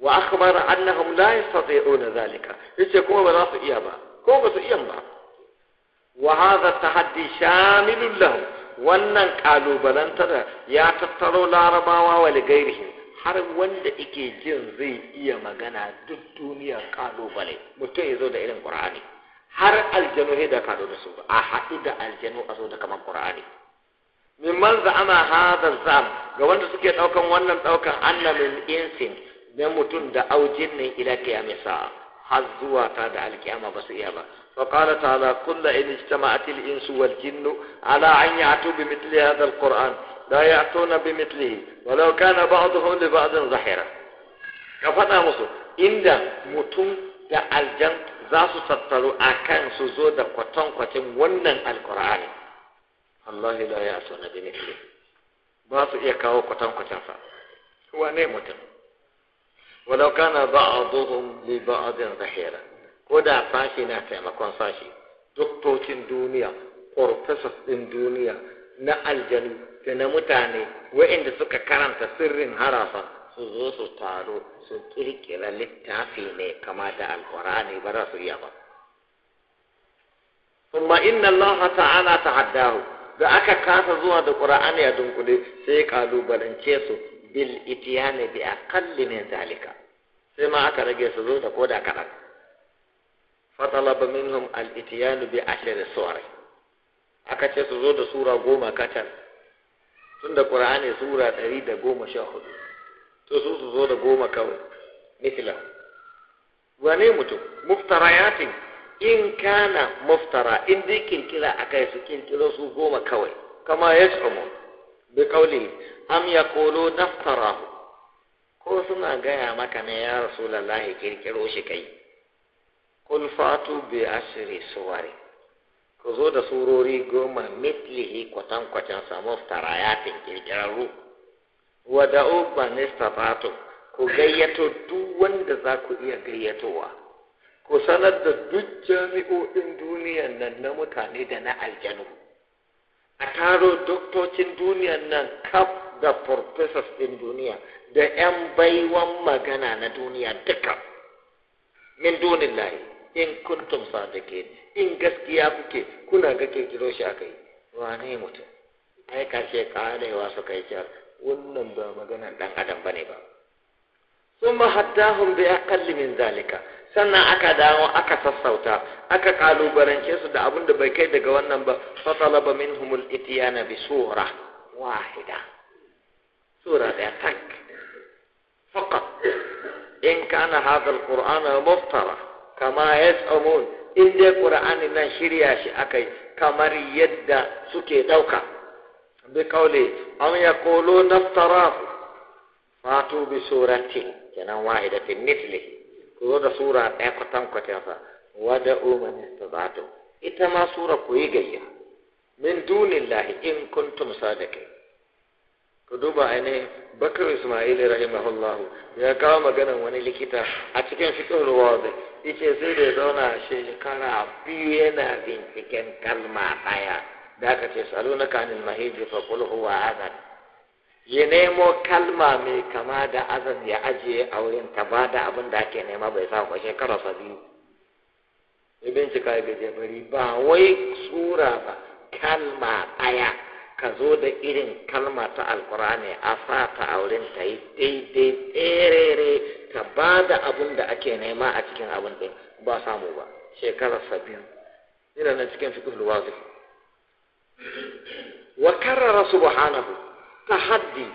wa akhbara annahum la yastati'una zalika yace kuma ba za su iya ba ko ba su iya ba wa hadha tahaddi shamilun lahu wannan kalubalantar ya tattaro larabawa wa ligairihim har wanda ike jin zai iya magana duk duniya kalubale mutum ya zo da irin qur'ani har aljanu he da kado da su a haɗu da aljanu a zo da kamar ƙur'ani min man za ana hadar zam ga wanda suke ɗaukan wannan ɗaukan anna min insin na mutum da aujin ne ila kiyame sa har zuwa ta da alkiyama ba su iya ba fa qala ta'ala kull in ijtama'at al insu wal jinnu ala an ya'tu bi mithli hadha al qur'an la ya'tuna bi mithlihi walau kana ba'dhuhum li ba'din zahira ka fada musu inda mutum da aljanu za su tattaru a kan su zo da kwatankwacin wannan alkur'ani Allah la ya so na binikli ba su iya kawo kwatankwacinsa wane mutum walau kana ba'aduhum li zin zahira ko da fashi na taimakon sashi doktocin duniya professors din duniya na aljanu da na mutane wa'inda suka karanta sirrin harafa su su taro su kirkira littafi ne kama da alkurani ba za su iya ba kuma inna allaha ta'ala ta haddahu da aka kasa zuwa da qur'ani a dunkule sai kalubalance su bil itiyani bi aqalli min zalika sai ma aka rage su zo da koda kadan fatalaba minhum al itiyanu bi ashri suwar aka ce su zo da sura goma kacal tunda qur'ani sura ɗari da goma sha hudu to su su zo da goma kawai Misila. wane mutum muftarayatin in kana muftara in dai a akai su kinkiro su goma kawai kama yas'umu bi qawli am yaqulu naftara ko suna gaya maka ne ya rasu lallahi kirkiro shi kai kul fatu bi asri suwari ku zo da surori goma mitlihi kwatankwacin samu muftarayatin kirkirarru wada'u man safatu ku gayyato duk wanda za ku iya gayyatowa ku sanar da duk jami'o'in duniyan nan na mutane da na aljanu a taro doktocin duniyan nan kaf da professors din duniya da 'yan baiwan magana na duniya duka min dunin layi in kuntum sadiqin in gaskiya kuke kuna ga kirkiro shi a kai, wane mutum ai kashe karewa suka yi cewa wannan ba maganar ɗan adam bane ba ثم حداهم بأقل min zalika. sannan aka dawo aka sassauta aka ƙalubalance su da abin da bai kai daga wannan ba fatalaba minhumul itiyana bi sura wahida sura da tak faqat in kana hadha alquran muftara kama yas'umun in dai qur'ani nan shirya shi akai kamar yadda suke dauka بقوله أم يقولون افتراه فاتوا بسورة كنا واحدة مثله كذا سورة أقتم كتنفا ودعوا من استطعتم إتما سورة كويجية من دون الله إن كنتم صادقين ka duba ainihin bakar ismail rahimahullahu ya kawo maganar wani likita a cikin fikin ruwazi ce sai da ya zauna shekara biyu yana binciken kalma ɗaya da aka ce na kanin mahiji fa qul huwa azan ya nemo kalma mai kama da azan ya ajiye a wurin ta ba da abin da ake nema bai sa kwa shekara sa biyu ya bincika ya gaje ba wai tsura ba kalma ɗaya ka zo da irin kalma ta alkur'ani a sa ta a wurin ta yi daidai ɗerere ta ba da abin da ake nema a cikin abin ɗin ba samu ba shekara sa biyu ina nan cikin fikin luwazi wa karara subhanahu tahaddi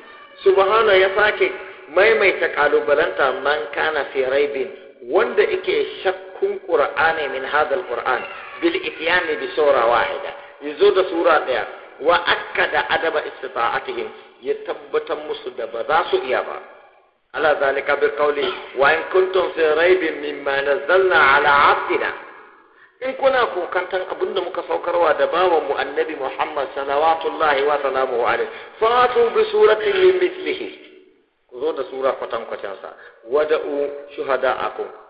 subhanahu ya sake maimaita kalubalanta man kana fi raibin wanda yake shakkun qur'ani min hadha alquran bil ityan bi sura wahida yazo da sura daya wa akkada adaba istita'atihim ya tabbatar musu da ba za su iya ba ala zalika bi qawli wa in kuntum fi raibin mimma nazzalna ala abdina in kuna kokantan abinda muka saukarwa da bawan mu annabi Muhammad salawatullahi wa salamuhu alaihi fatu bi suratin min mithlihi ku zo da sura kwatan sa wada'u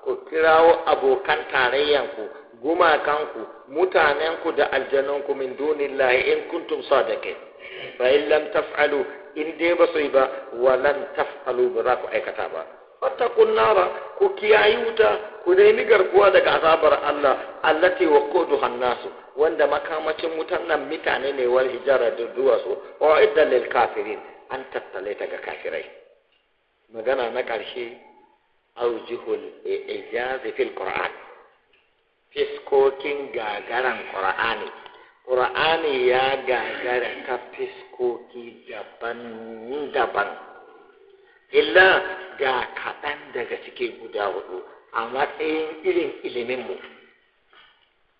ku kirawo abokan tarayyan ku gumakan ku mutanen ku da aljannan ku min dunillahi in kuntum sadiqin fa in lam taf'alu in dai ba su yi ba wa lan taf'alu ba za ku aikata ba fattakun nara ku kiyayi wuta ku nemi garkuwa daga azabar Allah allati waqudu hannasu wanda makamacin mutan nan mutane ne wal hijara da duwatsu wa idda lil kafirin an tattale ta ga kafirai magana na karshe aujihul ijazi fil qur'an fiskokin gagaran qur'ani qur'ani ya gagara ta fiskoki daban-daban illa ga kaɗan daga cikin guda hudu a matsayin irin iliminmu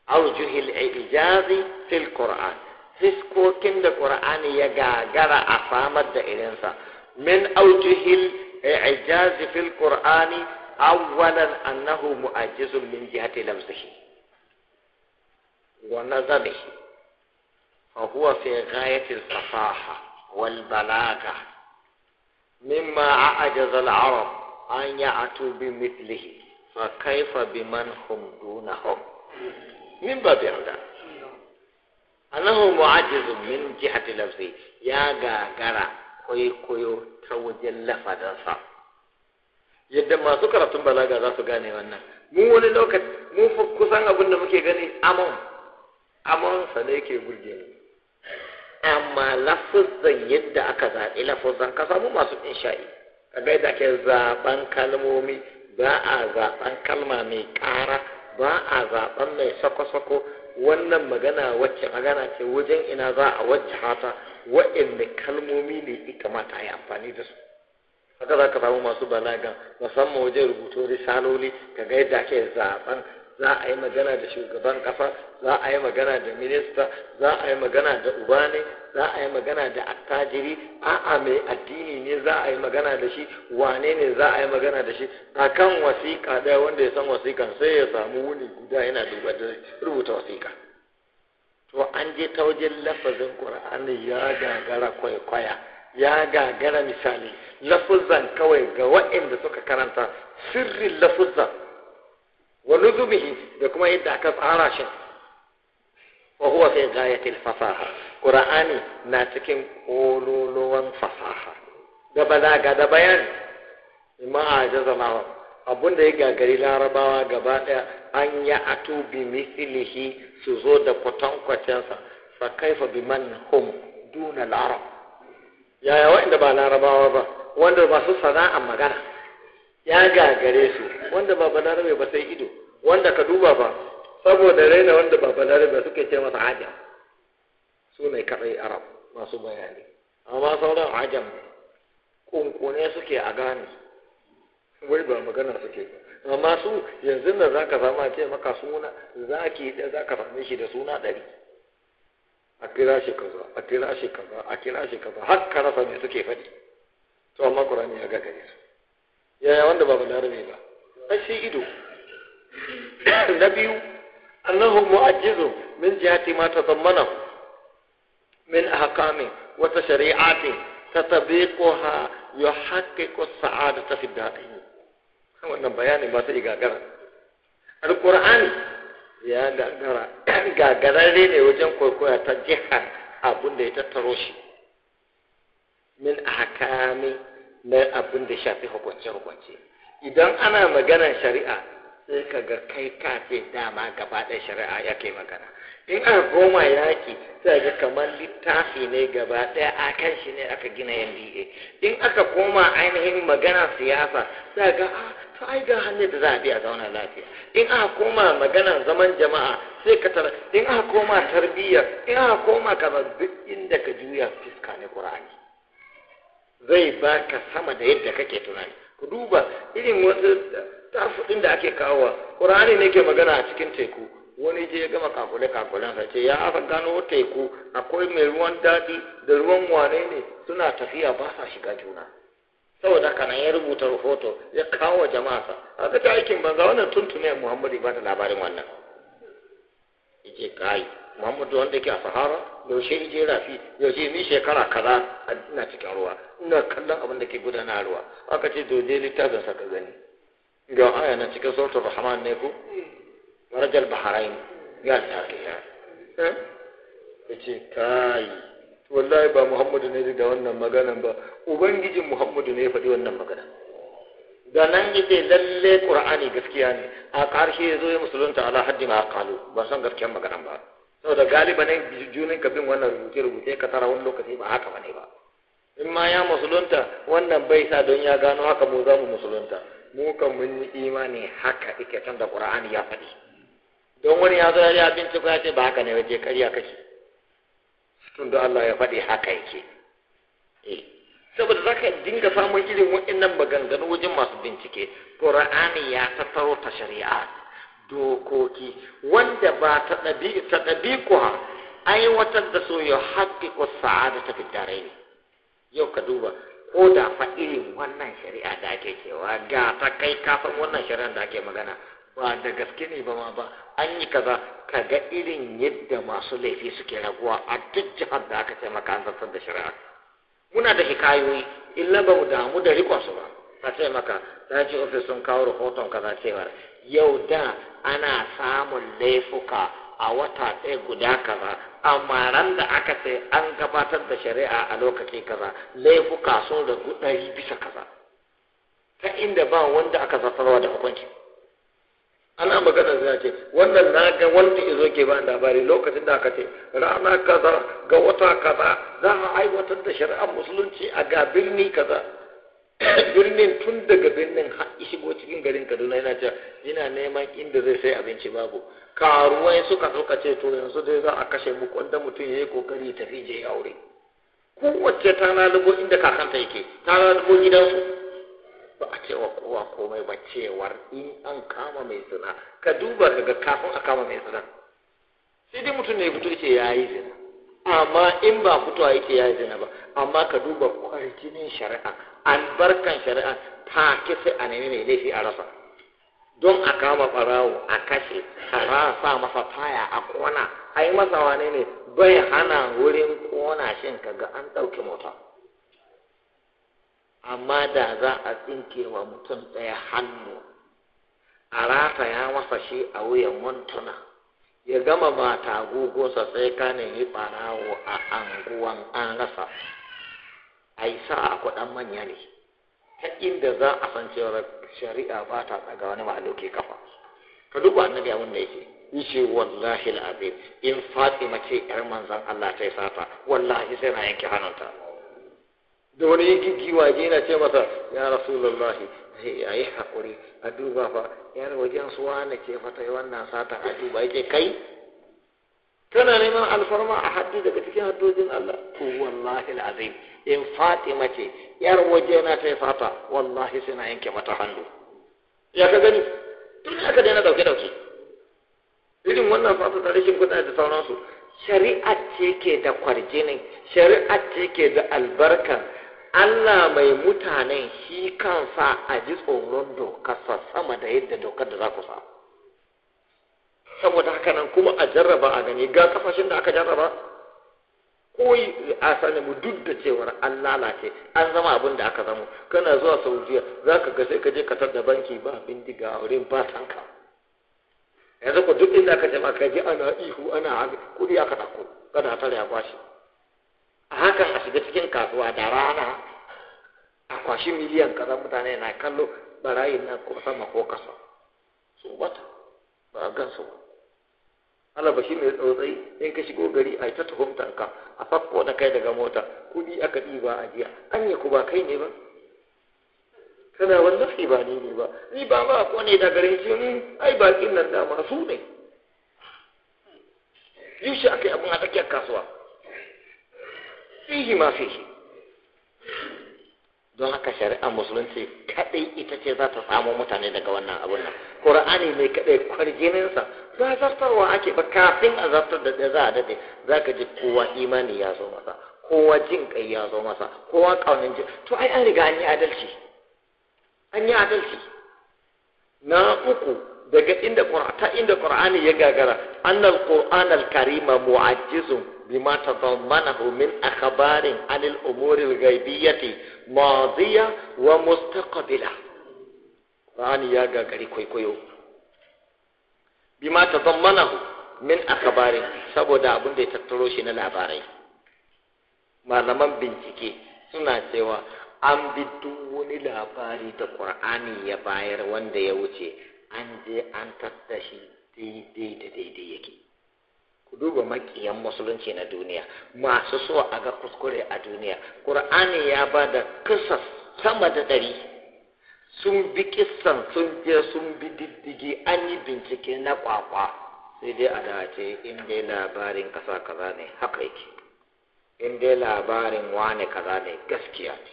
arjuhil ijazi fil qur'an fiskokin da qur'ani ya gagara a samar da irinsa min aujuhil ijazi fil qur'ani awwalan annahu mu'ajjizun min jihati lamsihi wa nazamihi fa huwa fi ghayati al-fasaha wal balagha mimma a al-arab an ya'tu bi mithlihi fa kaifa biman hum dunahum min ba babi ho annahu mu'ajizun min ji jihati lafzi ya gagara kwaikwayo ta wajen lafadansa yadda masu karatun balaga za su gane wannan mu wani lokaci mu kusan abin da muke gani amon amon sa ne yake burge amma lafuzan yadda aka zaɓi lafuzan ka samu masu insha'i ga yadda ake zaɓen kalmomi ba a zaɓen kalma mai ƙara ba a zaɓen mai sako-sako wannan magana wacce magana ce wajen ina za a wacce hata wa'inda kalmomi ne ita kamata a yi amfani da su haka za ka samu masu balaga musamman wajen rubutu risaloli ka ga yadda ake zaɓen za a yi magana da shugaban kafa za a yi magana da minista za a yi magana da ubane za a yi magana da attajiri a'a mai addini ne za a yi magana da shi wane ne za a yi magana da shi akan wasiƙa ɗaya wanda ya san wasiƙan sai ya samu wuni guda yana duba da rubuta wasiƙa to an je ta wajen lafazin ƙur'ani ya gagara kwaikwaya ya gagara misali lafuzan kawai ga waɗanda suka karanta sirrin lafuzan wa nuzumihi da kuma yadda aka tsara shi wa huwa fi al fasaha qur'ani na cikin kololowan fasaha da balaga da bayan imma a ma abun da ya gagari larabawa gaba daya an ya atu bi mithlihi su zo da sa fa kaifa bi man hum duna larab yaya wanda ba larabawa ba wanda ba su sana'a magana ya gagare su wanda ba balarabe ba sai ido wanda ka duba ba saboda raina wanda ba balarabe suke ce masa ajam su ne kadai arab masu bayani amma sauran ajam kunkune suke a gane wai ba magana suke amma su yanzu da za ka zama ce maka suna ki da za ka same shi da suna ɗari a kira shi kaza a kira shi kaza a kira shi kaza har ka rasa me suke faɗi to amma ƙurani ya gagare su yaya wanda ba balarabe ba an ido na biyu annahu mu'ajjizu min jihati ma tazammana min ahkamin wata shari'ati tatabiquha yuhaqqiqu sa'adata fi da'i wannan bayani ba sai gagara alqur'ani ya gagara gagara ne wajen koikoya ta jihar abin da ya tattaro shi min ahkami na abin da shafi hukunce hukunce idan ana maganar shari'a sai ka ga kai ka dama gaba ɗaya shari'a yake magana in an goma yaki sai ga kamar littafi ne gaba ɗaya a kan shi ne aka gina nda in aka koma ainihin magana siyasa sai ga a ah, to ai ga hannun da za a biya zauna lafiya in aka koma magana zaman jama'a sai ka tara in aka koma tarbiyya in aka koma kama duk inda ka juya fuska ne qur'ani zai baka sama da yadda kake tunani ku duba irin wasu tarfuɗin da ake kawowa ƙur'ani ne ke magana a cikin teku wani je ya gama kakule kakulen sa ce ya aka gano teku akwai mai ruwan daɗi da ruwan wane ne suna tafiya ba sa shiga juna saboda kana ya rubuta rahoto ya kawo jama'a sa haka ta aikin banza wannan tuntune Muhammadu ba ta labarin wannan yake kai muhammadu wanda yake a sahara yaushe je rafi yaushe ni shekara kaza ina cikin ruwa ina kallon abin da ke gudana ruwa aka ce doje littafin sa ka gani ga aya na cikin sautar rahman ne ko marajal baharain ya ta ke ya eh? ya ce kai wallahi ba muhammadu ne da wannan maganan ba ubangijin muhammadu ne ya faɗi wannan magana da nan yake lalle qur'ani gaskiya ne a ƙarshe ya zo ya musulunta ala haddi ma ba san gaskiyar maganan ba saboda galiba ne junin ka bin wannan rubuce rubuce ka tara wani lokaci ba haka bane ba in ma ya musulunta wannan bai sa don ya gano haka mu za mu musulunta mu kan mun yi imani haka ike can da qur'ani ya faɗi don wani ya zo ya binciko, ya ce ba haka ne waje karya kake tun da Allah ya faɗi haka yake eh saboda za ka dinga samun irin wa'innan maganganu wajen masu bincike qur'ani ya tattaro ta shari'a dokoki wanda ba ta ɗabi ta aiwatar da so ya haƙiƙo sa'ada ta fitare ne yau ka duba ko da fa irin wannan shari'a da ake cewa ga ta kai kafin wannan shari'a da ake magana ba da gaske ne ba ma ba an yi kaza ka ga irin yadda masu laifi suke raguwa a duk jihar da aka ce maka an zartar da shari'a muna da hikayoyi illa ba mu damu da riƙon su ba a ce maka ta ce ofis sun kawo rahoton kaza cewar yau da ana samun laifuka a wata ɗaya guda kaza amma ran da aka sai an gabatar da shari'a a lokaci kaza laifuka sun ragu ɗari bisa kaza ta inda ba wanda aka zafarwa da hukunci ana magana suna ce wannan na ga wanda izo ke ba labari lokacin da aka ce rana kaza ga wata kaza za a aiwatar da shari'ar musulunci a ga birni kaza birnin tun daga birnin har shigo cikin garin kaduna yana cewa yana neman inda zai sai abinci babu karuwai suka suka ce to yanzu dai za a kashe muku wanda mutum ya yi kokari ya tafi je aure kowace ta lalubo inda kakanta yake ta lalubo gidansu ba a cewa kowa komai ba cewar in an kama mai zina ka duba daga kafin a kama mai zina sai dai mutum ne fito yake ya yi zina amma in ba a yake ya yi zina ba amma ka duba kwarjinin shari'a albarkan shari'a ta kisa a nemi mai laifi a rasa don a kama ɓarawo a kashe a rasa masa taya a kona a yi masa wane ne bai hana wurin kona shin ga an ɗauki mota amma da za a tsinke wa mutum ɗaya hannu a ya masa shi a wuyan wantuna ya gama mata agogonsa sai kanin yi ɓarawo a anguwan an rasa a yi sa a kwaɗan manya ne ta inda za a san cewa shari'a ba ta tsaga wani mahaluki kafa ka wa annabi abin da yake yace wallahi al'azim in fatima ce yar manzon Allah ta sata wallahi sai na yanke hannunta da wani yanki giwaje na ce masa ya rasulullahi eh, a yi haƙuri a duba fa yar wajen suwa na ce fata wannan sata a duba yake kai kana neman alfarma a haddi daga cikin haddojin Allah to wallahi al'azim in fatima ce yar waje na ta yi fata wallahi sai na yanke mata hannu ya ka gani tun aka daina dauke dauke irin wannan fata ta rashin kuɗa da sauransu shari'a ce ke da kwarjinin shari'a ce ke da albarkan Allah mai mutanen shi kan sa a ji tsoron dokarsa sama da yadda dokar da za ku sa. Saboda haka nan kuma a jarraba a gani ga kafashin da aka jarraba koi a sani mu duk da cewar an lalace an zama abin da aka zama kana zuwa saudiya za ka ga sai ka je ka da banki ba bindiga a wurin ba tanka yanzu ku duk inda aka jama ka je ana ihu ana hannu kudi aka ɗauko kana tare a kwashi a hakan a shiga cikin kasuwa da rana a kwashi miliyan kaza mutane na kallo barayin na ko sama ko kasa su bata ba gan su ba ba shi mai tsotsai in ka shigo gari a ta tuhumtar ka a fafko da kai daga mota kuɗi aka ɗiba a jiya an yi ku ba kai ne ba kana wannan ibani ne ba ni ba ba ko ne da garin shi hmm, ai bakin nan da masu ne yushi akai abin a tsakiyar kasuwa fihi ma fihi don haka shari'a musulunci kadai ita ce za ta samo mutane daga wannan abun nan qur'ani ne kadai kwarjininsa ba zartarwa ake ba kafin a zartar da za a dade. za ka ji kowa imani ya zo masa kowa jin kai ya zo masa kowa ƙaunin jin to ai an riga an yi adalci an yi adalci na uku daga inda ta inda qur'ani ya gagara annal qur'an al karima mu'ajjizun بما تضمنه من أخبار عن الأمور الغيبية ماضية ومستقبلة. راني يا ya gagari kwaikwayo. bima tadammanahu min akabari saboda abin da ya tattaro shi na labarai malaman bincike suna cewa an bi duk wani labari da ƙur'ani ya bayar wanda ya wuce an je an tattashi daidai da daidai yake ku duba makiyan musulunci na duniya masu so a ga kuskure a duniya ƙur'ani ya ba da kisa sama da ɗari sun bi kisan sun je sun bi diddigi an yi bincike na kwakwa sai dai a dace in dai labarin kasa kaza ne haka yake in dai labarin wane kaza ne gaskiya ne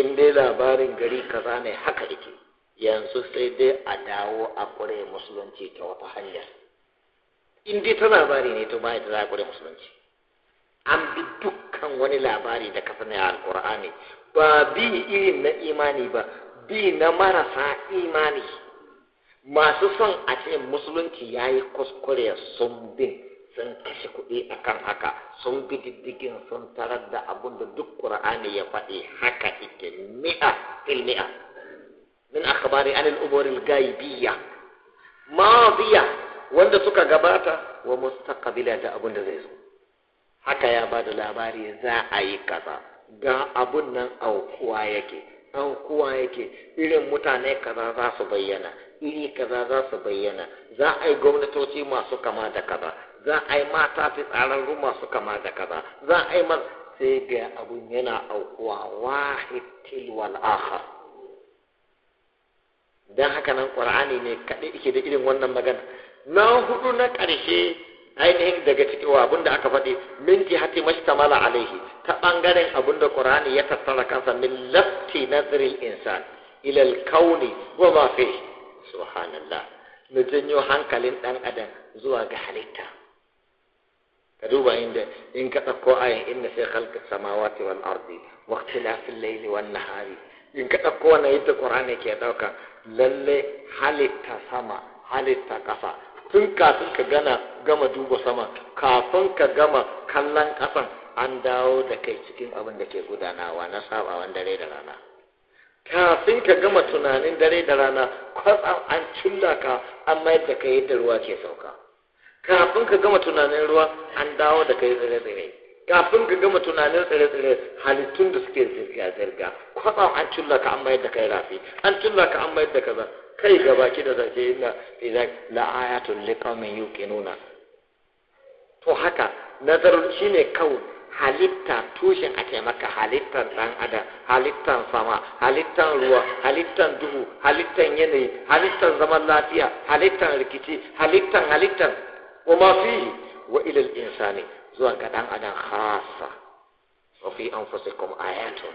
in dai labarin gari kaza ne haka yake yanzu sai dai a dawo a kure musulunci ta wata hanya in dai ta labari ne to bayan za a kure musulunci an bi dukkan wani labari da ne na alkur'ani ba bi irin na imani ba bi na marasa imani masu son a ce musulunci ya yi kuskure sun bin sun kashe kuɗi a kan haka sun bi diddigin sun tarar da abin da duk ƙura'ani ya faɗi haka ike mi'a fil mi'a min akhbari anil umuril gaibiyya wanda suka gabata wa mustaqbila da abin da zai zo haka ya ba da labari za a yi kaza ga abun nan aukuwa yake an kowa yake irin mutane kaza za su bayyana iri kaza za su bayyana za a yi gwamnatoci masu kama da kaza za a yi mata fi tsararru masu kama da kaza za a yi sai ga abun yana aukuwa wahid tilwal akhar dan haka nan qur'ani ne kadai yake da irin wannan magana na hudu na ƙarshe ainihin daga cikin wa abunda aka faɗi minti hati mashtamala alaihi ta ɓangaren da ƙur'ani ya tattara kansa min lafti nazril insan ilal alkauni wa ma fi subhanallah na janyo hankalin ɗan adam zuwa ga halitta ka duba inda in ka ɗauko ayin inna sai khalqa samawati wal ardi wa ikhtilafil layli wan nahari in ka ɗauko wannan yadda ƙur'ani ke ɗauka lalle halitta sama halitta ƙasa tun kafin ka gana gama duba sama kafin ka gama kallon kasan an dawo da kai cikin abin da ke gudanawa na sabawan dare da rana kafin ka gama tunanin dare da rana kwatsam an cilla ka an mayar da kai yadda ruwa ke sauka kafin ka gama tunanin ruwa an dawo da kai tsire-tsire kafin ka gama tunanin tsire-tsire halittun da suke zirga-zirga kwatsam an cilla ka an mayar da kai rafi an cilla ka an mayar da kaza kai ga baki da zance ina idan la ayatul liqamin yuqinuna to haka nazar shine kawai halitta tushen a maka halittan dan adam halittan sama halittan ruwa halittan duhu halittan yanayi halittan zaman lafiya halittan rikici halittan halittan wa ma fihi wa al insani zuwa ga dan adam khassa wa fi anfusikum ayatun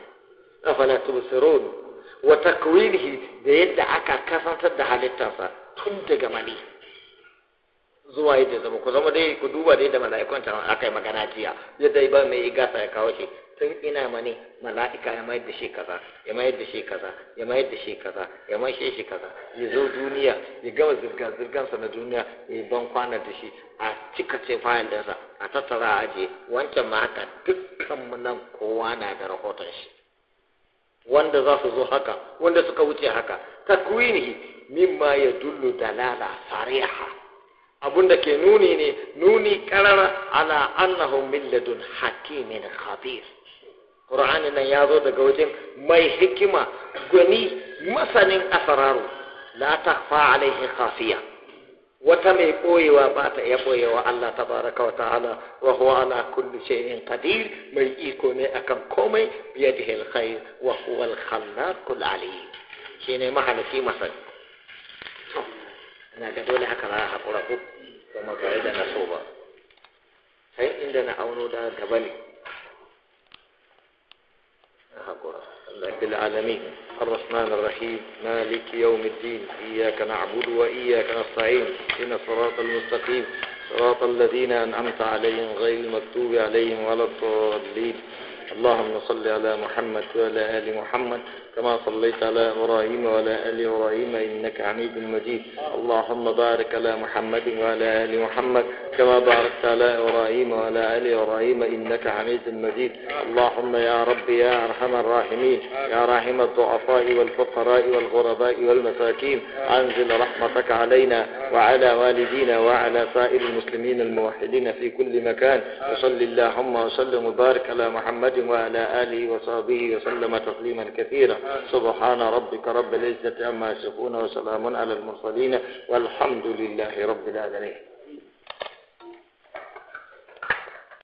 afala tubsirun wa takwinihi da yadda aka kasantar da halittarsa tun daga mani zuwa yadda zama ku zama dai ku duba dai da mala'ikun ta aka yi magana jiya yadda ba mai gasa ya kawo shi tun ina mani mala'ika ya mayar da shi kaza ya mayar da shi kaza ya mayar da shi kaza ya mayar da shi kaza ya zo duniya ya gama zirga sa na duniya ya yi ban kwana da shi a cika ce fayil dinsa a tattara a ajiye wancan ma haka dukkan mu nan kowa na da rahoton shi wanda za su zo haka wanda suka wuce haka takwini mimma ya dullu dalala sariha abunda ke nuni ne nuni karara ala annahum min ladun hakimin khabir qur'ani nan ya zo daga wajen mai hikima gwani masanin asararu la takfa alaihi khafiya wata mai koyewa ba ta iya koyewa Allah Ta baraka wa ta'ala wa huwa ala kulli shay'in qadir mai iko ne akan komai bi yadihi alkhair wa huwa alkhallaqul alim shine mahalaci masal ina ga dole haka za a hakura ko kuma ga da na so ba sai inda na auno da gaba ne رب العالمين الرحمن الرحيم مالك يوم الدين إياك نعبد وإياك نستعين إن صراط المستقيم صراط الذين أنعمت عليهم غير المكتوب عليهم ولا الضالين اللهم صل على محمد وعلى آل محمد كما صليت على إبراهيم وعلى آل إبراهيم إنك حميد مجيد اللهم بارك على محمد وعلى آل محمد كما باركت على إبراهيم وعلى آل إبراهيم إنك حميد مجيد اللهم يا رب يا أرحم الراحمين يا راحم الضعفاء والفقراء والغرباء والمساكين أنزل رحمتك علينا وعلى والدينا وعلى سائر المسلمين الموحدين في كل مكان وصل اللهم وسلم وبارك على محمد وسلم وعلى آله وصحبه وسلم تسليما كثيرا سبحان ربك رب العزة عما يصفون وسلام على المرسلين والحمد لله رب العالمين